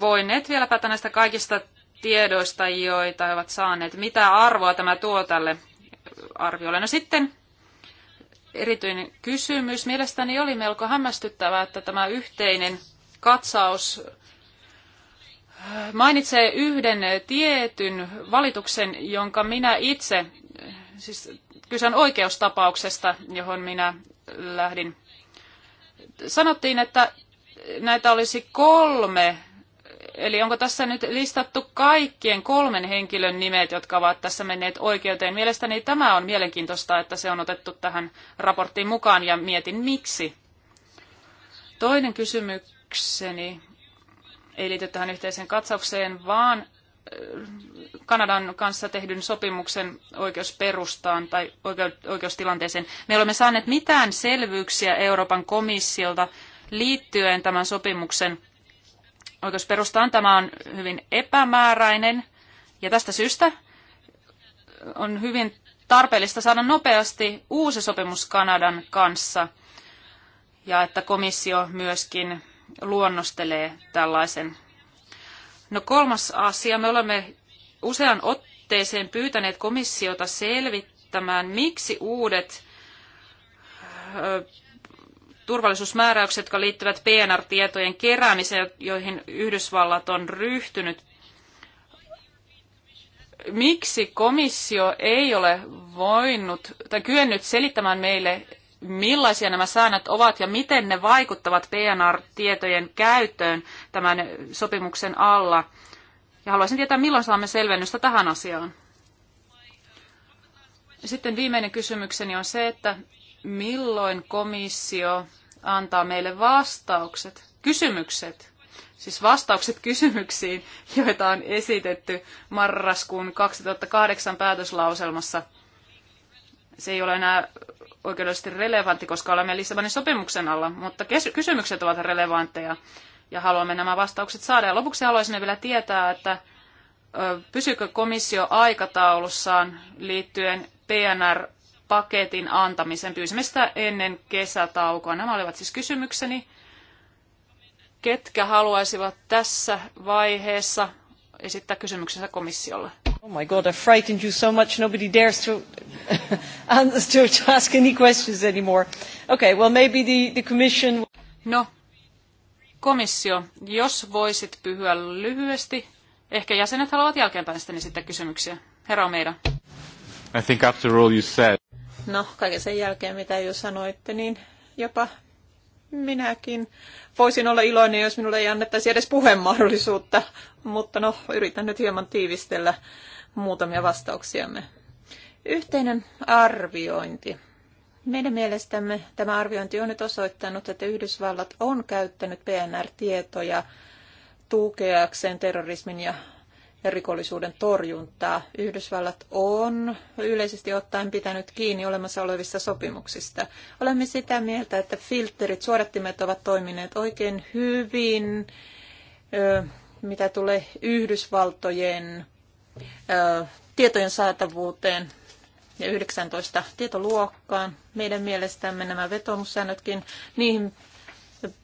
voineet vielä päätä näistä kaikista tiedoista, joita he ovat saaneet. Mitä arvoa tämä tuo tälle arviolle? No sitten erityinen kysymys. Mielestäni oli melko hämmästyttävää, että tämä yhteinen katsaus mainitsee yhden tietyn valituksen, jonka minä itse, siis kyse on oikeustapauksesta, johon minä lähdin. Sanottiin, että näitä olisi kolme, eli onko tässä nyt listattu kaikkien kolmen henkilön nimet, jotka ovat tässä menneet oikeuteen. Mielestäni tämä on mielenkiintoista, että se on otettu tähän raporttiin mukaan ja mietin miksi. Toinen kysymykseni ei liity tähän yhteiseen katsaukseen, vaan äh, Kanadan kanssa tehdyn sopimuksen oikeusperustaan tai oikeustilanteeseen. Me olemme saaneet mitään selvyyksiä Euroopan komissiolta liittyen tämän sopimuksen oikeusperustaan. Tämä on hyvin epämääräinen ja tästä syystä on hyvin tarpeellista saada nopeasti uusi sopimus Kanadan kanssa ja että komissio myöskin luonnostelee tällaisen. No kolmas asia. Me olemme usean otteeseen pyytäneet komissiota selvittämään, miksi uudet turvallisuusmääräykset, jotka liittyvät PNR-tietojen keräämiseen, joihin Yhdysvallat on ryhtynyt. Miksi komissio ei ole voinut tai kyennyt selittämään meille, millaisia nämä säännöt ovat ja miten ne vaikuttavat PNR-tietojen käyttöön tämän sopimuksen alla. Ja haluaisin tietää, milloin saamme selvennystä tähän asiaan. Sitten viimeinen kysymykseni on se, että milloin komissio antaa meille vastaukset, kysymykset, siis vastaukset kysymyksiin, joita on esitetty marraskuun 2008 päätöslauselmassa – se ei ole enää oikeudellisesti relevantti, koska olemme Lissabonin sopimuksen alla, mutta kysymykset ovat relevantteja ja haluamme nämä vastaukset saada. Ja lopuksi haluaisin vielä tietää, että pysyykö komissio aikataulussaan liittyen PNR-paketin antamisen pyysimme sitä ennen kesätaukoa. Nämä olivat siis kysymykseni. Ketkä haluaisivat tässä vaiheessa esittää kysymyksensä komissiolle? Oh my god, I frightened you so much nobody dares to, to, to ask any questions anymore. Okay, well maybe the, the commission... No, komissio, jos voisit pyhyä lyhyesti. Ehkä jäsenet haluavat jälkeenpäin sitten esittää kysymyksiä. Herra meidän. I think after all you said. No, kaiken sen jälkeen, mitä jo sanoitte, niin jopa minäkin voisin olla iloinen, jos minulle ei annettaisi edes mahdollisuutta. mutta no, yritän nyt hieman tiivistellä muutamia vastauksiamme. Yhteinen arviointi. Meidän mielestämme tämä arviointi on nyt osoittanut, että Yhdysvallat on käyttänyt PNR-tietoja tukeakseen terrorismin ja rikollisuuden torjuntaa. Yhdysvallat on yleisesti ottaen pitänyt kiinni olemassa olevista sopimuksista. Olemme sitä mieltä, että filterit, suodattimet ovat toimineet oikein hyvin, mitä tulee Yhdysvaltojen tietojen saatavuuteen ja 19 tietoluokkaan. Meidän mielestämme nämä vetomussäännötkin, niihin,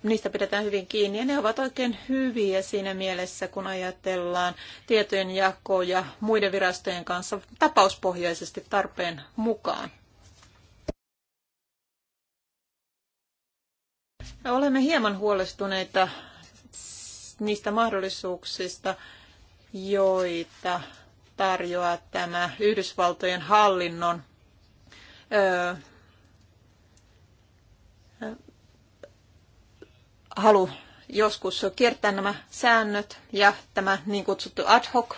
niistä pidetään hyvin kiinni ja ne ovat oikein hyviä siinä mielessä, kun ajatellaan tietojen jakoa ja muiden virastojen kanssa tapauspohjaisesti tarpeen mukaan. Olemme hieman huolestuneita niistä mahdollisuuksista, joita tarjoaa tämä Yhdysvaltojen hallinnon öö, halu joskus kiertää nämä säännöt ja tämä niin kutsuttu ad hoc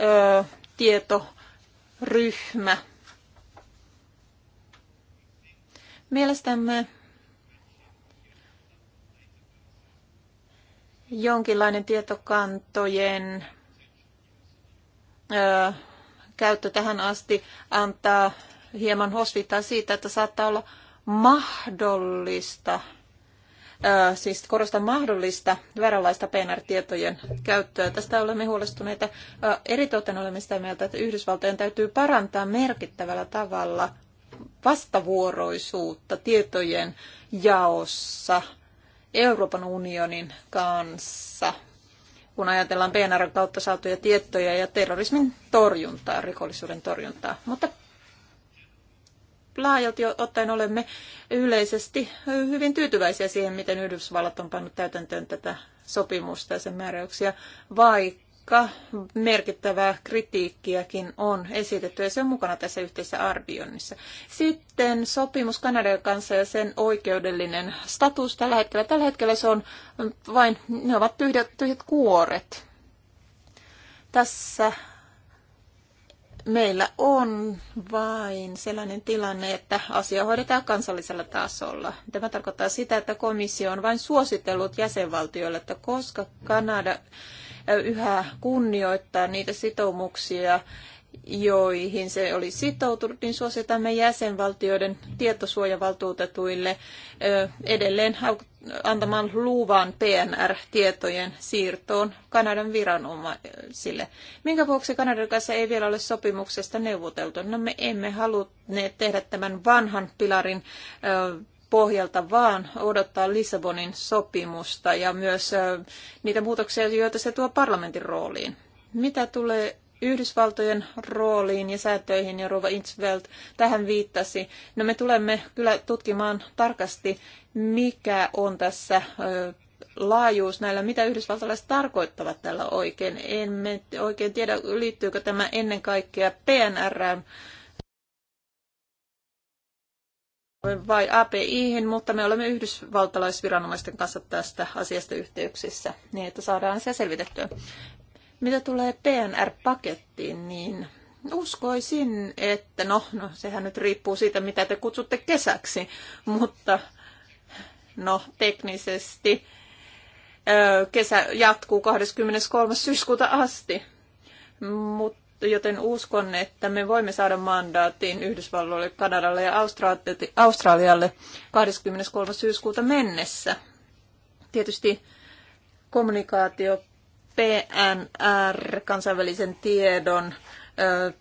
öö, tietoryhmä. Mielestämme jonkinlainen tietokantojen käyttö tähän asti antaa hieman hosvittaa siitä, että saattaa olla mahdollista, siis korostan mahdollista vääränlaista PNR-tietojen käyttöä. Tästä olemme huolestuneita. Eritoten olemme sitä mieltä, että Yhdysvaltojen täytyy parantaa merkittävällä tavalla vastavuoroisuutta tietojen jaossa Euroopan unionin kanssa kun ajatellaan PNR kautta saatuja tietoja ja terrorismin torjuntaa, rikollisuuden torjuntaa. Mutta laajalti ottaen olemme yleisesti hyvin tyytyväisiä siihen, miten Yhdysvallat on pannut täytäntöön tätä sopimusta ja sen määräyksiä, vaikka vaikka merkittävää kritiikkiäkin on esitetty ja se on mukana tässä yhteisessä arvioinnissa. Sitten sopimus Kanadan kanssa ja sen oikeudellinen status tällä hetkellä. Tällä hetkellä se on vain, ne ovat tyhjät, tyhjät kuoret. Tässä meillä on vain sellainen tilanne, että asia hoidetaan kansallisella tasolla. Tämä tarkoittaa sitä, että komissio on vain suositellut jäsenvaltioille, että koska Kanada yhä kunnioittaa niitä sitoumuksia, joihin se oli sitoutunut, niin suositamme jäsenvaltioiden tietosuojavaltuutetuille edelleen antamaan luvan PNR-tietojen siirtoon Kanadan viranomaisille. Minkä vuoksi Kanadan kanssa ei vielä ole sopimuksesta neuvoteltu? No me emme halunneet tehdä tämän vanhan pilarin pohjalta, vaan odottaa Lissabonin sopimusta ja myös niitä muutoksia, joita se tuo parlamentin rooliin. Mitä tulee Yhdysvaltojen rooliin ja säätöihin, ja Rova Inchveld tähän viittasi. No me tulemme kyllä tutkimaan tarkasti, mikä on tässä laajuus näillä, mitä yhdysvaltalaiset tarkoittavat tällä oikein. En me oikein tiedä, liittyykö tämä ennen kaikkea PNRään vai APIhin, mutta me olemme yhdysvaltalaisviranomaisten kanssa tästä asiasta yhteyksissä, niin että saadaan se selvitettyä. Mitä tulee PNR-pakettiin, niin uskoisin, että no, no, sehän nyt riippuu siitä, mitä te kutsutte kesäksi, mutta no, teknisesti kesä jatkuu 23. syyskuuta asti, mutta joten uskon, että me voimme saada mandaatin Yhdysvalloille, Kanadalle ja Australialle 23. syyskuuta mennessä. Tietysti kommunikaatio PNR, kansainvälisen tiedon ö,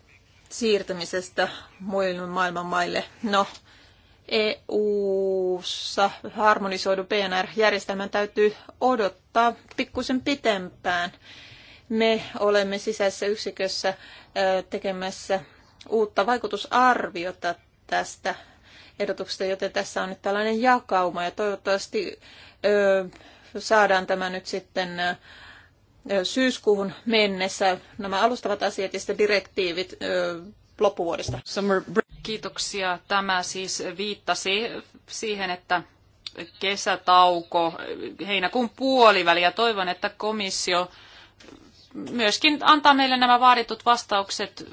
siirtämisestä muille maailman maille. No, EU-ssa harmonisoidu PNR-järjestelmän täytyy odottaa pikkusen pitempään. Me olemme sisäisessä yksikössä tekemässä uutta vaikutusarviota tästä ehdotuksesta, joten tässä on nyt tällainen jakauma ja toivottavasti saadaan tämä nyt sitten syyskuuhun mennessä nämä alustavat asiat ja sitten direktiivit loppuvuodesta. Kiitoksia. Tämä siis viittasi siihen, että kesätauko heinäkuun puoliväli ja toivon, että komissio myöskin antaa meille nämä vaaditut vastaukset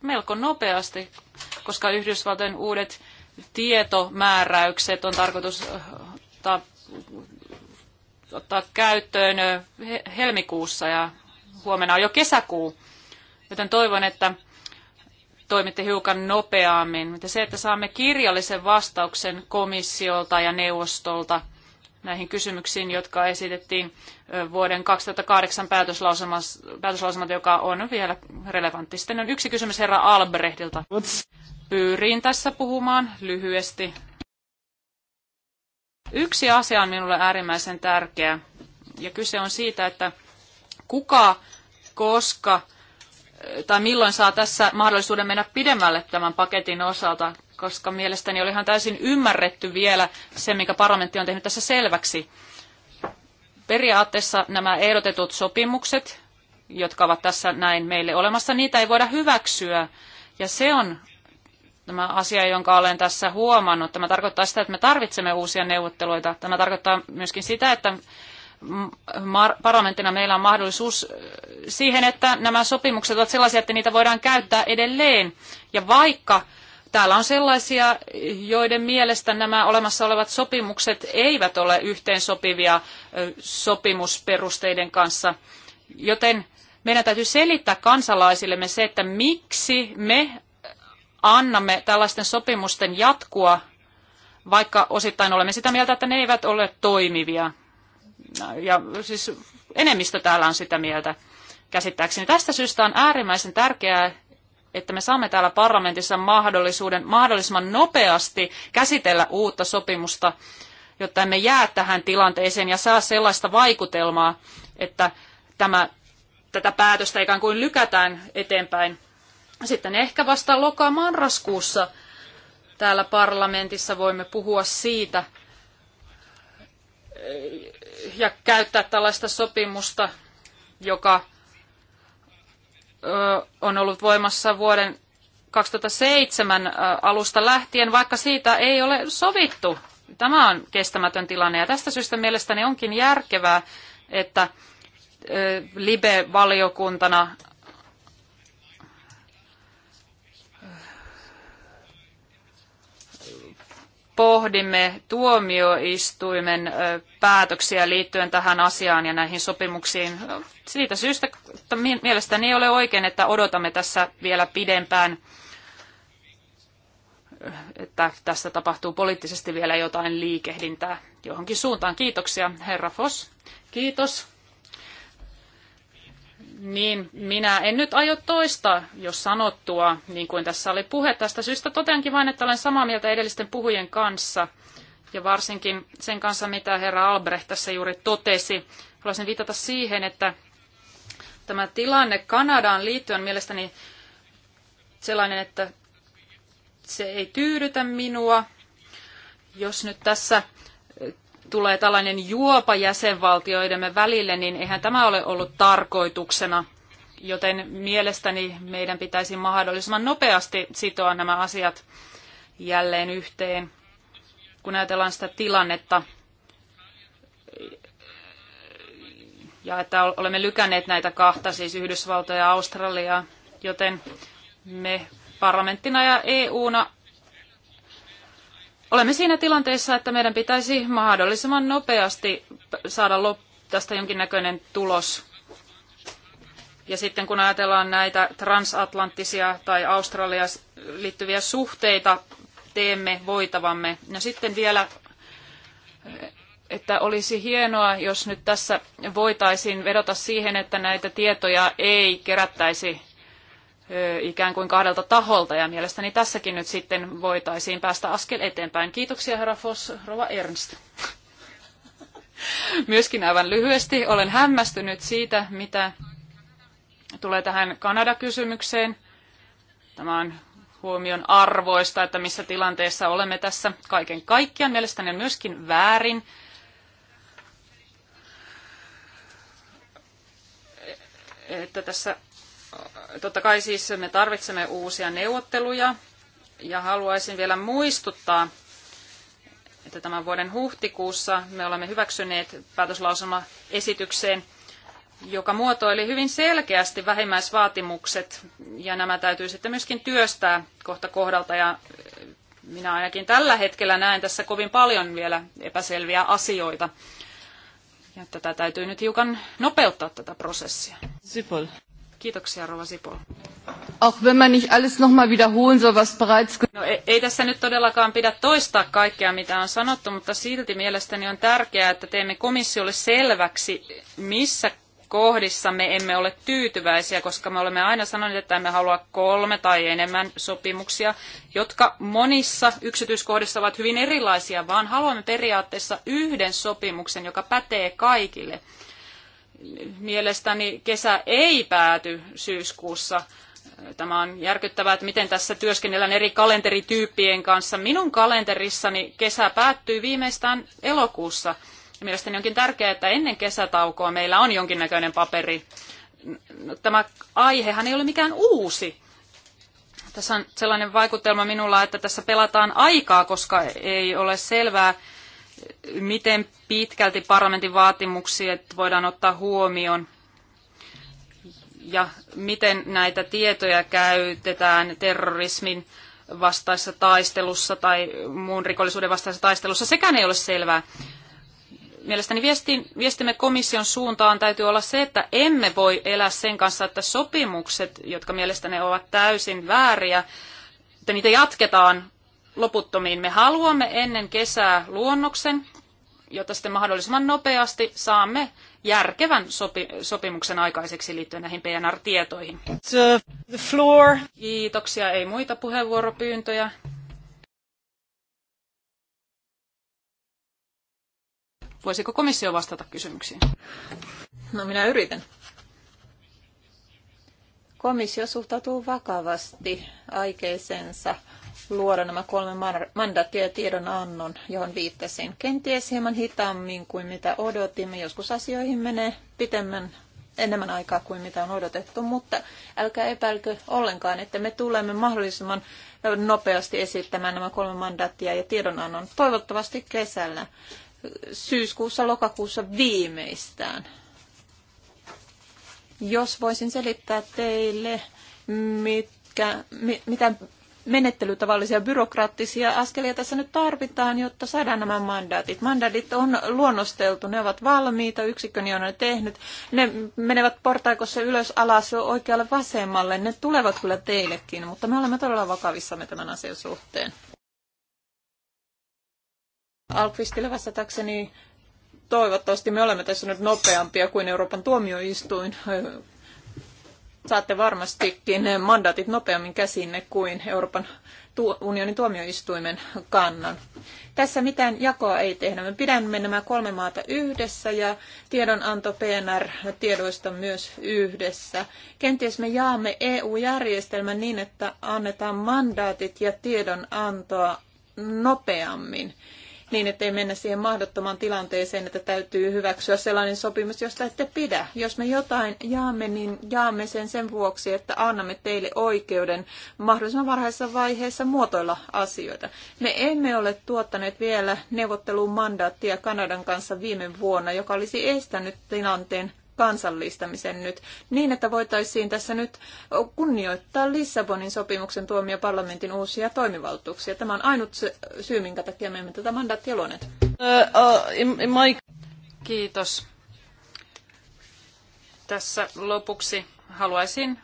melko nopeasti, koska Yhdysvaltojen uudet tietomääräykset on tarkoitus ottaa, äh, ottaa käyttöön äh, helmikuussa ja huomenna on jo kesäkuu. Joten toivon, että toimitte hiukan nopeammin. Mutta se, että saamme kirjallisen vastauksen komissiolta ja neuvostolta – näihin kysymyksiin, jotka esitettiin vuoden 2008 päätöslausumat, joka on vielä relevantti. Sitten on yksi kysymys herra Albrehtilta. Pyyriin tässä puhumaan lyhyesti. Yksi asia on minulle äärimmäisen tärkeä, ja kyse on siitä, että kuka, koska tai milloin saa tässä mahdollisuuden mennä pidemmälle tämän paketin osalta koska mielestäni oli ihan täysin ymmärretty vielä se, mikä parlamentti on tehnyt tässä selväksi. Periaatteessa nämä ehdotetut sopimukset, jotka ovat tässä näin meille olemassa, niitä ei voida hyväksyä. Ja se on tämä asia, jonka olen tässä huomannut. Tämä tarkoittaa sitä, että me tarvitsemme uusia neuvotteluita. Tämä tarkoittaa myöskin sitä, että parlamenttina meillä on mahdollisuus siihen, että nämä sopimukset ovat sellaisia, että niitä voidaan käyttää edelleen. Ja vaikka Täällä on sellaisia, joiden mielestä nämä olemassa olevat sopimukset eivät ole yhteensopivia sopimusperusteiden kanssa, joten meidän täytyy selittää kansalaisillemme se, että miksi me annamme tällaisten sopimusten jatkua, vaikka osittain olemme sitä mieltä, että ne eivät ole toimivia. Ja siis enemmistö täällä on sitä mieltä käsittääkseni. Tästä syystä on äärimmäisen tärkeää, että me saamme täällä parlamentissa mahdollisuuden mahdollisimman nopeasti käsitellä uutta sopimusta, jotta emme jää tähän tilanteeseen ja saa sellaista vaikutelmaa, että tämä, tätä päätöstä ikään kuin lykätään eteenpäin. Sitten ehkä vasta lokaa marraskuussa täällä parlamentissa voimme puhua siitä ja käyttää tällaista sopimusta, joka on ollut voimassa vuoden 2007 alusta lähtien, vaikka siitä ei ole sovittu. Tämä on kestämätön tilanne ja tästä syystä mielestäni onkin järkevää, että Libe-valiokuntana pohdimme tuomioistuimen päätöksiä liittyen tähän asiaan ja näihin sopimuksiin. Siitä syystä että mielestäni ei ole oikein, että odotamme tässä vielä pidempään, että tässä tapahtuu poliittisesti vielä jotain liikehdintää johonkin suuntaan. Kiitoksia, herra Foss. Kiitos. Niin, minä en nyt aio toista, jos sanottua, niin kuin tässä oli puhe. Tästä syystä toteankin vain, että olen samaa mieltä edellisten puhujien kanssa, ja varsinkin sen kanssa, mitä herra Albrecht tässä juuri totesi. Haluaisin viitata siihen, että tämä tilanne Kanadaan liittyen mielestäni sellainen, että se ei tyydytä minua. Jos nyt tässä tulee tällainen juopa jäsenvaltioidemme välille, niin eihän tämä ole ollut tarkoituksena. Joten mielestäni meidän pitäisi mahdollisimman nopeasti sitoa nämä asiat jälleen yhteen, kun ajatellaan sitä tilannetta, ja että olemme lykänneet näitä kahta, siis Yhdysvaltoja ja Australiaa, joten me parlamenttina ja EUna olemme siinä tilanteessa, että meidän pitäisi mahdollisimman nopeasti saada tästä jonkinnäköinen tulos. Ja sitten kun ajatellaan näitä transatlanttisia tai Australiaan liittyviä suhteita, teemme voitavamme. ja no sitten vielä, että olisi hienoa, jos nyt tässä voitaisiin vedota siihen, että näitä tietoja ei kerättäisi ikään kuin kahdelta taholta, ja mielestäni tässäkin nyt sitten voitaisiin päästä askel eteenpäin. Kiitoksia, herra Foss, rova Ernst. Myöskin aivan lyhyesti olen hämmästynyt siitä, mitä tulee tähän Kanada-kysymykseen. Tämä on huomion arvoista, että missä tilanteessa olemme tässä kaiken kaikkiaan. Mielestäni on myöskin väärin että tässä totta kai siis me tarvitsemme uusia neuvotteluja ja haluaisin vielä muistuttaa, että tämän vuoden huhtikuussa me olemme hyväksyneet esitykseen, joka muotoili hyvin selkeästi vähimmäisvaatimukset ja nämä täytyy sitten myöskin työstää kohta kohdalta ja minä ainakin tällä hetkellä näen tässä kovin paljon vielä epäselviä asioita. Ja tätä täytyy nyt hiukan nopeuttaa tätä prosessia. Kiitoksia, Rova Sipol. Auch wenn man nicht alles nochmal wiederholen soll, was bereits... No ei, ei tässä nyt todellakaan pidä toistaa kaikkea, mitä on sanottu, mutta silti mielestäni on tärkeää, että teemme komissiolle selväksi, missä kohdissa me emme ole tyytyväisiä, koska me olemme aina sanoneet, että emme halua kolme tai enemmän sopimuksia, jotka monissa yksityiskohdissa ovat hyvin erilaisia, vaan haluamme periaatteessa yhden sopimuksen, joka pätee kaikille mielestäni kesä ei pääty syyskuussa. Tämä on järkyttävää, että miten tässä työskennellään eri kalenterityyppien kanssa. Minun kalenterissani kesä päättyy viimeistään elokuussa. Ja mielestäni onkin tärkeää, että ennen kesätaukoa meillä on jonkinnäköinen paperi. No, tämä aihehan ei ole mikään uusi. Tässä on sellainen vaikutelma minulla, että tässä pelataan aikaa, koska ei ole selvää, miten pitkälti parlamentin vaatimuksia voidaan ottaa huomioon ja miten näitä tietoja käytetään terrorismin vastaisessa taistelussa tai muun rikollisuuden vastaisessa taistelussa, sekään ei ole selvää. Mielestäni viestin, viestimme komission suuntaan täytyy olla se, että emme voi elää sen kanssa, että sopimukset, jotka mielestäni ovat täysin vääriä, että niitä jatketaan loputtomiin. Me haluamme ennen kesää luonnoksen, jotta sitten mahdollisimman nopeasti saamme järkevän sopi- sopimuksen aikaiseksi liittyen näihin PNR-tietoihin. The floor. Kiitoksia, ei muita puheenvuoropyyntöjä. Voisiko komissio vastata kysymyksiin? No minä yritän. Komissio suhtautuu vakavasti aikeisensa luoda nämä kolme mandaattia ja tiedonannon, johon viittasin. Kenties hieman hitaammin kuin mitä odotimme. Joskus asioihin menee pitemmän enemmän aikaa kuin mitä on odotettu, mutta älkää epäilkö ollenkaan, että me tulemme mahdollisimman nopeasti esittämään nämä kolme mandaattia ja tiedonannon toivottavasti kesällä, syyskuussa, lokakuussa viimeistään. Jos voisin selittää teille, mitkä, mitä menettelytavallisia byrokraattisia askelia tässä nyt tarvitaan, jotta saadaan nämä mandaatit. Mandaatit on luonnosteltu, ne ovat valmiita, yksikköni on ne tehnyt. Ne menevät portaikossa ylös, alas, oikealle, vasemmalle. Ne tulevat kyllä teillekin, mutta me olemme todella vakavissamme tämän asian suhteen. Alkvistille vastatakseni toivottavasti me olemme tässä nyt nopeampia kuin Euroopan tuomioistuin saatte varmastikin mandaatit nopeammin käsinne kuin Euroopan unionin tuomioistuimen kannan. Tässä mitään jakoa ei tehdä. Me pidämme nämä kolme maata yhdessä ja tiedonanto PNR-tiedoista myös yhdessä. Kenties me jaamme EU-järjestelmän niin, että annetaan mandaatit ja tiedonantoa nopeammin niin, ettei mennä siihen mahdottomaan tilanteeseen, että täytyy hyväksyä sellainen sopimus, josta ette pidä. Jos me jotain jaamme, niin jaamme sen sen vuoksi, että annamme teille oikeuden mahdollisimman varhaisessa vaiheessa muotoilla asioita. Me emme ole tuottaneet vielä neuvotteluun mandaattia Kanadan kanssa viime vuonna, joka olisi estänyt tilanteen kansallistamisen nyt, niin että voitaisiin tässä nyt kunnioittaa Lissabonin sopimuksen tuomia parlamentin uusia toimivaltuuksia. Tämä on ainut syy, minkä takia me emme tätä mandaattia luoneet. Kiitos. Tässä lopuksi haluaisin,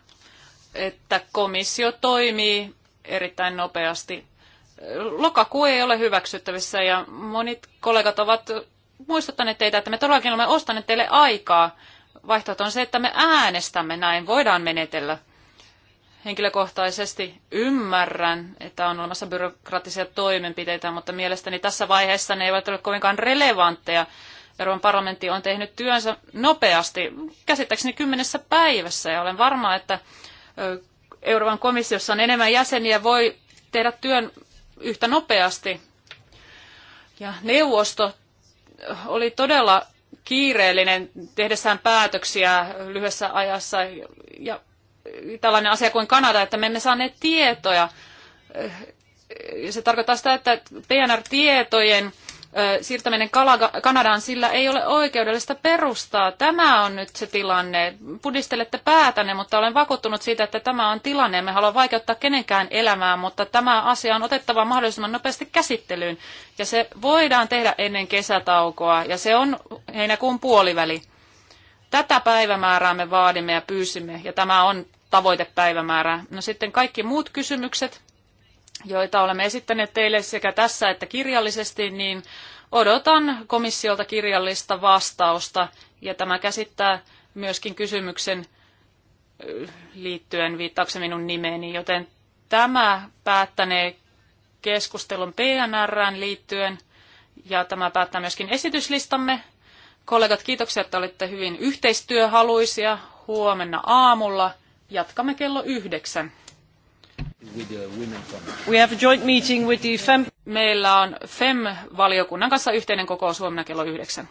että komissio toimii erittäin nopeasti. Lokakuu ei ole hyväksyttävissä ja monet kollegat ovat muistuttaneet teitä, että me todellakin olemme ostaneet teille aikaa vaihtoehto on se, että me äänestämme näin, voidaan menetellä. Henkilökohtaisesti ymmärrän, että on olemassa byrokraattisia toimenpiteitä, mutta mielestäni tässä vaiheessa ne eivät ole kovinkaan relevantteja. Euroopan parlamentti on tehnyt työnsä nopeasti, käsittääkseni kymmenessä päivässä, ja olen varma, että Euroopan komissiossa on enemmän jäseniä, voi tehdä työn yhtä nopeasti. Ja neuvosto oli todella kiireellinen tehdessään päätöksiä lyhyessä ajassa ja tällainen asia kuin Kanada, että me emme saaneet tietoja. Se tarkoittaa sitä, että PNR-tietojen siirtäminen Kanadaan, sillä ei ole oikeudellista perustaa. Tämä on nyt se tilanne. Pudistelette päätänne, mutta olen vakuuttunut siitä, että tämä on tilanne. Me halua vaikeuttaa kenenkään elämää, mutta tämä asia on otettava mahdollisimman nopeasti käsittelyyn. Ja se voidaan tehdä ennen kesätaukoa, ja se on heinäkuun puoliväli. Tätä päivämäärää me vaadimme ja pyysimme, ja tämä on tavoitepäivämäärää. No sitten kaikki muut kysymykset, joita olemme esittäneet teille sekä tässä että kirjallisesti, niin odotan komissiolta kirjallista vastausta. Ja tämä käsittää myöskin kysymyksen äh, liittyen viittauksen minun nimeeni, joten tämä päättänee keskustelun PNRään liittyen ja tämä päättää myöskin esityslistamme. Kollegat, kiitoksia, että olitte hyvin yhteistyöhaluisia. Huomenna aamulla jatkamme kello yhdeksän with the women We have a joint meeting with the FEM. Meillä on FEM-valiokunnan kanssa yhteinen kokous huomenna kello yhdeksän.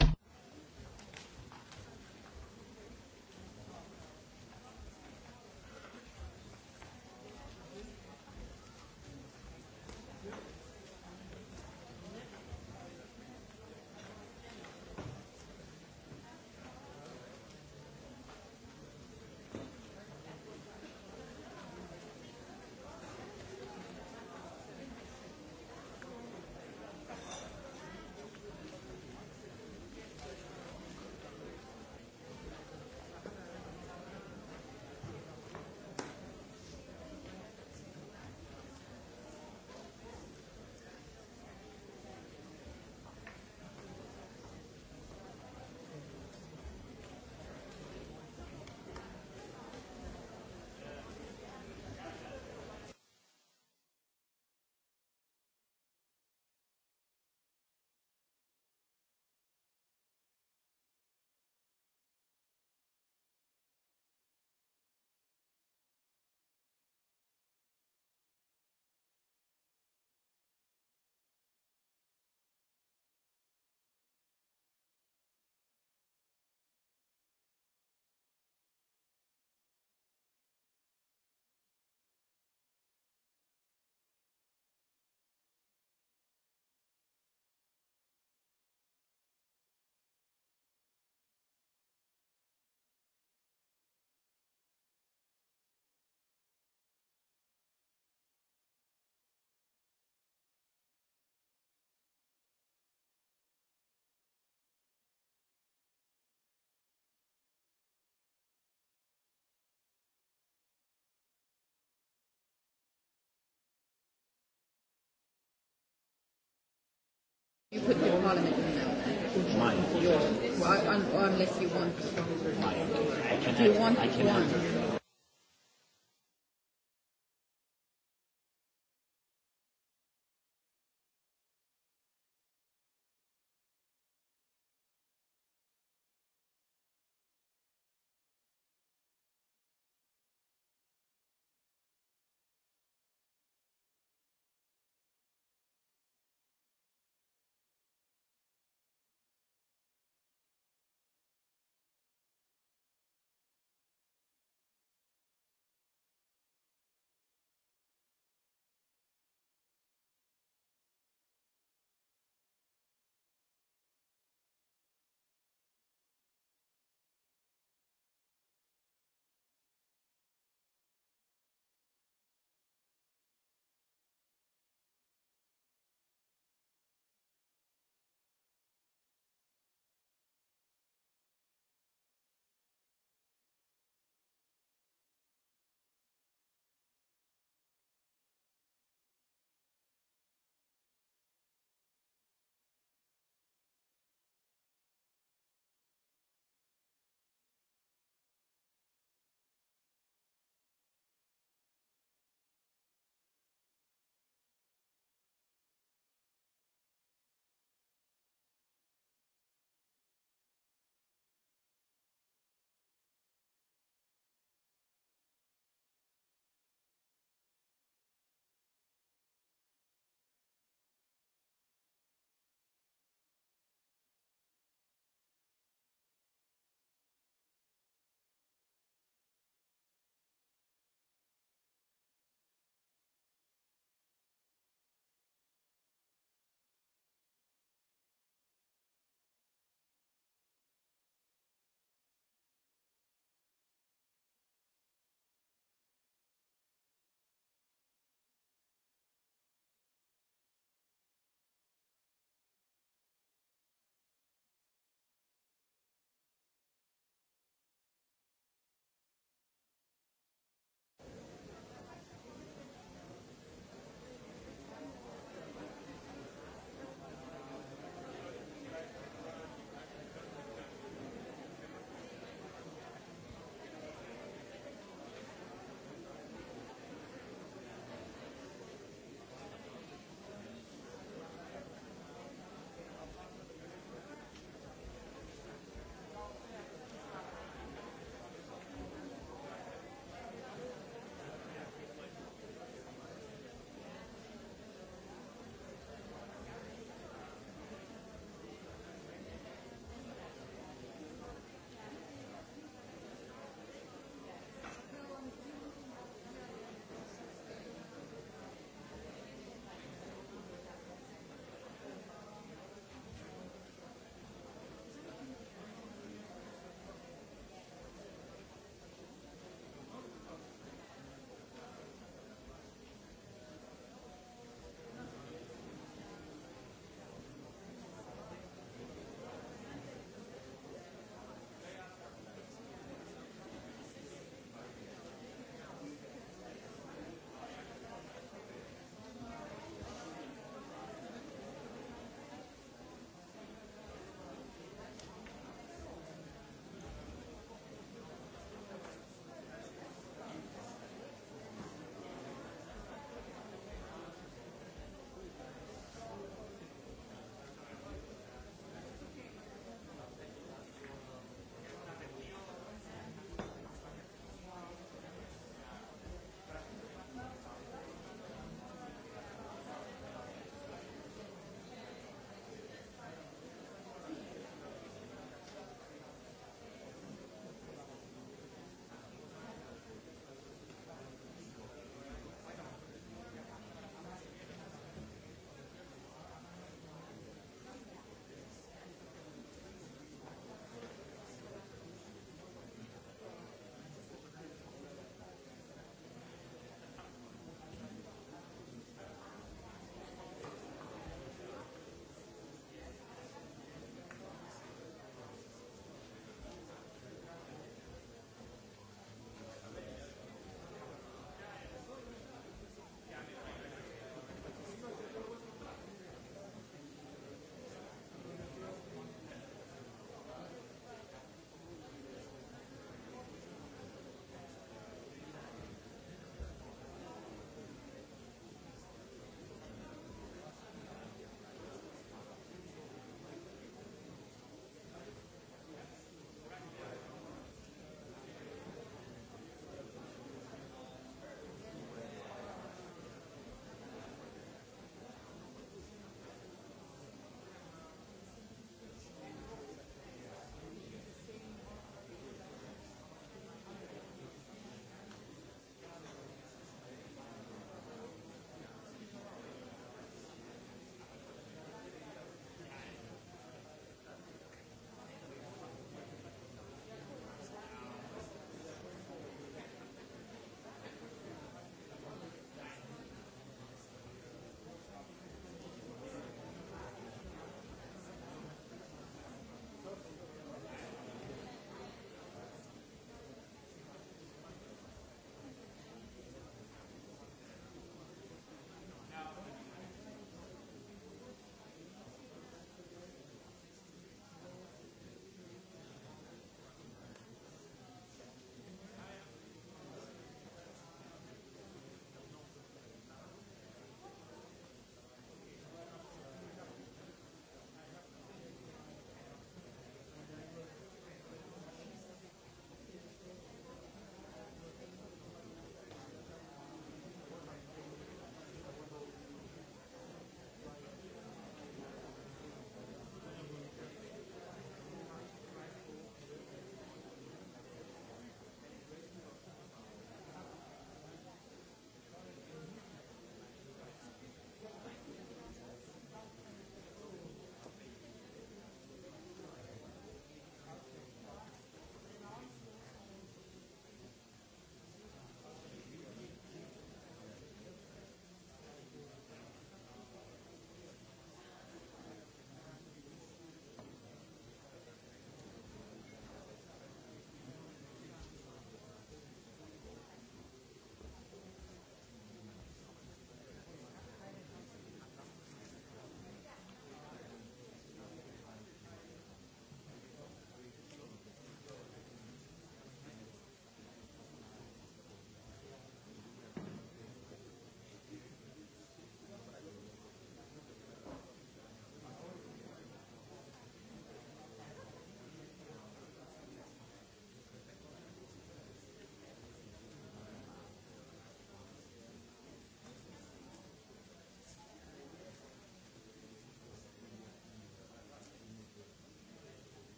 You put your parliament in there. Mine. Yours. Well, I, unless you want. Mine. I can. Do you want I can one?